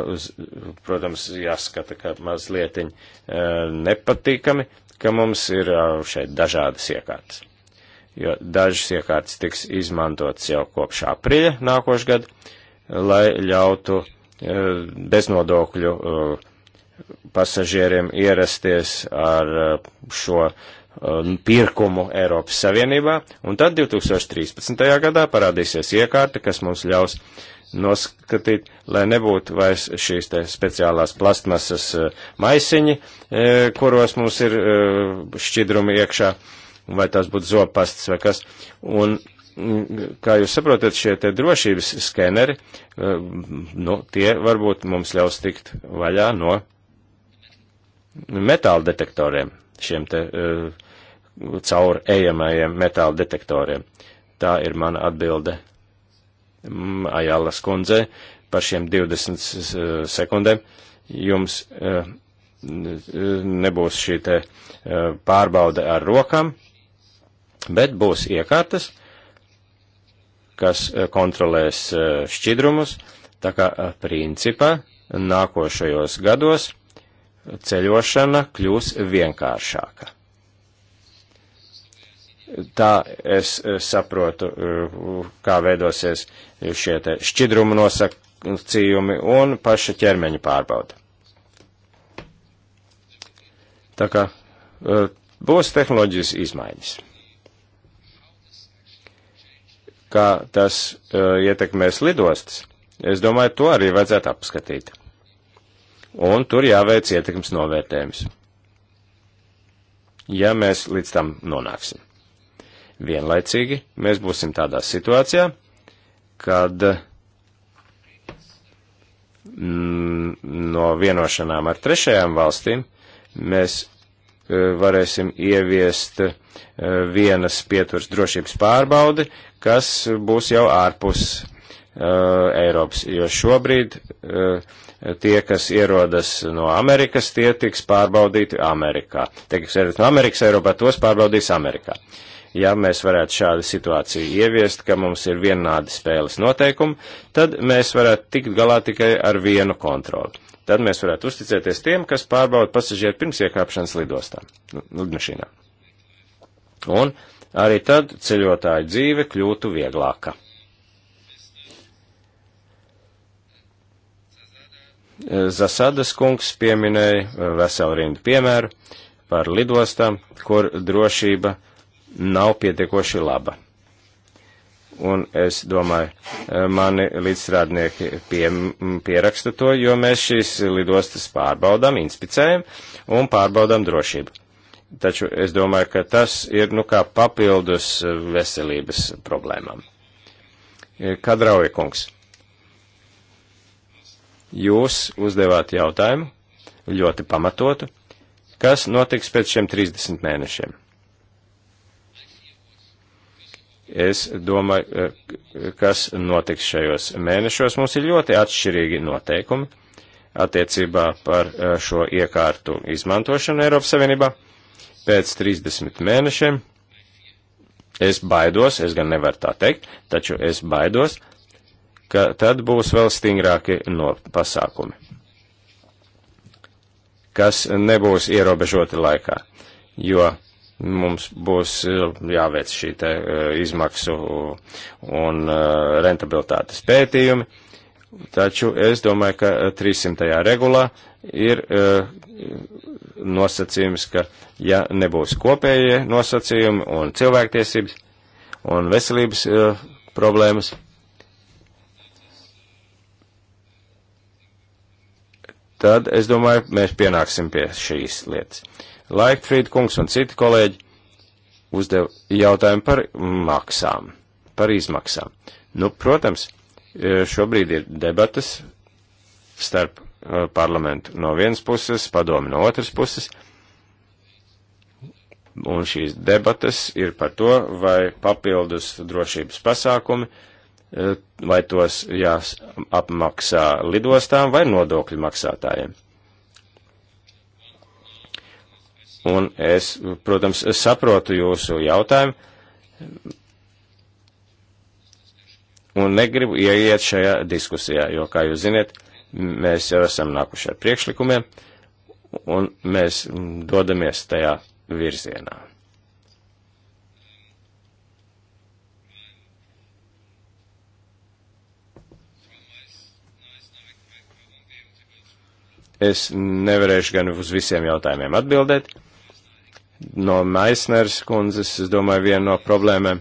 protams, jāskata kā mazliet eh, nepatīkami, ka mums ir šeit dažādas iekārtas. Jo dažas iekārtas tiks izmantotas jau kopš aprīļa nākošgad, lai ļautu beznodokļu pasažieriem ierasties ar uh, šo uh, pirkumu Eiropas Savienībā, un tad 2013. gadā parādīsies iekārta, kas mums ļaus noskatīt, lai nebūtu vairs šīs te speciālās plastmasas uh, maisiņi, kuros mums ir šķidrumi iekšā, vai tās būtu zopastas vai kas. Un, mm, kā jūs saprotat, šie te drošības skeneri, nu, tie varbūt mums ļaus tikt vaļā no metāla detektoriem, šiem te uh, caur ejamajiem metāla detektoriem. Tā ir mana atbilde mm, Ajala skundzē par šiem 20 eh, sekundēm. Jums uh, nebūs šī te uh, pārbaude ar rokām, bet būs iekārtas, kas kontrolēs šķidrumus, tā kā principā nākošajos gados ceļošana kļūs vienkāršāka. Tā es eh, saprotu, eh, kā veidosies šie šķidrumu nosacījumi un paša ķermeņa pārbauda. Tā kā eh, būs tehnoloģijas izmaiņas. Kā tas ietekmēs lidostas, es domāju, to arī vajadzētu apskatīt un tur jāveic ietekmes novērtējums. Ja mēs līdz tam nonāksim. Vienlaicīgi mēs būsim tādā situācijā, kad mm, no vienošanām ar trešajām valstīm mēs e, varēsim ieviest e, vienas pieturas drošības pārbaudi, kas būs jau ārpus Uh, Eiropas, jo šobrīd uh, tie, kas ierodas no Amerikas, tie tiks pārbaudīti Amerikā. Tie, kas ierodas no Amerikas Eiropā, tos pārbaudīs Amerikā. Ja mēs varētu šādu situāciju ieviest, ka mums ir vienādi spēles noteikumi, tad mēs varētu tikt galā tikai ar vienu kontroli. Tad mēs varētu uzticēties tiem, kas pārbauda pasažieru pirms iekāpšanas lidostā, nu, lidmašīnā. Un arī tad ceļotāju dzīve kļūtu vieglāka. Zasadas kungs pieminēja eh, veselu rindu piemēru par lidostām, kur drošība nav pietiekoši laba. Un es domāju, eh, mani līdzstrādnieki pie, pieraksta to, jo mēs šīs lidostas pārbaudām, inspicējam un pārbaudām drošību. Taču es domāju, ka tas ir nu kā papildus veselības problēmām. Eh, Kadrauja kungs Jūs uzdevāt jautājumu, ļoti pamatotu, kas notiks pēc šiem 30 mēnešiem. Es domāju, eh, kas notiks šajos mēnešos. Mums ir ļoti atšķirīgi noteikumi attiecībā par eh, šo iekārtu izmantošanu Eiropas Savienībā. Pēc 30 mēnešiem es baidos, es gan nevaru tā teikt, taču es baidos, ka tad būs vēl stingrāki no pasākumi, kas nebūs ierobežoti laikā, jo mums būs eh, jāveic šī te eh, izmaksu un eh, rentabilitātes pētījumi, taču es domāju, ka 300. regulā ir nosacījums, ka ja nebūs kopējie nosacījumi un cilvēktiesības un veselības problēmas, tad es domāju, mēs pienāksim pie šīs lietas. Laikfrīd kungs un citi kolēģi uzdev jautājumu par maksām, par izmaksām. Nu, protams, e, šobrīd ir debatas starp e, parlamentu no vienas puses, padomi no otras puses, un šīs debatas ir par to, vai papildus drošības pasākumi uh, vai tos jāapmaksā lidostām vai nodokļu maksātājiem. Un es, protams, saprotu jūsu jautājumu un negribu ieiet šajā diskusijā, jo, kā jūs ziniet, mēs jau esam nākuši ar priekšlikumiem un mēs dodamies tajā virzienā. Es nevarēšu gan uz visiem jautājumiem atbildēt. No Maisners kundzes, es domāju, viena no problēmām,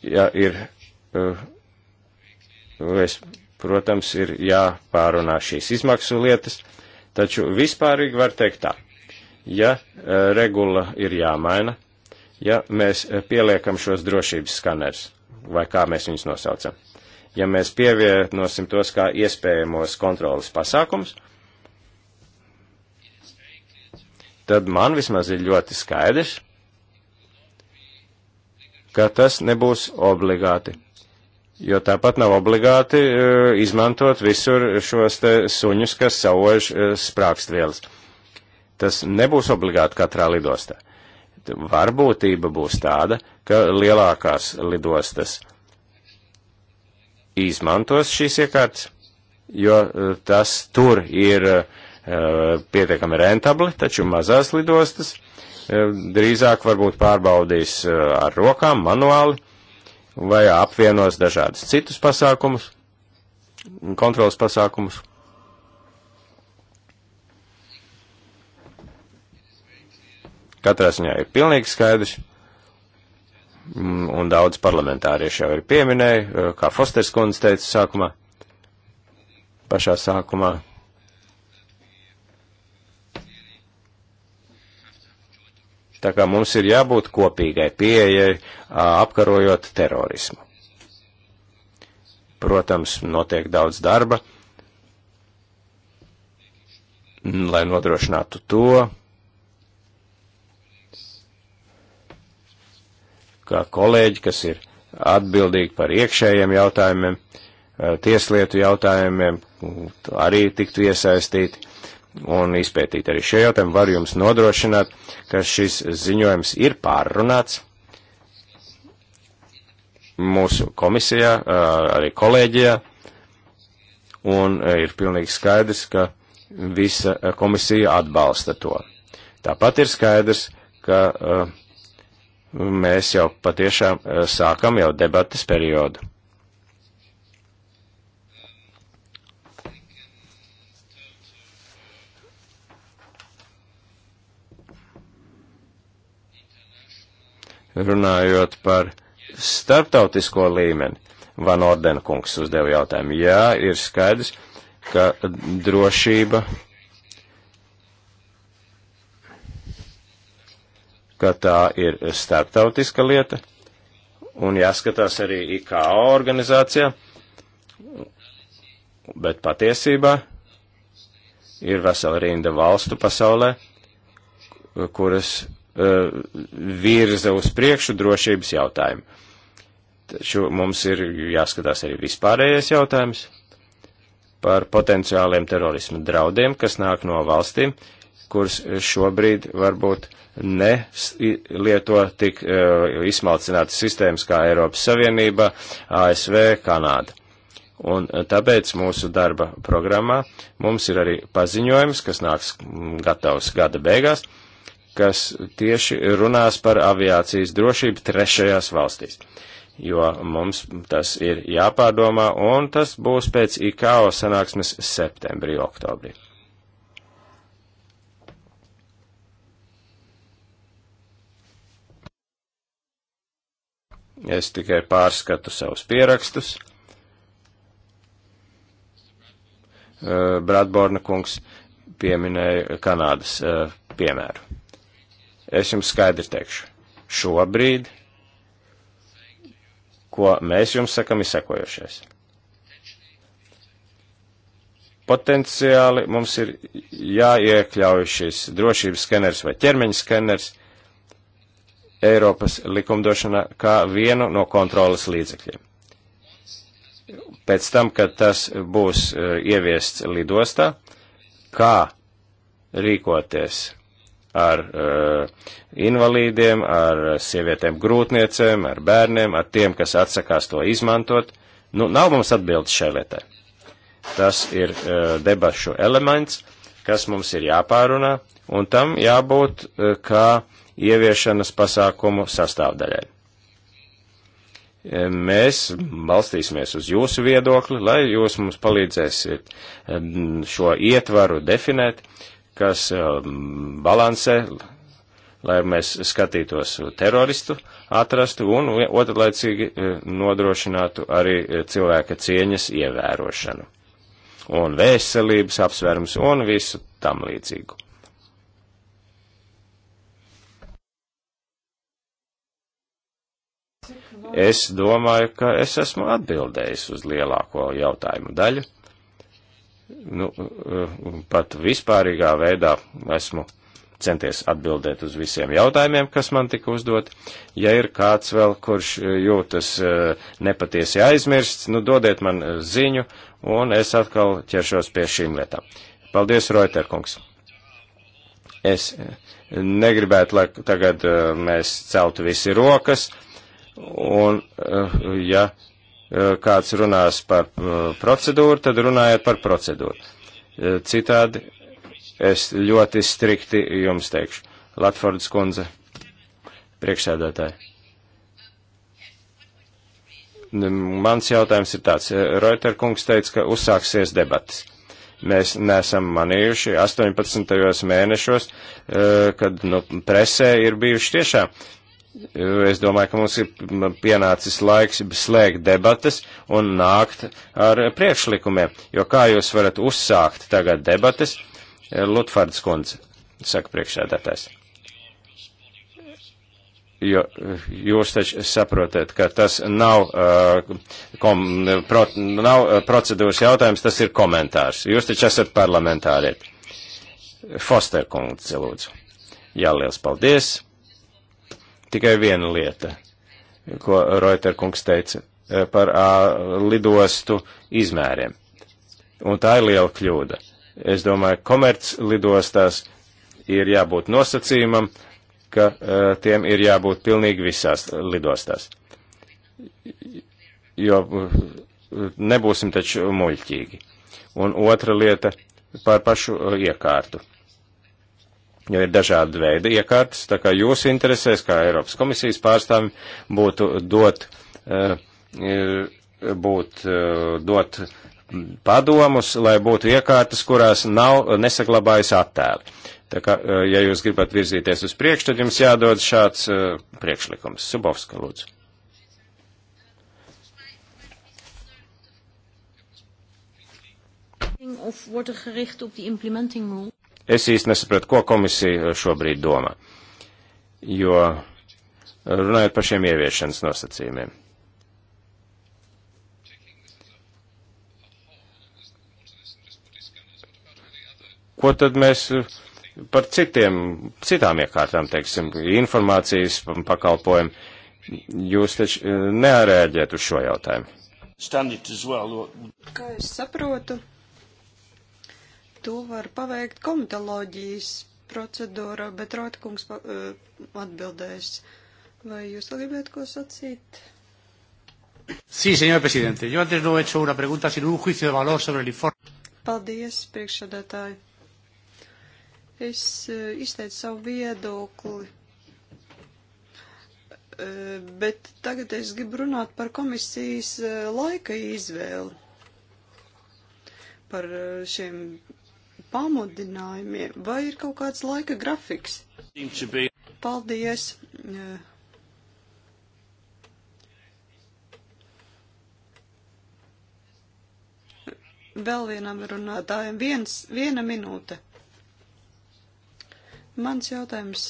ja ir, uh, es, protams, ir jāpārunā šīs izmaksu lietas, taču vispārīgi var teikt tā, ja uh, regula ir jāmaina, ja mēs uh, pieliekam šos drošības skanerus, vai kā mēs viņus nosaucam ja mēs pievienosim tos kā iespējamos kontrolas pasākums, tad man vismaz ir ļoti skaidrs, ka tas nebūs obligāti. Jo tāpat nav obligāti e, izmantot visur šos te suņus, kas sauž e, sprākstvielas. Tas nebūs obligāti katrā lidostā. Varbūtība būs tāda, ka lielākās lidostas izmantos šīs iekārtas, jo eh, tas tur ir eh, pietiekami rentabli, taču mazās lidostas eh, drīzāk varbūt pārbaudīs ar rokām, manuāli, vai apvienos dažādus citus pasākumus, kontrolas pasākumus. Katrā ziņā ir pilnīgi skaidrs, Mm, un daudz parlamentārieši jau ir pieminēja, eh, kā Fosters kundze teica sākumā, pašā sākumā. Tā kā mums ir jābūt kopīgai pieejai, apkarojot terorismu. Protams, notiek daudz darba, lai nodrošinātu to, kā kolēģi, kas ir atbildīgi par iekšējiem jautājumiem, eh, tieslietu jautājumiem, arī tiktu iesaistīti un izpētīt arī šie jautājumi. Varu jums nodrošināt, ka šis ziņojums ir pārrunāts mūsu komisijā, eh, arī kolēģijā, un eh, ir pilnīgi skaidrs, ka visa komisija atbalsta to. Tāpat ir skaidrs, ka uh, mēs jau patiešām eh, sākam jau debatas periodu. Runājot par starptautisko līmeni, Van Ordenkungs uzdeva jautājumu. Jā, ir skaidrs, ka drošība ka tā ir starptautiska lieta un jāskatās arī IKO organizācijā, bet patiesībā ir vesela rinda valstu pasaulē, kuras uh, virza uz priekšu drošības jautājumu. Taču mums ir jāskatās arī vispārējais jautājums par potenciāliem terorismu draudiem, kas nāk no valstīm, uh, kuras šobrīd varbūt nelieto tik uh, izsmalcinātas sistēmas kā Eiropas Savienība, ASV, Kanāda. Un eh, tāpēc mūsu darba programmā mums ir arī paziņojums, kas nāks mm, gatavs gada beigās, kas tieši runās par aviācijas drošību trešajās valstīs. Jo mums tas ir jāpārdomā, un tas būs pēc IKO sanāksmes septembrī, oktobrī. Es tikai pārskatu savus pierakstus. Bratborna kungs pieminēja Kanādas piemēru. Es jums skaidri teikšu. Šobrīd, ko mēs jums sakam, ir sekojošais. Potenciāli mums ir jāiekļauj šis drošības skeners vai ķermeņa skeners Eiropas likumdošanā kā vienu no kontrolas līdzekļiem. Pēc tam, kad tas būs e, ieviests lidostā, kā rīkoties ar uh, invalīdiem, ar sievietēm grūtniecēm, ar bērniem, ar tiem, kas atsakās to izmantot. Nu, nav mums atbildes šai lietai. Tas ir uh, debašu elements, kas mums ir jāpārunā, un tam jābūt uh, kā uh, ieviešanas pasākumu sastāvdaļai. Mēs balstīsimies uz jūsu viedokli, lai jūs mums palīdzēsiet šo ietvaru definēt, kas balansē, lai mēs skatītos teroristu, atrastu un otrlaicīgi e, nodrošinātu arī e, cilvēka cieņas ievērošanu un veselības apsvērums un visu tam līdzīgu. Es domāju, ka es esmu atbildējis uz lielāko jautājumu daļu. Nu, eh, pat vispārīgā veidā esmu centies atbildēt uz visiem jautājumiem, kas man tika uzdot. Ja ir kāds vēl, kurš eh, jūtas eh, nepatiesi aizmirsts, nu dodiet man ziņu, un es atkal ķeršos pie šīm lietām. Paldies, Roiterkungs! Es negribētu, lai tagad mēs celtu visi rokas Un, eh, ja eh, kāds runās par eh, procedūru, tad runājiet par procedūru. Citādi es ļoti strikti jums teikšu. Latfordas kundze, priekšsēdētāji. Mans jautājums ir tāds. Reuter kungs teica, ka uzsāksies debatas. Mēs nesam manījuši 18. mēnešos, kad nu, presē ir bijuši tiešām Es domāju, ka mums ir pienācis laiks slēgt debatas un nākt ar priekšlikumiem, jo kā jūs varat uzsākt tagad debatas, Lutfards kundze, saka priekšsēdētājs. Jo jūs taču saprotat, ka tas nav, uh, kom, pro, nav uh, procedūras jautājums, tas ir komentārs. Jūs taču esat parlamentāriet. Foster kundze, lūdzu. Jā, liels paldies. Tikai viena lieta, ko Reuter kungs teica eh, par lidostu izmēriem. Un tā ir liela kļūda. Es domāju, komerc lidostās ir jābūt nosacījumam, ka eh, tiem ir jābūt pilnīgi visās lidostās. Jo nebūsim taču muļķīgi. Un otra lieta par pašu eh, iekārtu jo ir dažādi veidi iekārtas, tā kā jūs interesēs, kā Eiropas komisijas pārstāvi, būtu dot, eh, būt, eh, dot padomus, lai būtu iekārtas, kurās nav nesaglabājas attēli. Tā kā, eh, ja jūs gribat virzīties uz priekšu, tad jums jādod šāds priekšlikums. Subovska, lūdzu. Of wordt er gericht op die implementing rule? Es īsti nesapratu, ko komisija eh, šobrīd domā, jo eh, runājot par šiem ieviešanas nosacījumiem. Ko tad mēs eh, par citiem, citām iekārtām, teiksim, informācijas pakalpojumu? Jūs taču neārēģēt uz šo jautājumu. Kā es saprotu, to var paveikt komitoloģijas procedūra, bet Rotkungs eh, atbildēs. Vai jūs vēl gribētu ko sacīt? Sí, señor presidente. Yo antes no he hecho una pregunta, sino un juicio de valor sobre el informe. Paldies, priekšsēdētāji. Es eh, izteicu savu viedokli, eh, bet tagad es gribu runāt par komisijas laika izvēli, par šiem pamudinājumiem, vai ir kaut kāds laika grafiks? Paldies! Vēl vienam runātājam viens, viena minūte. Mans jautājums,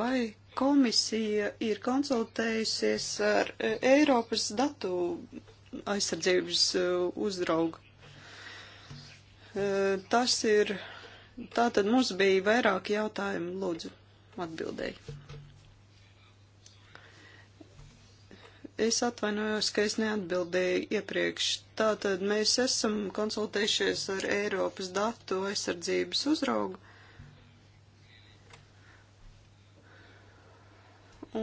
vai komisija ir konsultējusies ar eh, Eiropas datu aizsardzības eh, uzraugu? E, tas ir, tā tad mums bija vairāki jautājumi, lūdzu, atbildēju. Es atvainojos, ka es neatbildēju iepriekš. Tātad mēs esam konsultējušies ar Eiropas datu aizsardzības uzraugu.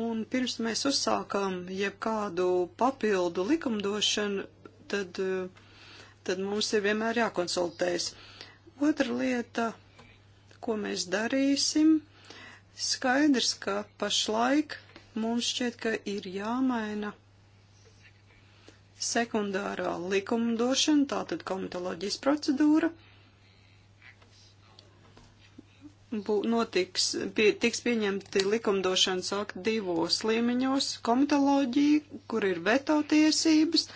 Un pirms mēs uzsākām jebkādu papildu likumdošanu, tad uh, tad mums ir vienmēr jākonsultējas. Otra lieta, ko mēs darīsim, skaidrs, ka pašlaik mums šķiet, ka ir jāmaina sekundārā likumdošana, tātad komitoloģijas procedūra. Bū, notiks, pie, tiks pieņemti likumdošanas akti divos līmeņos - komitoloģija, kur ir veto tiesības,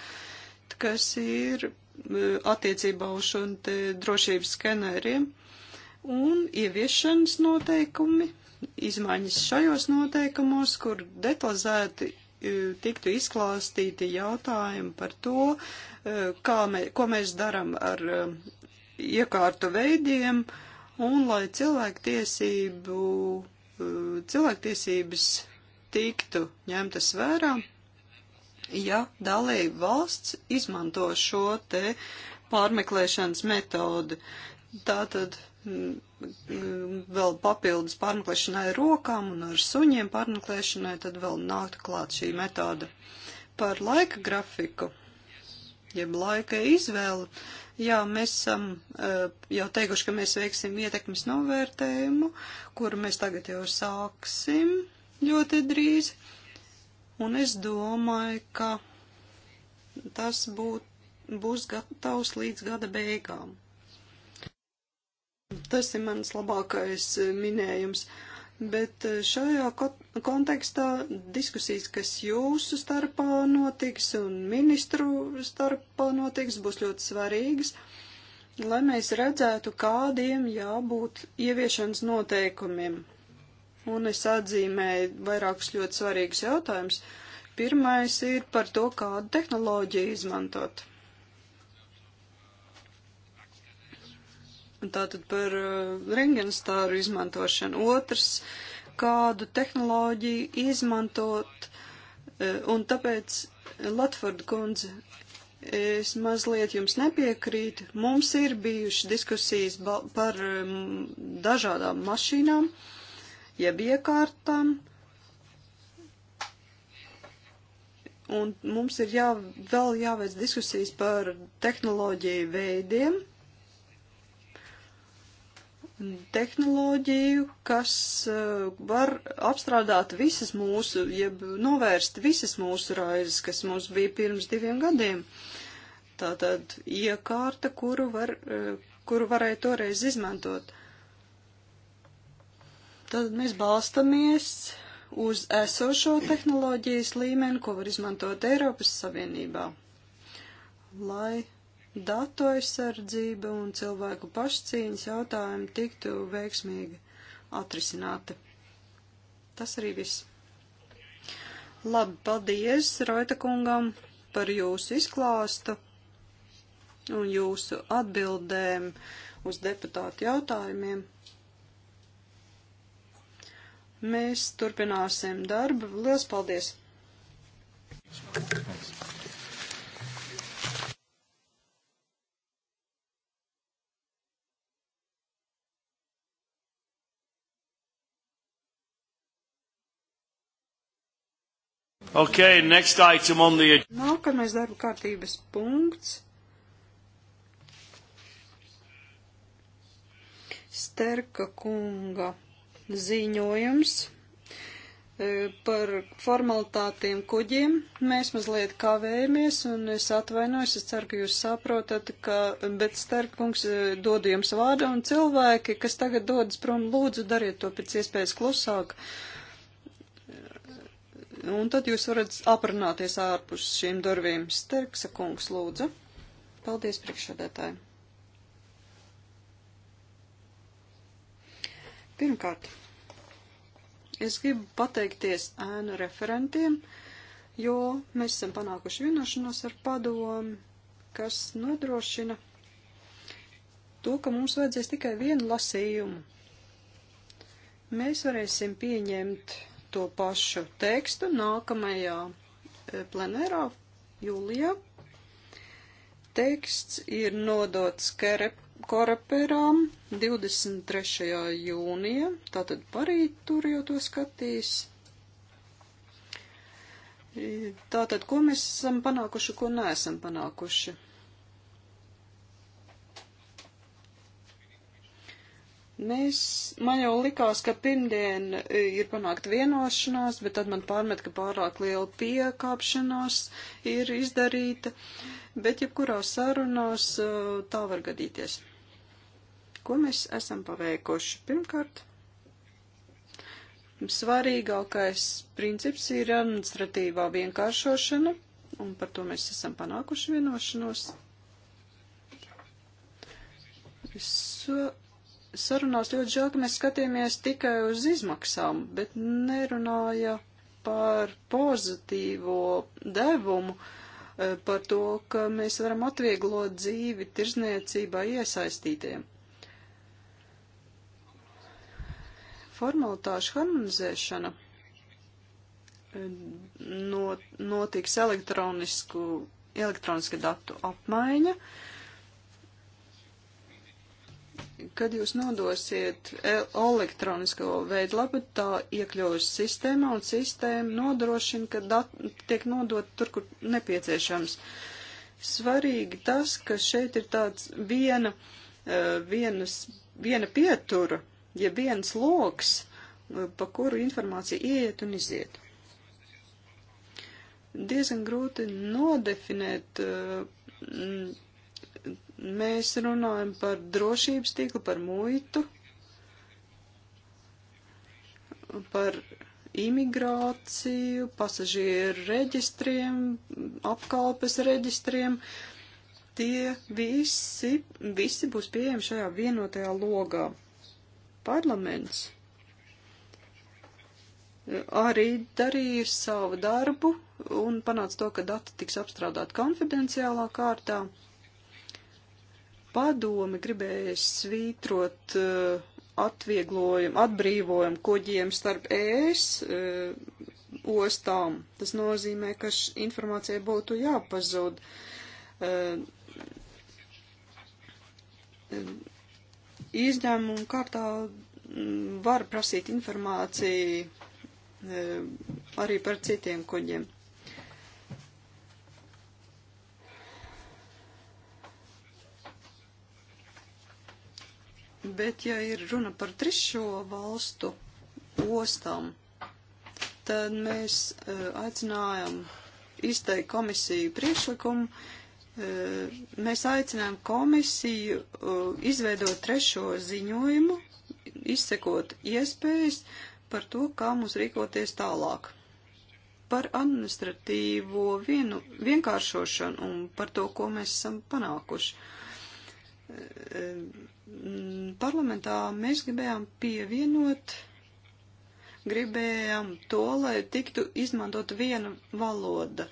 kas ir E, attiecībā uz šo drošības skeneriem un ieviešanas noteikumi, izmaiņas šajos noteikumos, kur detalizēti e, tiktu izklāstīti jautājumi par to, e, kā mē, ko mēs daram ar iekārtu veidiem, un lai cilvēktiesību, cilvēktiesības tiktu ņemtas vērā ja dalība valsts izmanto šo te pārmeklēšanas metodi. Tātad mm, mm, vēl papildus pārmeklēšanai rokām un ar suņiem pārmeklēšanai, tad vēl nāktu klāt šī metoda. Par laika grafiku, jeb laika izvēli, jā, mēs esam e, jau teikuši, ka mēs veiksim ietekmes novērtējumu, kuru mēs tagad jau sāksim ļoti drīz. Uh, Un es domāju, ka tas būt, būs gatavs līdz gada beigām. Tas ir mans labākais e, minējums. Bet e, šajā kontekstā diskusijas, kas jūsu starpā notiks un ministru starpā notiks, būs ļoti svarīgas, lai mēs redzētu, kādiem jābūt ieviešanas noteikumiem un es atzīmēju vairākus ļoti svarīgus jautājumus. Pirmais ir par to, kādu tehnoloģiju izmantot. Tātad par uh, rengenstāru izmantošanu. Otrs, kādu tehnoloģiju izmantot. Uh, un tāpēc, Latvarda kundze, es mazliet jums nepiekrītu. Mums ir bijušas diskusijas par um, dažādām mašīnām. Uh, jeb iekārtām. Un mums ir jā, vēl jāveic diskusijas par tehnoloģiju veidiem, tehnoloģiju, kas uh, var apstrādāt visas mūsu, jeb novērst visas mūsu raizes, kas mums bija pirms diviem gadiem. Tātad iekārta, kuru, var, uh, kuru varēja toreiz izmantot. Uh, Tad mēs balstamies uz esošo tehnoloģijas līmeni, ko var izmantot Eiropas Savienībā, lai datu aizsardzība un cilvēku pašcīņas jautājumi tiktu veiksmīgi atrisināti. Tas arī viss. Labi, paldies Roita kungam par jūsu izklāstu un jūsu atbildēm uz deputātu jautājumiem. Mēs turpināsim darbu. Lielas paldies! Thanks. Okay, next item on the... Nākamais darba kārtības punkts. Sterka kunga ziņojums e, par formalitātiem kuģiem. Mēs mazliet kavējamies, un es atvainojos, es ceru, ka jūs saprotat, ka, bet Starkungs e, dodu jums vārdu, un cilvēki, kas tagad dodas prom, lūdzu, dariet to pēc iespējas klusāk. E, un tad jūs varat aprunāties ārpus šīm durvīm. Sterksa kungs, lūdzu. Paldies, priekšsēdētāji. Pirmkārt, es gribu pateikties ēnu referentiem, jo mēs esam panākuši vienošanos ar padomu, kas nodrošina to, ka mums vajadzēs tikai vienu lasījumu. Mēs varēsim pieņemt to pašu tekstu nākamajā e, plenērā jūlijā. Teksts ir nodots Kerep Koreperām 23. jūnija, tātad parīt tur jau to skatīs. Tātad, ko mēs esam panākuši, ko neesam panākuši? Mēs, man jau likās, ka pirmdien e, ir panākt vienošanās, bet tad man pārmet, ka pārāk liela piekāpšanās ir izdarīta, bet jebkurā sarunās e, tā var gadīties. Ko mēs esam paveikuši? Pirmkārt, svarīgākais princips ir administratīvā vienkāršošana, un par to mēs esam panākuši vienošanos. Es sarunās ļoti žēl, ka mēs skatījāmies tikai uz izmaksām, bet nerunāja par pozitīvo devumu, e, par to, ka mēs varam atvieglot dzīvi tirzniecībā iesaistītiem. Formalitāšu harmonizēšana e, notiks elektronisku, elektroniska datu apmaiņa. Uh, kad jūs nodosiet e, elektronisko veidlapu, tā iekļaujas sistēmā un sistēma nodrošina, ka dati tiek nodot tur, kur nepieciešams. Svarīgi tas, ka šeit ir tāds viena, e, vienas, viena pietura, ja viens loks, e, pa kuru informācija ieiet un iziet. Diezgan grūti nodefinēt Mēs runājam par drošības tīklu, par muitu, par imigrāciju, pasažieru reģistriem, apkalpes reģistriem. Tie visi, visi būs pieejami šajā vienotajā logā. Parlaments arī darīja savu darbu un panāca to, ka dati tiks apstrādāt konfidenciālā kārtā. Padome gribēja svītrot eh, atvieglojumu, atbrīvojumu kuģiem starp ēs eh, ostām. Tas nozīmē, ka informācija būtu jāpazūd. Eh, izņēmumu kārtā mm, var prasīt informāciju arī par citiem kuģiem. Bet, ja ir runa par trešo valstu ostām, tad mēs uh, e, aicinājām izteikt komisiju priekšlikumu. Uh, mēs aicinājām komisiju uh, izveidot trešo ziņojumu, izsekot iespējas par to, kā mums rīkoties tālāk. Par administratīvo vienu, vienkāršošanu un par to, ko mēs esam panākuši. Uh, parlamentā mēs gribējām pievienot, gribējām to, lai tiktu izmantot viena valoda,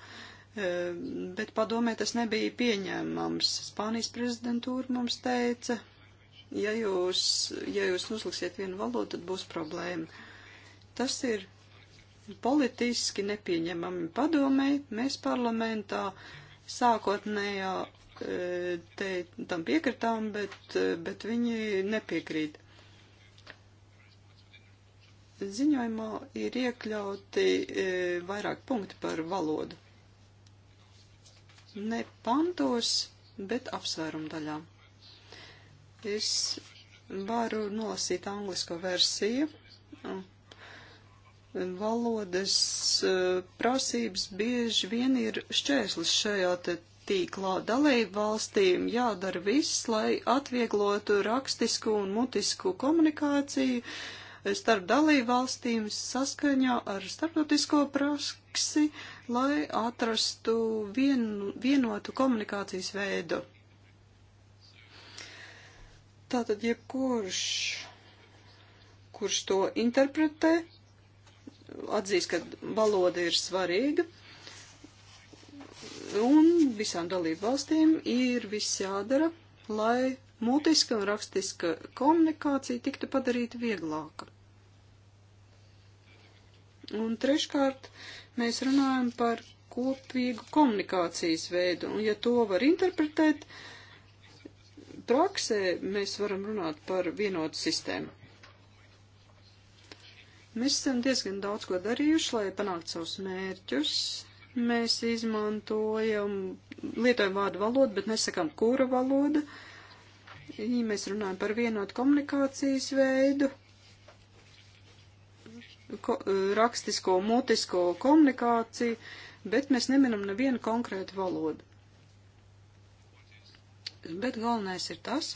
ehm, bet padomē tas nebija pieņēmams. Spānijas prezidentūra mums teica, ja jūs, ja jūs uzliksiet vienu valodu, tad būs problēma. Tas ir politiski nepieņemami padomē, mēs parlamentā sākotnējā te tam piekritām, bet, bet viņi nepiekrīt. Ziņojumā ir iekļauti e, vairāk punkti par valodu. Ne pantos, bet apsvērumu daļā. Es varu nolasīt anglisko versiju. Valodas e, prasības bieži vien ir šķērslis šajā te tīklā dalību valstīm jādara viss, lai atvieglotu rakstisku un mutisku komunikāciju starp dalību valstīm saskaņā ar starptautisko praksi, lai atrastu vienu, vienotu komunikācijas veidu. Tātad jebkurš, kurš to interpretē, atzīst, ka valoda ir svarīga Un visām dalību valstīm ir viss jādara, lai mutiska un rakstiska komunikācija tiktu padarīta vieglāka. Un treškārt, mēs runājam par kopīgu komunikācijas veidu, un ja to var interpretēt, praksē mēs varam runāt par vienotu sistēmu. Mēs esam diezgan daudz ko darījuši, lai panāktu savus mērķus, Mēs izmantojam, lietojam vārdu valodu, bet nesakām, kura valoda. Ja mēs runājam par vienotu komunikācijas veidu, ko, rakstisko, mutisko komunikāciju, bet mēs neminam nevienu konkrētu valodu. Bet galvenais ir tas,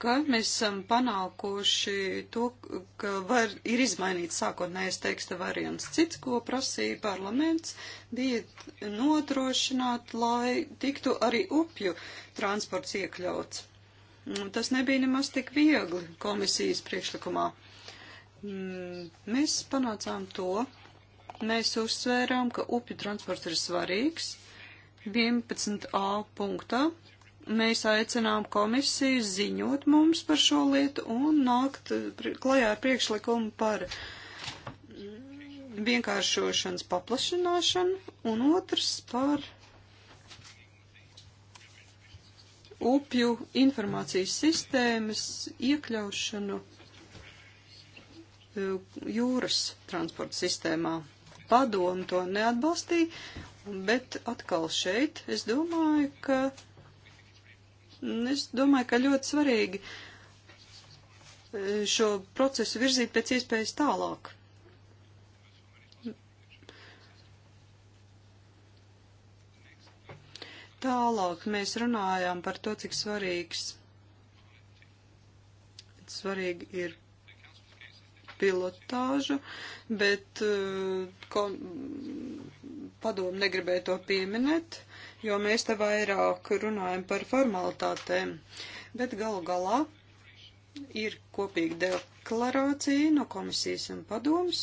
ka mēs esam panākoši to, ka var, ir izmainīts sākotnējais teksta variants. Cits, ko prasīja parlaments, bija notrošināt, lai tiktu arī upju transports iekļauts. Tas nebija nemaz tik viegli komisijas priekšlikumā. Mm, mēs panācām to, mēs uzsvērām, ka upju transports ir svarīgs. 11a punktā mēs aicinām komisiju ziņot mums par šo lietu un nākt klajā ar priekšlikumu par vienkāršošanas paplašināšanu un otrs par upju informācijas sistēmas iekļaušanu e, jūras transporta sistēmā. Padomu to neatbalstīja, bet atkal šeit es domāju, ka Es domāju, ka ļoti svarīgi eh, šo procesu virzīt pēc iespējas tālāk. Tālāk mēs runājām par to, cik svarīgs, svarīgi ir pilotāža, bet eh, kom, padomu negribēja to pieminēt jo mēs te vairāk runājam par formalitātēm. Bet galu galā ir kopīga deklarācija no komisijas un padomas,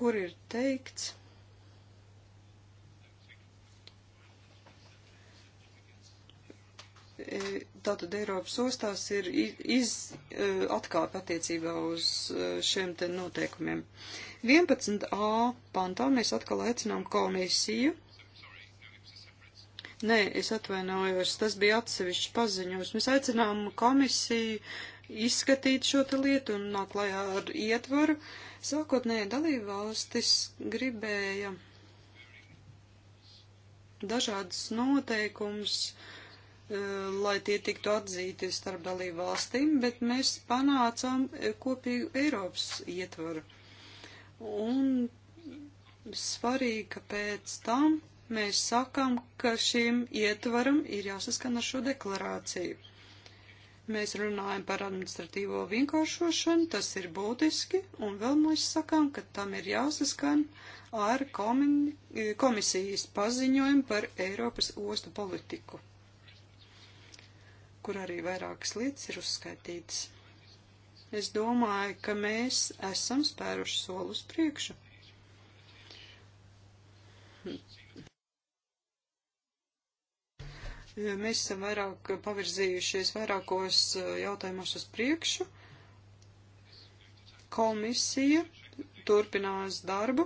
kur ir teikts, e, Tātad Eiropas ostās ir iz, e, atkāpe attiecībā uz e, šiem te noteikumiem. 11a pantā mēs atkal aicinām komisiju Nē, es atvainojos, tas bija atsevišķs paziņojums. Mēs aicinām komisiju izskatīt šo te lietu un nāk lajā ar ietvaru. Sākotnēji dalībvalstis gribēja dažādas noteikums, eh, lai tie tiktu atzīti starp dalībvalstīm, bet mēs panācām eh, kopīgu Eiropas ietvaru. Un svarīgi, ka pēc tam mēs sakām, ka šim ietvaram ir jāsaskan ar šo deklarāciju. Mēs runājam par administratīvo vienkāršošanu, tas ir būtiski, un vēl mēs sakām, ka tam ir jāsaskan ar komisijas paziņojumu par Eiropas ostu politiku, kur arī vairākas lietas ir uzskaitītas. Es domāju, ka mēs esam spēruši solus priekšu. Mēs esam vairāk pavirzījušies vairākos eh, jautājumos uz priekšu. Komisija turpinās darbu.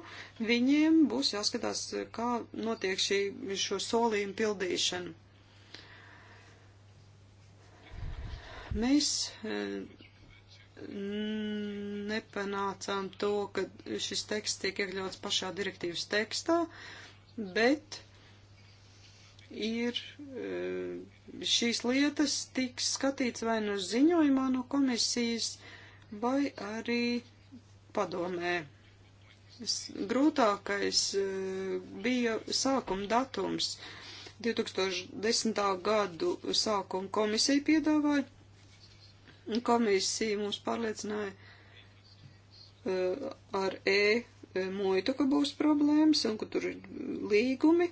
Viņiem būs jāskatās, kā notiek šī, šo solījumu pildīšana. Mēs eh, nepanācām to, ka šis teksts tiek iekļauts pašā direktīvas tekstā, bet uh, ir eh, šīs lietas tiks skatīts vai nu no ziņojumā no komisijas, vai arī padomē. Grūtākais eh, bija sākuma datums. 2010. gadu sākuma komisija piedāvāja, komisija mūs pārliecināja eh, ar E muitu, ka būs problēmas un ka tur ir līgumi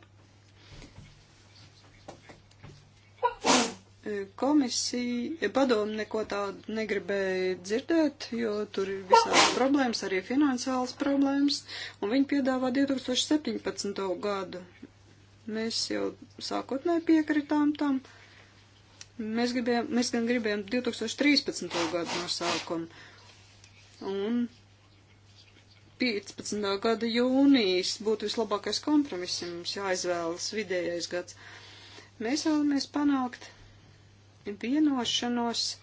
Komisija, padomu neko tādu negribēja dzirdēt, jo tur ir visādas problēmas, arī finansiālas problēmas, un viņi piedāvā 2017. gadu. Mēs jau sākotnēji piekritām tam. Mēs, gribējām, mēs gan gribējām 2013. gadu no sākuma. Un 15. gada jūnijas būtu vislabākais kompromiss, mums jāizvēlas vidējais gads. Mēs vēlamies panākt vienošanos,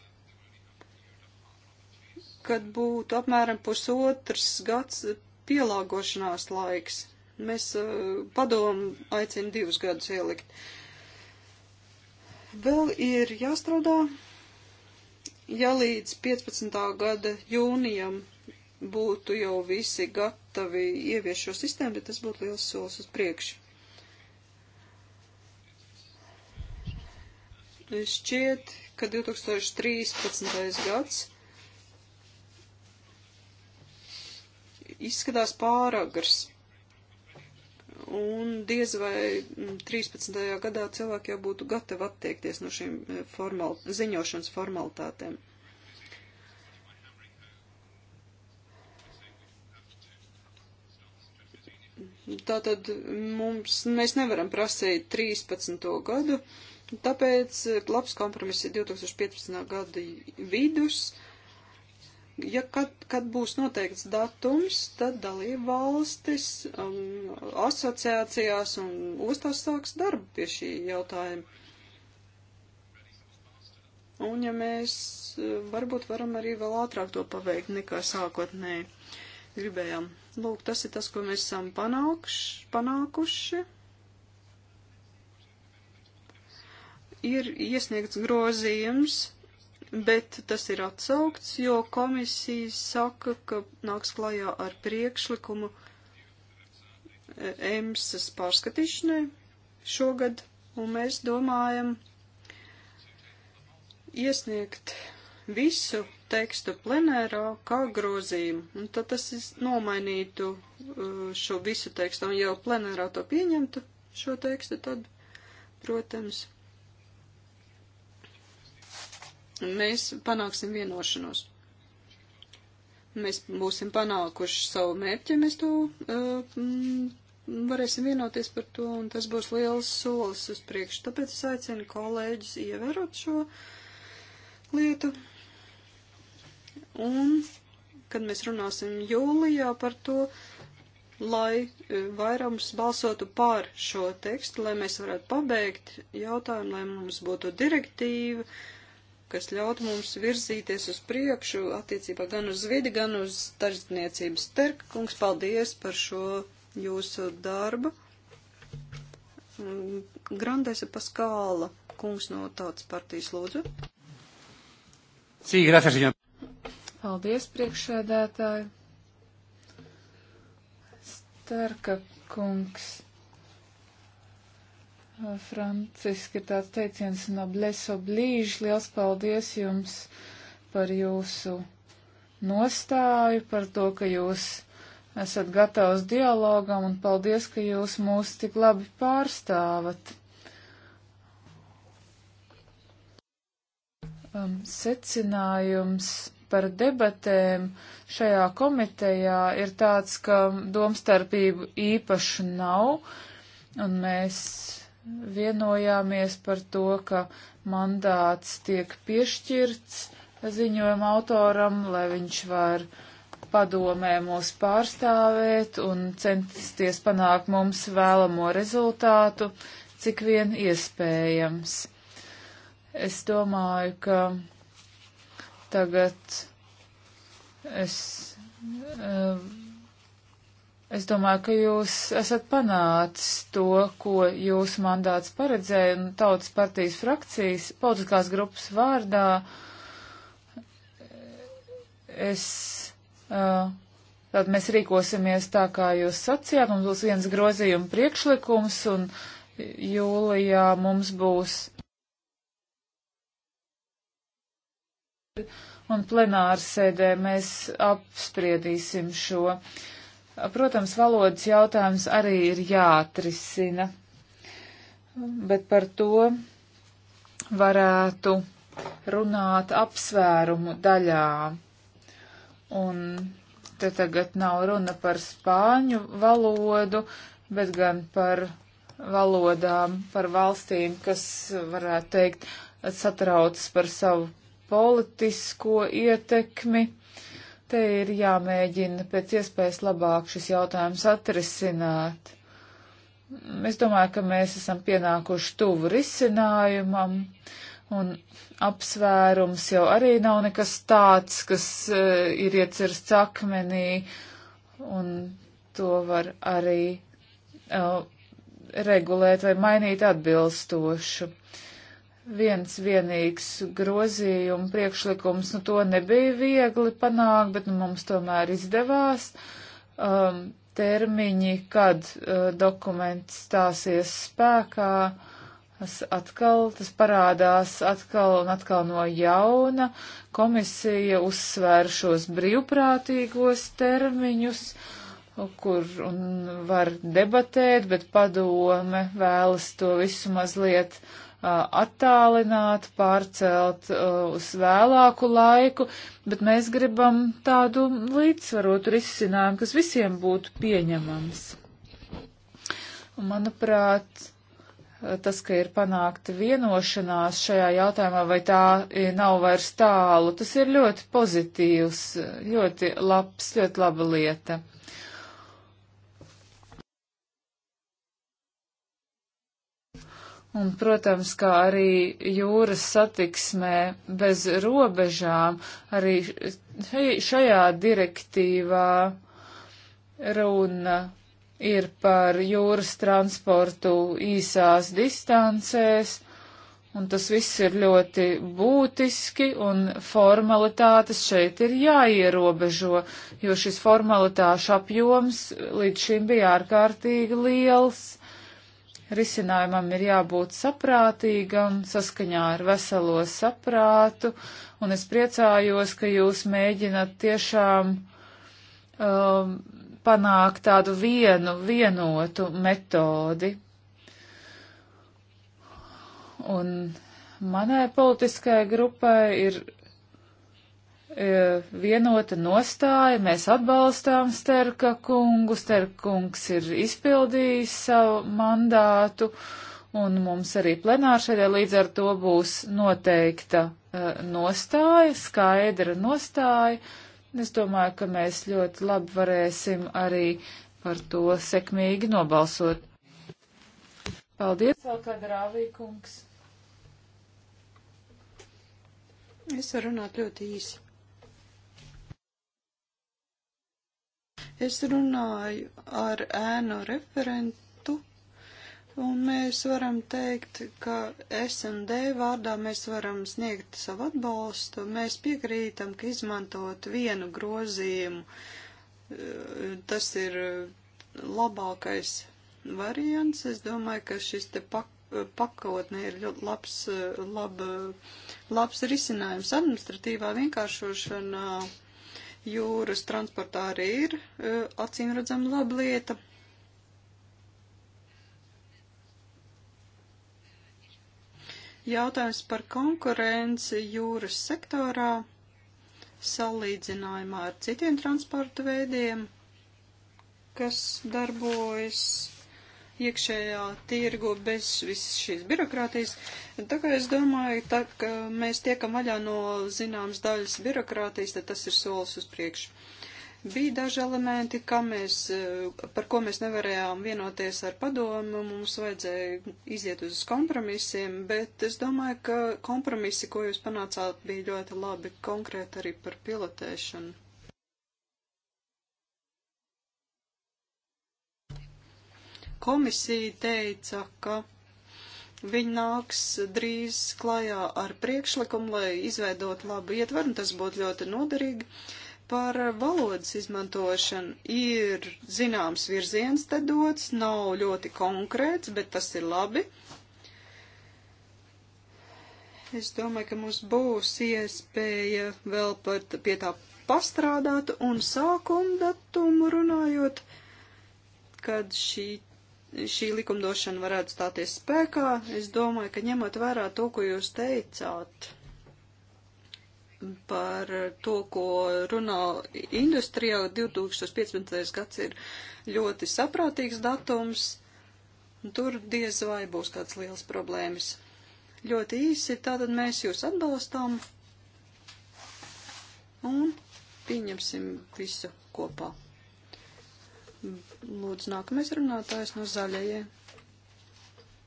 kad būtu apmēram pusotrs gads pielāgošanās laiks. Mēs uh, padomu aicinu divus gadus ielikt. Vēl ir jāstrādā, ja līdz 15. gada jūnijam būtu jau visi gatavi ievies šo sistēmu, tad tas būtu liels solis uz priekšu. šķiet, ka 2013. gads izskatās pāragars. Un diez vai 13. gadā cilvēki jau būtu gatavi attiekties no šīm eh, formal, ziņošanas formalitātēm. Tātad mums, mēs nevaram prasīt 13. gadu, uh, Tāpēc eh, labs kompromiss ir 2015. gada vidus. Ja kad, kad būs noteikts datums, tad dalība valstis um, asociācijās un ostās sāks darbu pie šī jautājuma. Un ja mēs eh, varbūt varam arī vēl ātrāk to paveikt nekā sākotnēji gribējām. Lūk, tas ir tas, ko mēs esam panākš, panākuši. panākuši ir iesniegts grozījums, bet tas ir atsaukts, jo komisija saka, ka nāks klajā ar priekšlikumu e, EMSAS pārskatīšanai šogad, un mēs domājam iesniegt visu tekstu plenērā kā grozījumu, un tad tas nomainītu e, šo visu tekstu, un jau plenērā to pieņemtu šo tekstu, tad, protams, mēs panāksim vienošanos. Mēs būsim panākuši savu mērķi, mēs to uh, varēsim vienoties par to, un tas būs liels solis uz priekšu. Tāpēc es aicinu kolēģus ievērot šo lietu. Un, kad mēs runāsim jūlijā par to, lai eh, vairums balsotu pār šo tekstu, lai mēs varētu pabeigt jautājumu, lai mums būtu direktīva, uh, kas ļautu mums virzīties uz priekšu attiecībā gan uz vidi, gan uz tarzniecības. Terka kungs, paldies par šo jūsu darbu. Grandese Paskāla kungs no tautas partijas lūdzu. Sī, gracias, viņam. Paldies, priekšsēdētāji. Starka kungs Uh, Franciski ir tāds teiciens no bleso blīži. Liels paldies jums par jūsu nostāju, par to, ka jūs esat gatavs dialogam un paldies, ka jūs mūs tik labi pārstāvat. Um, secinājums par debatēm šajā komitejā ir tāds, ka domstarpību īpaši nav, un mēs vienojāmies par to, ka mandāts tiek piešķirts ziņojuma autoram, lai viņš var padomē mūs pārstāvēt un censties panākt mums vēlamo rezultātu, cik vien iespējams. Es domāju, ka tagad es. Uh, Es domāju, ka jūs esat panācis to, ko jūsu mandāts paredzēja un tautas partijas frakcijas politiskās grupas vārdā. Es, uh, tad mēs rīkosimies tā, kā jūs sacījāt, mums būs viens grozījuma priekšlikums un jūlijā mums būs. Un plenārsēdē mēs apspriedīsim šo. Uh, Protams, valodas jautājums arī ir jāatrisina, bet par to varētu runāt apsvērumu daļā. Un te tagad nav runa par spāņu valodu, bet gan par valodām, par valstīm, kas, varētu teikt, satrauc par savu politisko ietekmi Te ir jāmēģina pēc iespējas labāk šis jautājums atrisināt. Es domāju, ka mēs esam pienākuši tuvu risinājumam, un apsvērums jau arī nav nekas tāds, kas uh, ir iecersts akmenī, un to var arī uh, regulēt vai mainīt atbilstošu. Uh, viens vienīgs grozījuma priekšlikums. Nu, to nebija viegli panākt, bet nu, mums tomēr izdevās. Um, termiņi, kad uh, dokuments stāsies spēkā, tas atkal, tas parādās atkal un atkal no jauna. Komisija uzsvēra šos brīvprātīgos termiņus, kur un var debatēt, bet padome vēlas to visu mazliet uh, attālināt, pārcelt uz vēlāku laiku, bet mēs gribam tādu līdzsvarotu risinājumu, kas visiem būtu pieņemams. Manuprāt, tas, ka ir panākta vienošanās šajā jautājumā, vai tā nav vairs tālu, tas ir ļoti pozitīvs, ļoti labs, ļoti laba lieta. Un, protams, kā arī jūras satiksmē bez robežām, arī šajā direktīvā runa ir par jūras transportu īsās distancēs, un tas viss ir ļoti būtiski, un formalitātes šeit ir jāierobežo, jo šis formalitāšu apjoms līdz šim bija ārkārtīgi liels risinājumam ir jābūt saprātīgam, saskaņā ar veselo saprātu, un es priecājos, ka jūs mēģinat tiešām um, panākt tādu vienu, vienotu metodi. Un manai politiskai grupai ir E, vienota nostāja, mēs atbalstām Sterka kungu, Sterka kungs ir izpildījis savu mandātu, un mums arī plenāršēdē līdz ar to būs noteikta e, nostāja, skaidra nostāja. Es domāju, ka mēs ļoti labi varēsim arī par to sekmīgi nobalsot. Paldies, Alkadrāvī kungs! Es varu runāt ļoti īsi. Es runāju ar ēnu referentu, un mēs varam teikt, ka SMD vārdā mēs varam sniegt savu atbalstu. Mēs piekrītam, ka izmantot vienu grozījumu, eh, tas ir labākais variants. Es domāju, ka šis te pak pakotne ir ļoti labs, eh, lab, labs risinājums administratīvā vienkāršošanā. Uh, Jūras transportā arī ir e, acīmredzama laba lieta. Jautājums par konkurenci jūras sektorā salīdzinājumā ar citiem transporta veidiem, kas darbojas iekšējā tirgu bez visas šīs birokrātijas. Tā kā es domāju, tā, ka mēs tiekam vaļā no zināmas daļas birokrātijas, tad tas ir solis uz priekšu. Bija daži elementi, mēs, par ko mēs nevarējām vienoties ar padomu, mums vajadzēja iziet uz kompromisiem, bet es domāju, ka kompromisi, ko jūs panācāt, bija ļoti labi konkrēti arī par pilotēšanu. Komisija teica, ka viņi nāks drīz klajā ar priekšlikumu, lai izveidot labu ietvaru, un tas būtu ļoti noderīgi. Par valodas izmantošanu ir zināms virziens te dots, nav ļoti konkrēts, bet tas ir labi. Es domāju, ka mums būs iespēja vēl par, pie tā pastrādāt un sākuma datumu runājot, kad šī šī likumdošana varētu stāties spēkā. Es domāju, ka ņemot vērā to, ko jūs teicāt par to, ko runā industrijā, 2015. gads ir ļoti saprātīgs datums. Tur diez vai būs kādas liels problēmas. Ļoti īsi, tātad mēs jūs atbalstām un pieņemsim visu kopā. Lūdzu, nākamais runātājs no zaļajiem.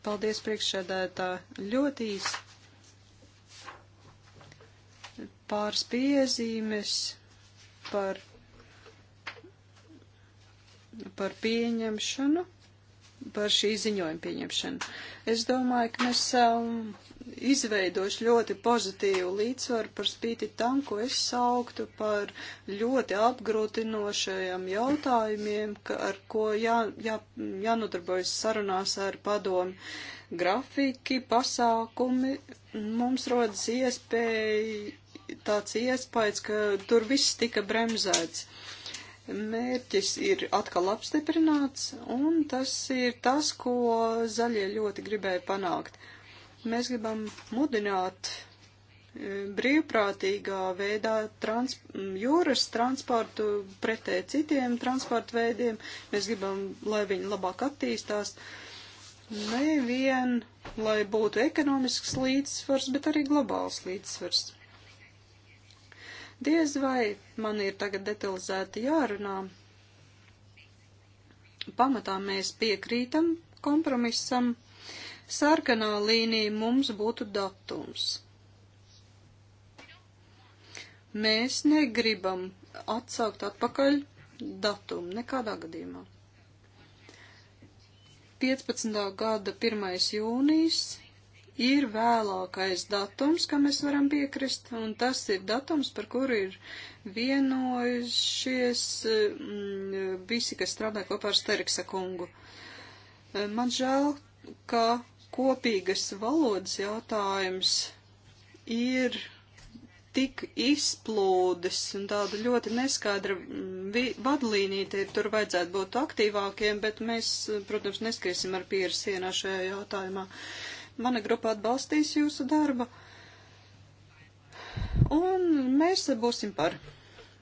Paldies priekšsēdētā ļoti īsi. Pāris piezīmes par, par pieņemšanu par šī ziņojuma pieņemšanu. Es domāju, ka mēs esam izveidojuši ļoti pozitīvu līdzsvaru par spīti tam, ko es sauktu par ļoti apgrūtinošajiem jautājumiem, ka, ar ko jā, jā, jānodarbojas sarunās ar padomu. Grafiki, pasākumi, mums rodas iespēja, tāds iespējas, ka tur viss tika bremzēts. Uh, mērķis ir atkal apstiprināts, un tas ir tas, ko zaļie ļoti gribēja panākt. Mēs gribam mudināt e, brīvprātīgā veidā trans, jūras transportu pretē citiem transportu veidiem. Mēs gribam, lai viņi labāk attīstās. Nevien, lai būtu ekonomisks līdzsvars, bet arī globāls līdzsvars. Diez vai man ir tagad detalizēti jārunā. Pamatā mēs piekrītam kompromisam. Sarkanā līnija mums būtu datums. Mēs negribam atsaukt atpakaļ datumu nekādā gadījumā. 15. gada 1. jūnijas ir vēlākais datums, kam mēs varam piekrist, un tas ir datums, par kuru ir vienojušies mm, visi, kas strādā kopā ar Steriksa kungu. Eh, man žēl, ka kopīgas valodas jautājums ir tik izplūdes un tāda ļoti neskaidra mm, vadlīnija, te tur vajadzētu būt aktīvākiem, bet mēs, protams, neskriesim ar pieru sienā šajā jautājumā. Uh, Mana grupa atbalstīs jūsu darbu. Un mēs būsim par.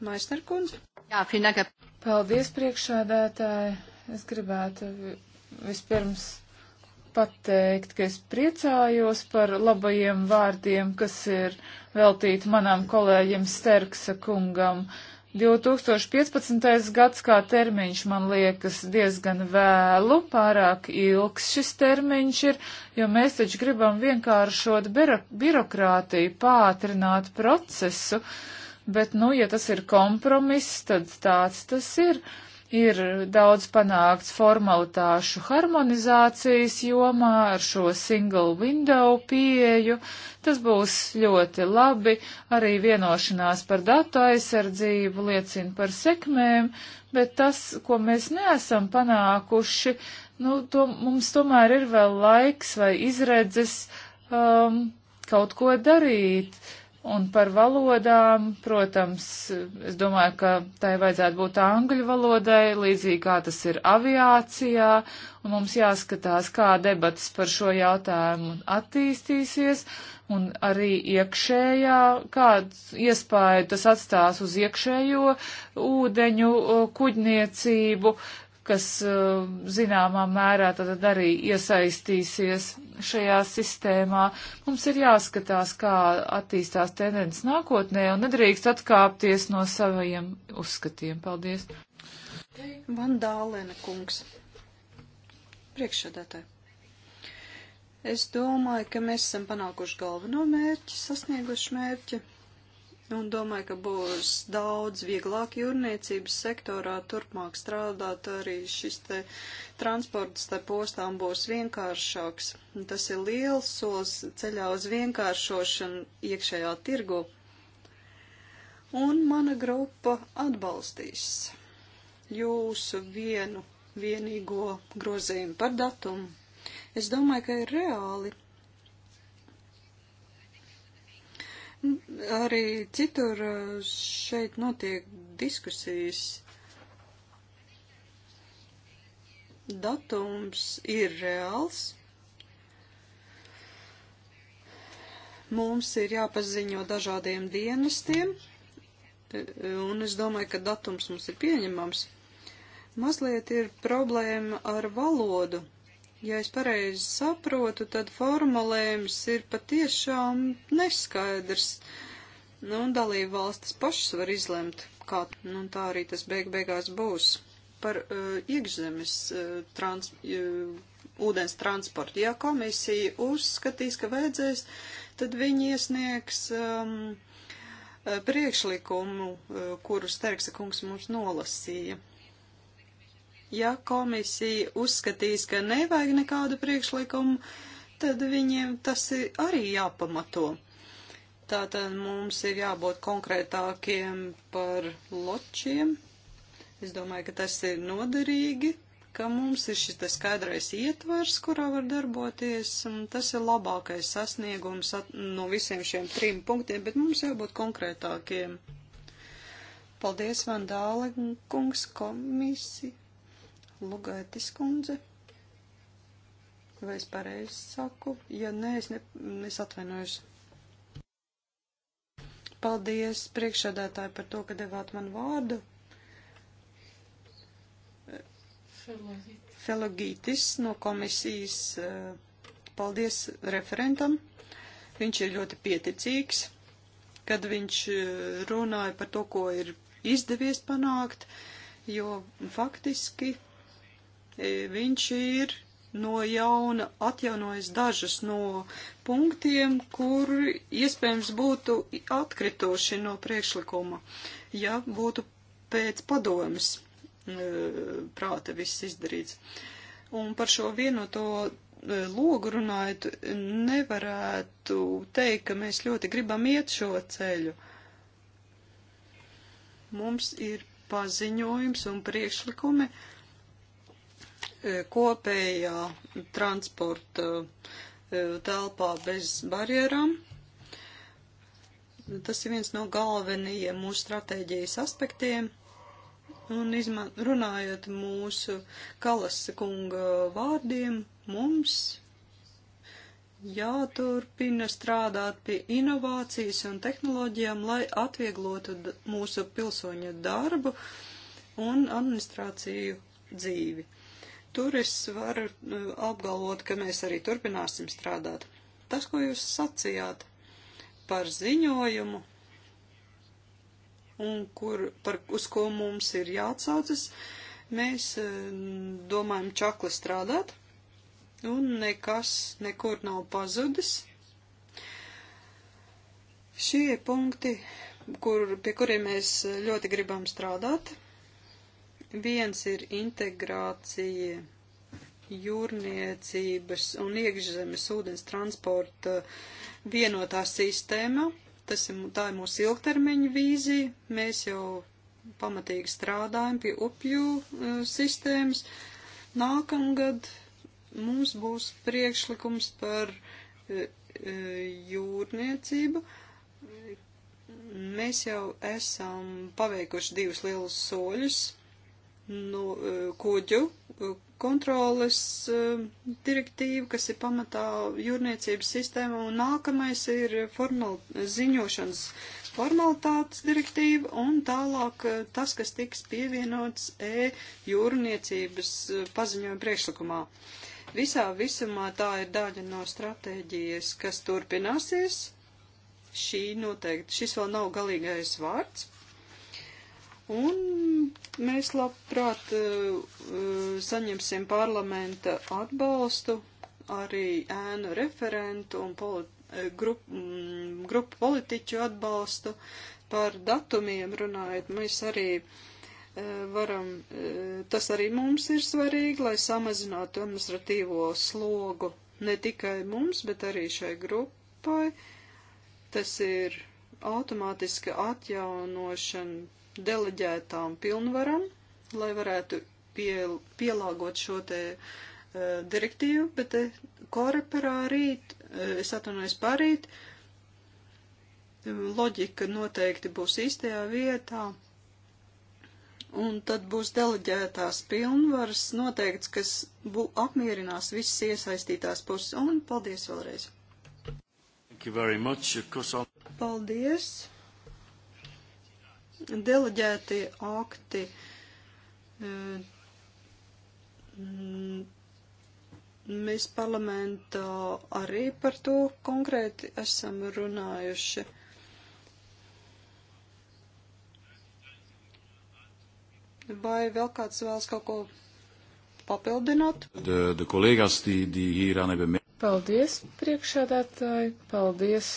Maisnerkundze. Jā, Finaga. Paldies, priekšādētāji. Es gribētu vispirms pateikt, ka es priecājos par labajiem vārdiem, kas ir veltīti manam kolēģim Sterksa kungam. Uh, 2015. gads kā termiņš man liekas diezgan vēlu, pārāk ilgs šis termiņš ir, jo mēs taču gribam vienkāršot birokrātiju, pātrināt procesu, bet, nu, ja tas ir kompromiss, tad tāds tas ir. Uh, ir daudz panākts formalitāšu harmonizācijas jomā ar šo single window pieeju. Tas būs ļoti labi. Arī vienošanās par datu aizsardzību liecina par sekmēm, bet tas, ko mēs neesam panākuši, nu, to, mums tomēr ir vēl laiks vai izredzes um, kaut ko darīt. Uh, Un par valodām, protams, es domāju, ka tai vajadzētu būt angļu valodai, līdzīgi kā tas ir aviācijā, un mums jāskatās, kā debatas par šo jautājumu attīstīsies, un arī iekšējā, kāds iespēju tas atstās uz iekšējo ūdeņu kuģniecību, kas eh, zināmā mērā tad arī iesaistīsies šajā sistēmā. Mums ir jāskatās, kā attīstās tendences nākotnē un nedrīkst atkāpties no savajiem uzskatiem. Paldies! Vandālēna kungs. Priekšsēdētāji. Es domāju, ka mēs esam panākuši galveno mērķi, sasnieguši mērķi un domāju, ka būs daudz vieglāk jūrniecības sektorā turpmāk strādāt, arī šis te transports te postām būs vienkāršāks. Tas ir liels solis ceļā uz vienkāršošanu iekšējā tirgu. Un mana grupa atbalstīs jūsu vienu vienīgo grozījumu par datumu. Es domāju, ka ir reāli Nu, arī citur eh, šeit notiek diskusijas. Datums ir reāls. Mums ir jāpaziņo dažādiem dienestiem, un es domāju, ka datums mums ir pieņemams. Mazliet ir problēma ar valodu Ja es pareizi saprotu, tad formulējums ir patiešām neskaidrs. Nu, un dalību valstis pašas var izlemt, kā nu, tā arī tas beig beigās būs. Par uh, iekšzemes uh, trans, uh, ūdens transportu. Ja komisija uzskatīs, ka vajadzēs, tad viņi iesniegs um, uh, priekšlikumu, uh, kuru Sterksa kungs mums nolasīja. Ja komisija uzskatīs, ka nevajag nekādu priekšlikumu, tad viņiem tas ir arī jāpamato. Tātad mums ir jābūt konkrētākiem par ločiem. Es domāju, ka tas ir noderīgi, ka mums ir šis skaidrais ietvers, kurā var darboties, un tas ir labākais sasniegums at, no visiem šiem trim punktiem, bet mums jābūt konkrētākiem. Paldies, Vandāle, kungs, komisija. Lugaitis kundze. Vai es pareizi saku? Ja nē, es, ne, es atvainojos. Paldies priekšsēdētāji par to, ka devāt man vārdu. Felogītis no komisijas. Eh, paldies referentam. Viņš ir ļoti pieticīgs, kad viņš eh, runāja par to, ko ir izdevies panākt, jo faktiski E, viņš ir no jauna atjaunojis dažas no punktiem, kur iespējams būtu atkritoši no priekšlikuma, ja būtu pēc padomas e, prāta viss izdarīts. Un par šo vienoto e, logu runājot, nevarētu teikt, ka mēs ļoti gribam iet šo ceļu. Mums ir paziņojums un priekšlikumi, uh, E, kopējā transporta e, telpā bez barjerām. Tas ir viens no galvenajiem mūsu stratēģijas aspektiem. Un izma, runājot mūsu Kalas kunga vārdiem, mums jāturpina strādāt pie inovācijas un tehnoloģijām, lai atvieglotu mūsu pilsoņu darbu un administrāciju dzīvi. Tur es varu nu, apgalvot, ka mēs arī turpināsim strādāt. Tas, ko jūs sacījāt par ziņojumu, un kur, par, uz ko mums ir jāatsaucas, mēs mm, domājam čakli strādāt, un nekas nekur nav pazudis. Šie punkti, kur, pie kuriem mēs ļoti gribam strādāt, Viens ir integrācija jūrniecības un iekšzemes ūdens transporta vienotā sistēma. Tas ir, tā ir mūsu ilgtermiņa vīzija. Mēs jau pamatīgi strādājam pie upju uh, sistēmas. Nākamgad mums būs priekšlikums par uh, jūrniecību. Mēs jau esam paveikuši divus lielus soļus nu, e, kuģu e, kontroles e, direktīva, kas ir pamatā jūrniecības sistēma, un nākamais ir formal, ziņošanas formalitātes direktīva, un tālāk tas, kas tiks pievienots E jūrniecības paziņojuma priekšlikumā. Visā visumā tā ir daļa no stratēģijas, kas turpināsies. Šī noteikti, šis vēl nav galīgais vārds Un mēs labprāt eh, saņemsim parlamenta atbalstu arī ēnu referentu un politi eh, grupu, mm, grupu politiķu atbalstu par datumiem runājot. Mēs arī eh, varam, tas arī mums ir svarīgi, lai samazinātu administratīvo slogu ne tikai mums, bet arī šai grupai. Tas ir automātiska atjaunošana deleģētām pilnvaram, lai varētu pie, pielāgot šo te uh, direktīvu, bet te koreperā rīt, uh, es atvainojos parīt, e, loģika noteikti būs īstajā vietā, un tad būs deleģētās pilnvaras noteikts, kas bū, apmierinās visas iesaistītās puses, un paldies vēlreiz! Paldies! Deleģēti akti eh, mm, mēs parlamentā arī par to konkrēti esam runājuši. Vai vēl kāds vēlas kaut ko papildināt? De, de kolēgas, die, die hier aan hebben... Paldies, priekšādātāji, paldies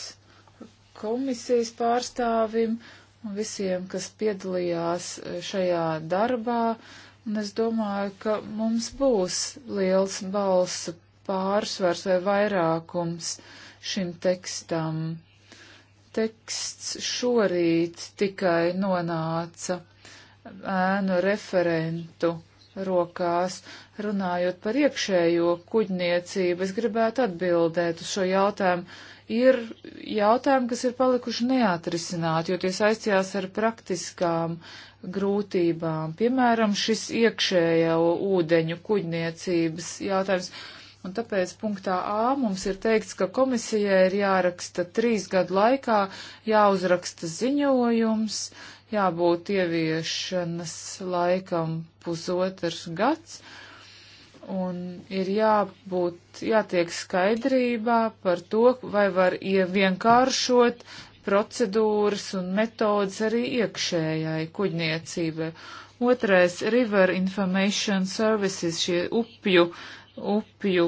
komisijas pārstāvim un visiem, kas piedalījās e, šajā darbā. Un es domāju, ka mums būs liels balsu pārsvars vai vairākums šim tekstam. Teksts šorīt tikai nonāca ēnu referentu rokās. Runājot par iekšējo kuģniecību, es gribētu atbildēt uz šo jautājumu. Ir jautājumi, kas ir palikuši neatrisināti, jo tie saistījās ar praktiskām grūtībām. Piemēram, šis iekšējo ūdeņu kuģniecības jautājums. Un tāpēc punktā A mums ir teikts, ka komisijai ir jāraksta trīs gadu laikā, jāuzraksta ziņojums, jābūt ieviešanas laikam pusotrs gads, un ir jābūt, jātiek skaidrībā par to, vai var ievienkāršot procedūras un metodas arī iekšējai kuģniecībai. Otrais - River Information Services, šie upju, upju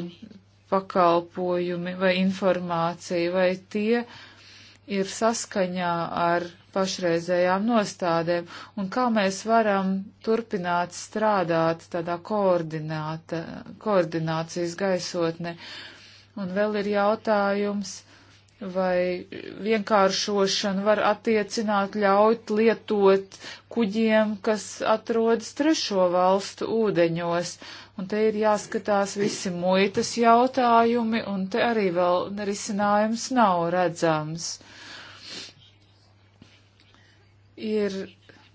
pakalpojumi vai informācija, vai tie ir saskaņā ar pašreizējām nostādēm un kā mēs varam turpināt strādāt tādā koordinācijas gaisotnē. Un vēl ir jautājums, vai vienkāršošanu var attiecināt ļaut lietot kuģiem, kas atrodas trešo valstu ūdeņos. Un te ir jāskatās visi muitas jautājumi, un te arī vēl risinājums nav redzams ir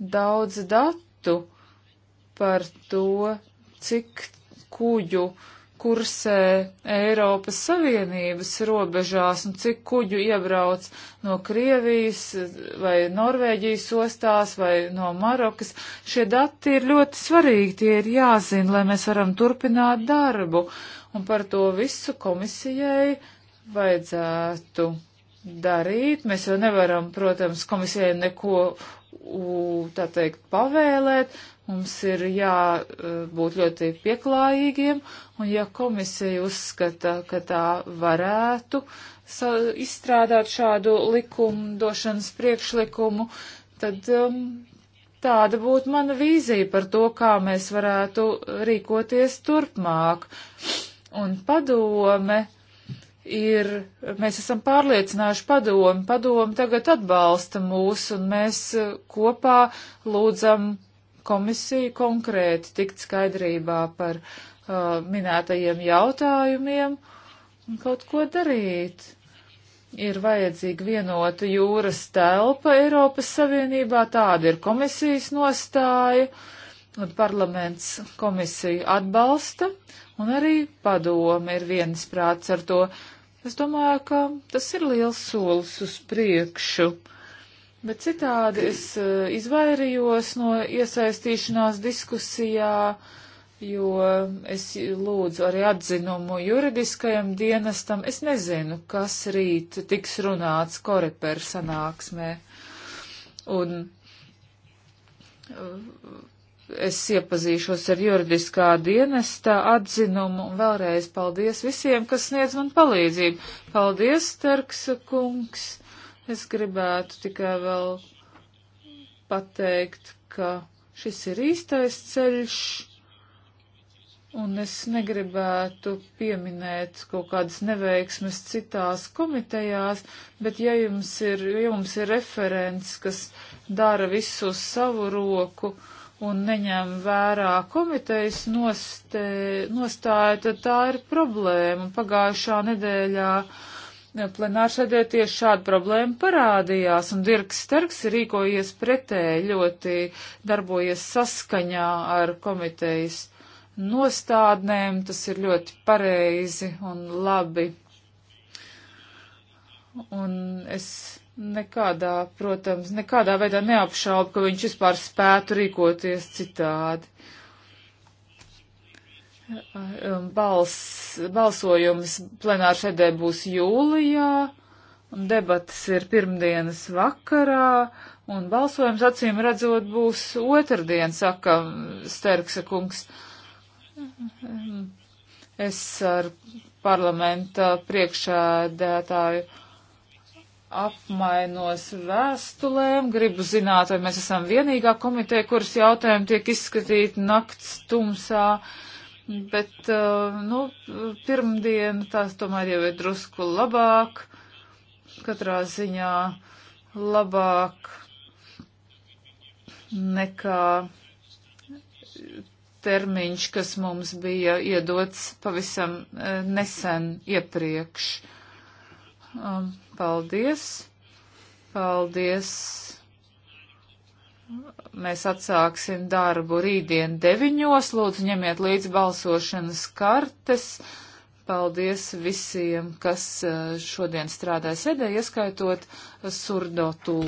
daudz datu par to, cik kuģu kursē Eiropas Savienības robežās un cik kuģu iebrauc no Krievijas vai Norvēģijas ostās vai no Marokas. Šie dati ir ļoti svarīgi, tie ir jāzina, lai mēs varam turpināt darbu. Un par to visu komisijai vajadzētu darīt. Mēs jau nevaram, protams, komisijai neko, tā teikt, pavēlēt. Mums ir jābūt e, ļoti pieklājīgiem, un ja komisija uzskata, ka tā varētu izstrādāt šādu likumdošanas priekšlikumu, tad um, tāda būtu mana vīzija par to, kā mēs varētu rīkoties turpmāk. Un padome ir, mēs esam pārliecinājuši padomu, padomu tagad atbalsta mūs, un mēs eh, kopā lūdzam komisiju konkrēti tikt skaidrībā par uh, minētajiem jautājumiem un kaut ko darīt. Ir vajadzīga vienota jūras telpa Eiropas Savienībā, tāda ir komisijas nostāja, un parlaments komisiju atbalsta, un arī padome ir vienas prāts ar to. Es domāju, ka tas ir liels solis uz priekšu, bet citādi es eh, izvairījos no iesaistīšanās diskusijā, jo es lūdzu arī atzinumu juridiskajam dienestam. Es nezinu, kas rīt tiks runāts koreper sanāksmē. Un es iepazīšos ar juridiskā dienesta atzinumu un vēlreiz paldies visiem, kas sniedz man palīdzību. Paldies, Terksa kungs! Es gribētu tikai vēl pateikt, ka šis ir īstais ceļš, un es negribētu pieminēt kaut kādas neveiksmes citās komitejās, bet ja jums ir, ja jums ir referents, kas dara visu uz savu roku, uh, un neņem vērā komitejas nostē, nostāja, tad tā ir problēma. Un pagājušā nedēļā plenāršēdē tieši šāda problēma parādījās, un Dirks Starks ir rīkojies pretēji, ļoti darbojies saskaņā ar komitejas nostādnēm. Tas ir ļoti pareizi un labi. Un es nekādā, protams, nekādā veidā neapšaubu, ka viņš vispār spētu rīkoties citādi. Um, bals, balsojums plenārsēdē būs jūlijā, un debatas ir pirmdienas vakarā, un balsojums acīm redzot būs otrdien, saka Sterksa kungs. Es ar parlamenta priekšēdētāju apmainos vēstulēm. Gribu zināt, vai mēs esam vienīgā komiteja, kuras jautājumi tiek izskatīti nakts tumsā. Bet, uh, nu, pirmdiena tās tomēr jau ir drusku labāk, katrā ziņā labāk nekā termiņš, kas mums bija iedots pavisam uh, nesen iepriekš. Um, paldies. Paldies. Mēs atsāksim darbu rītdien deviņos. Lūdzu, ņemiet līdz balsošanas kartes. Paldies visiem, kas eh, šodien strādāja sēdē, ieskaitot surdotu.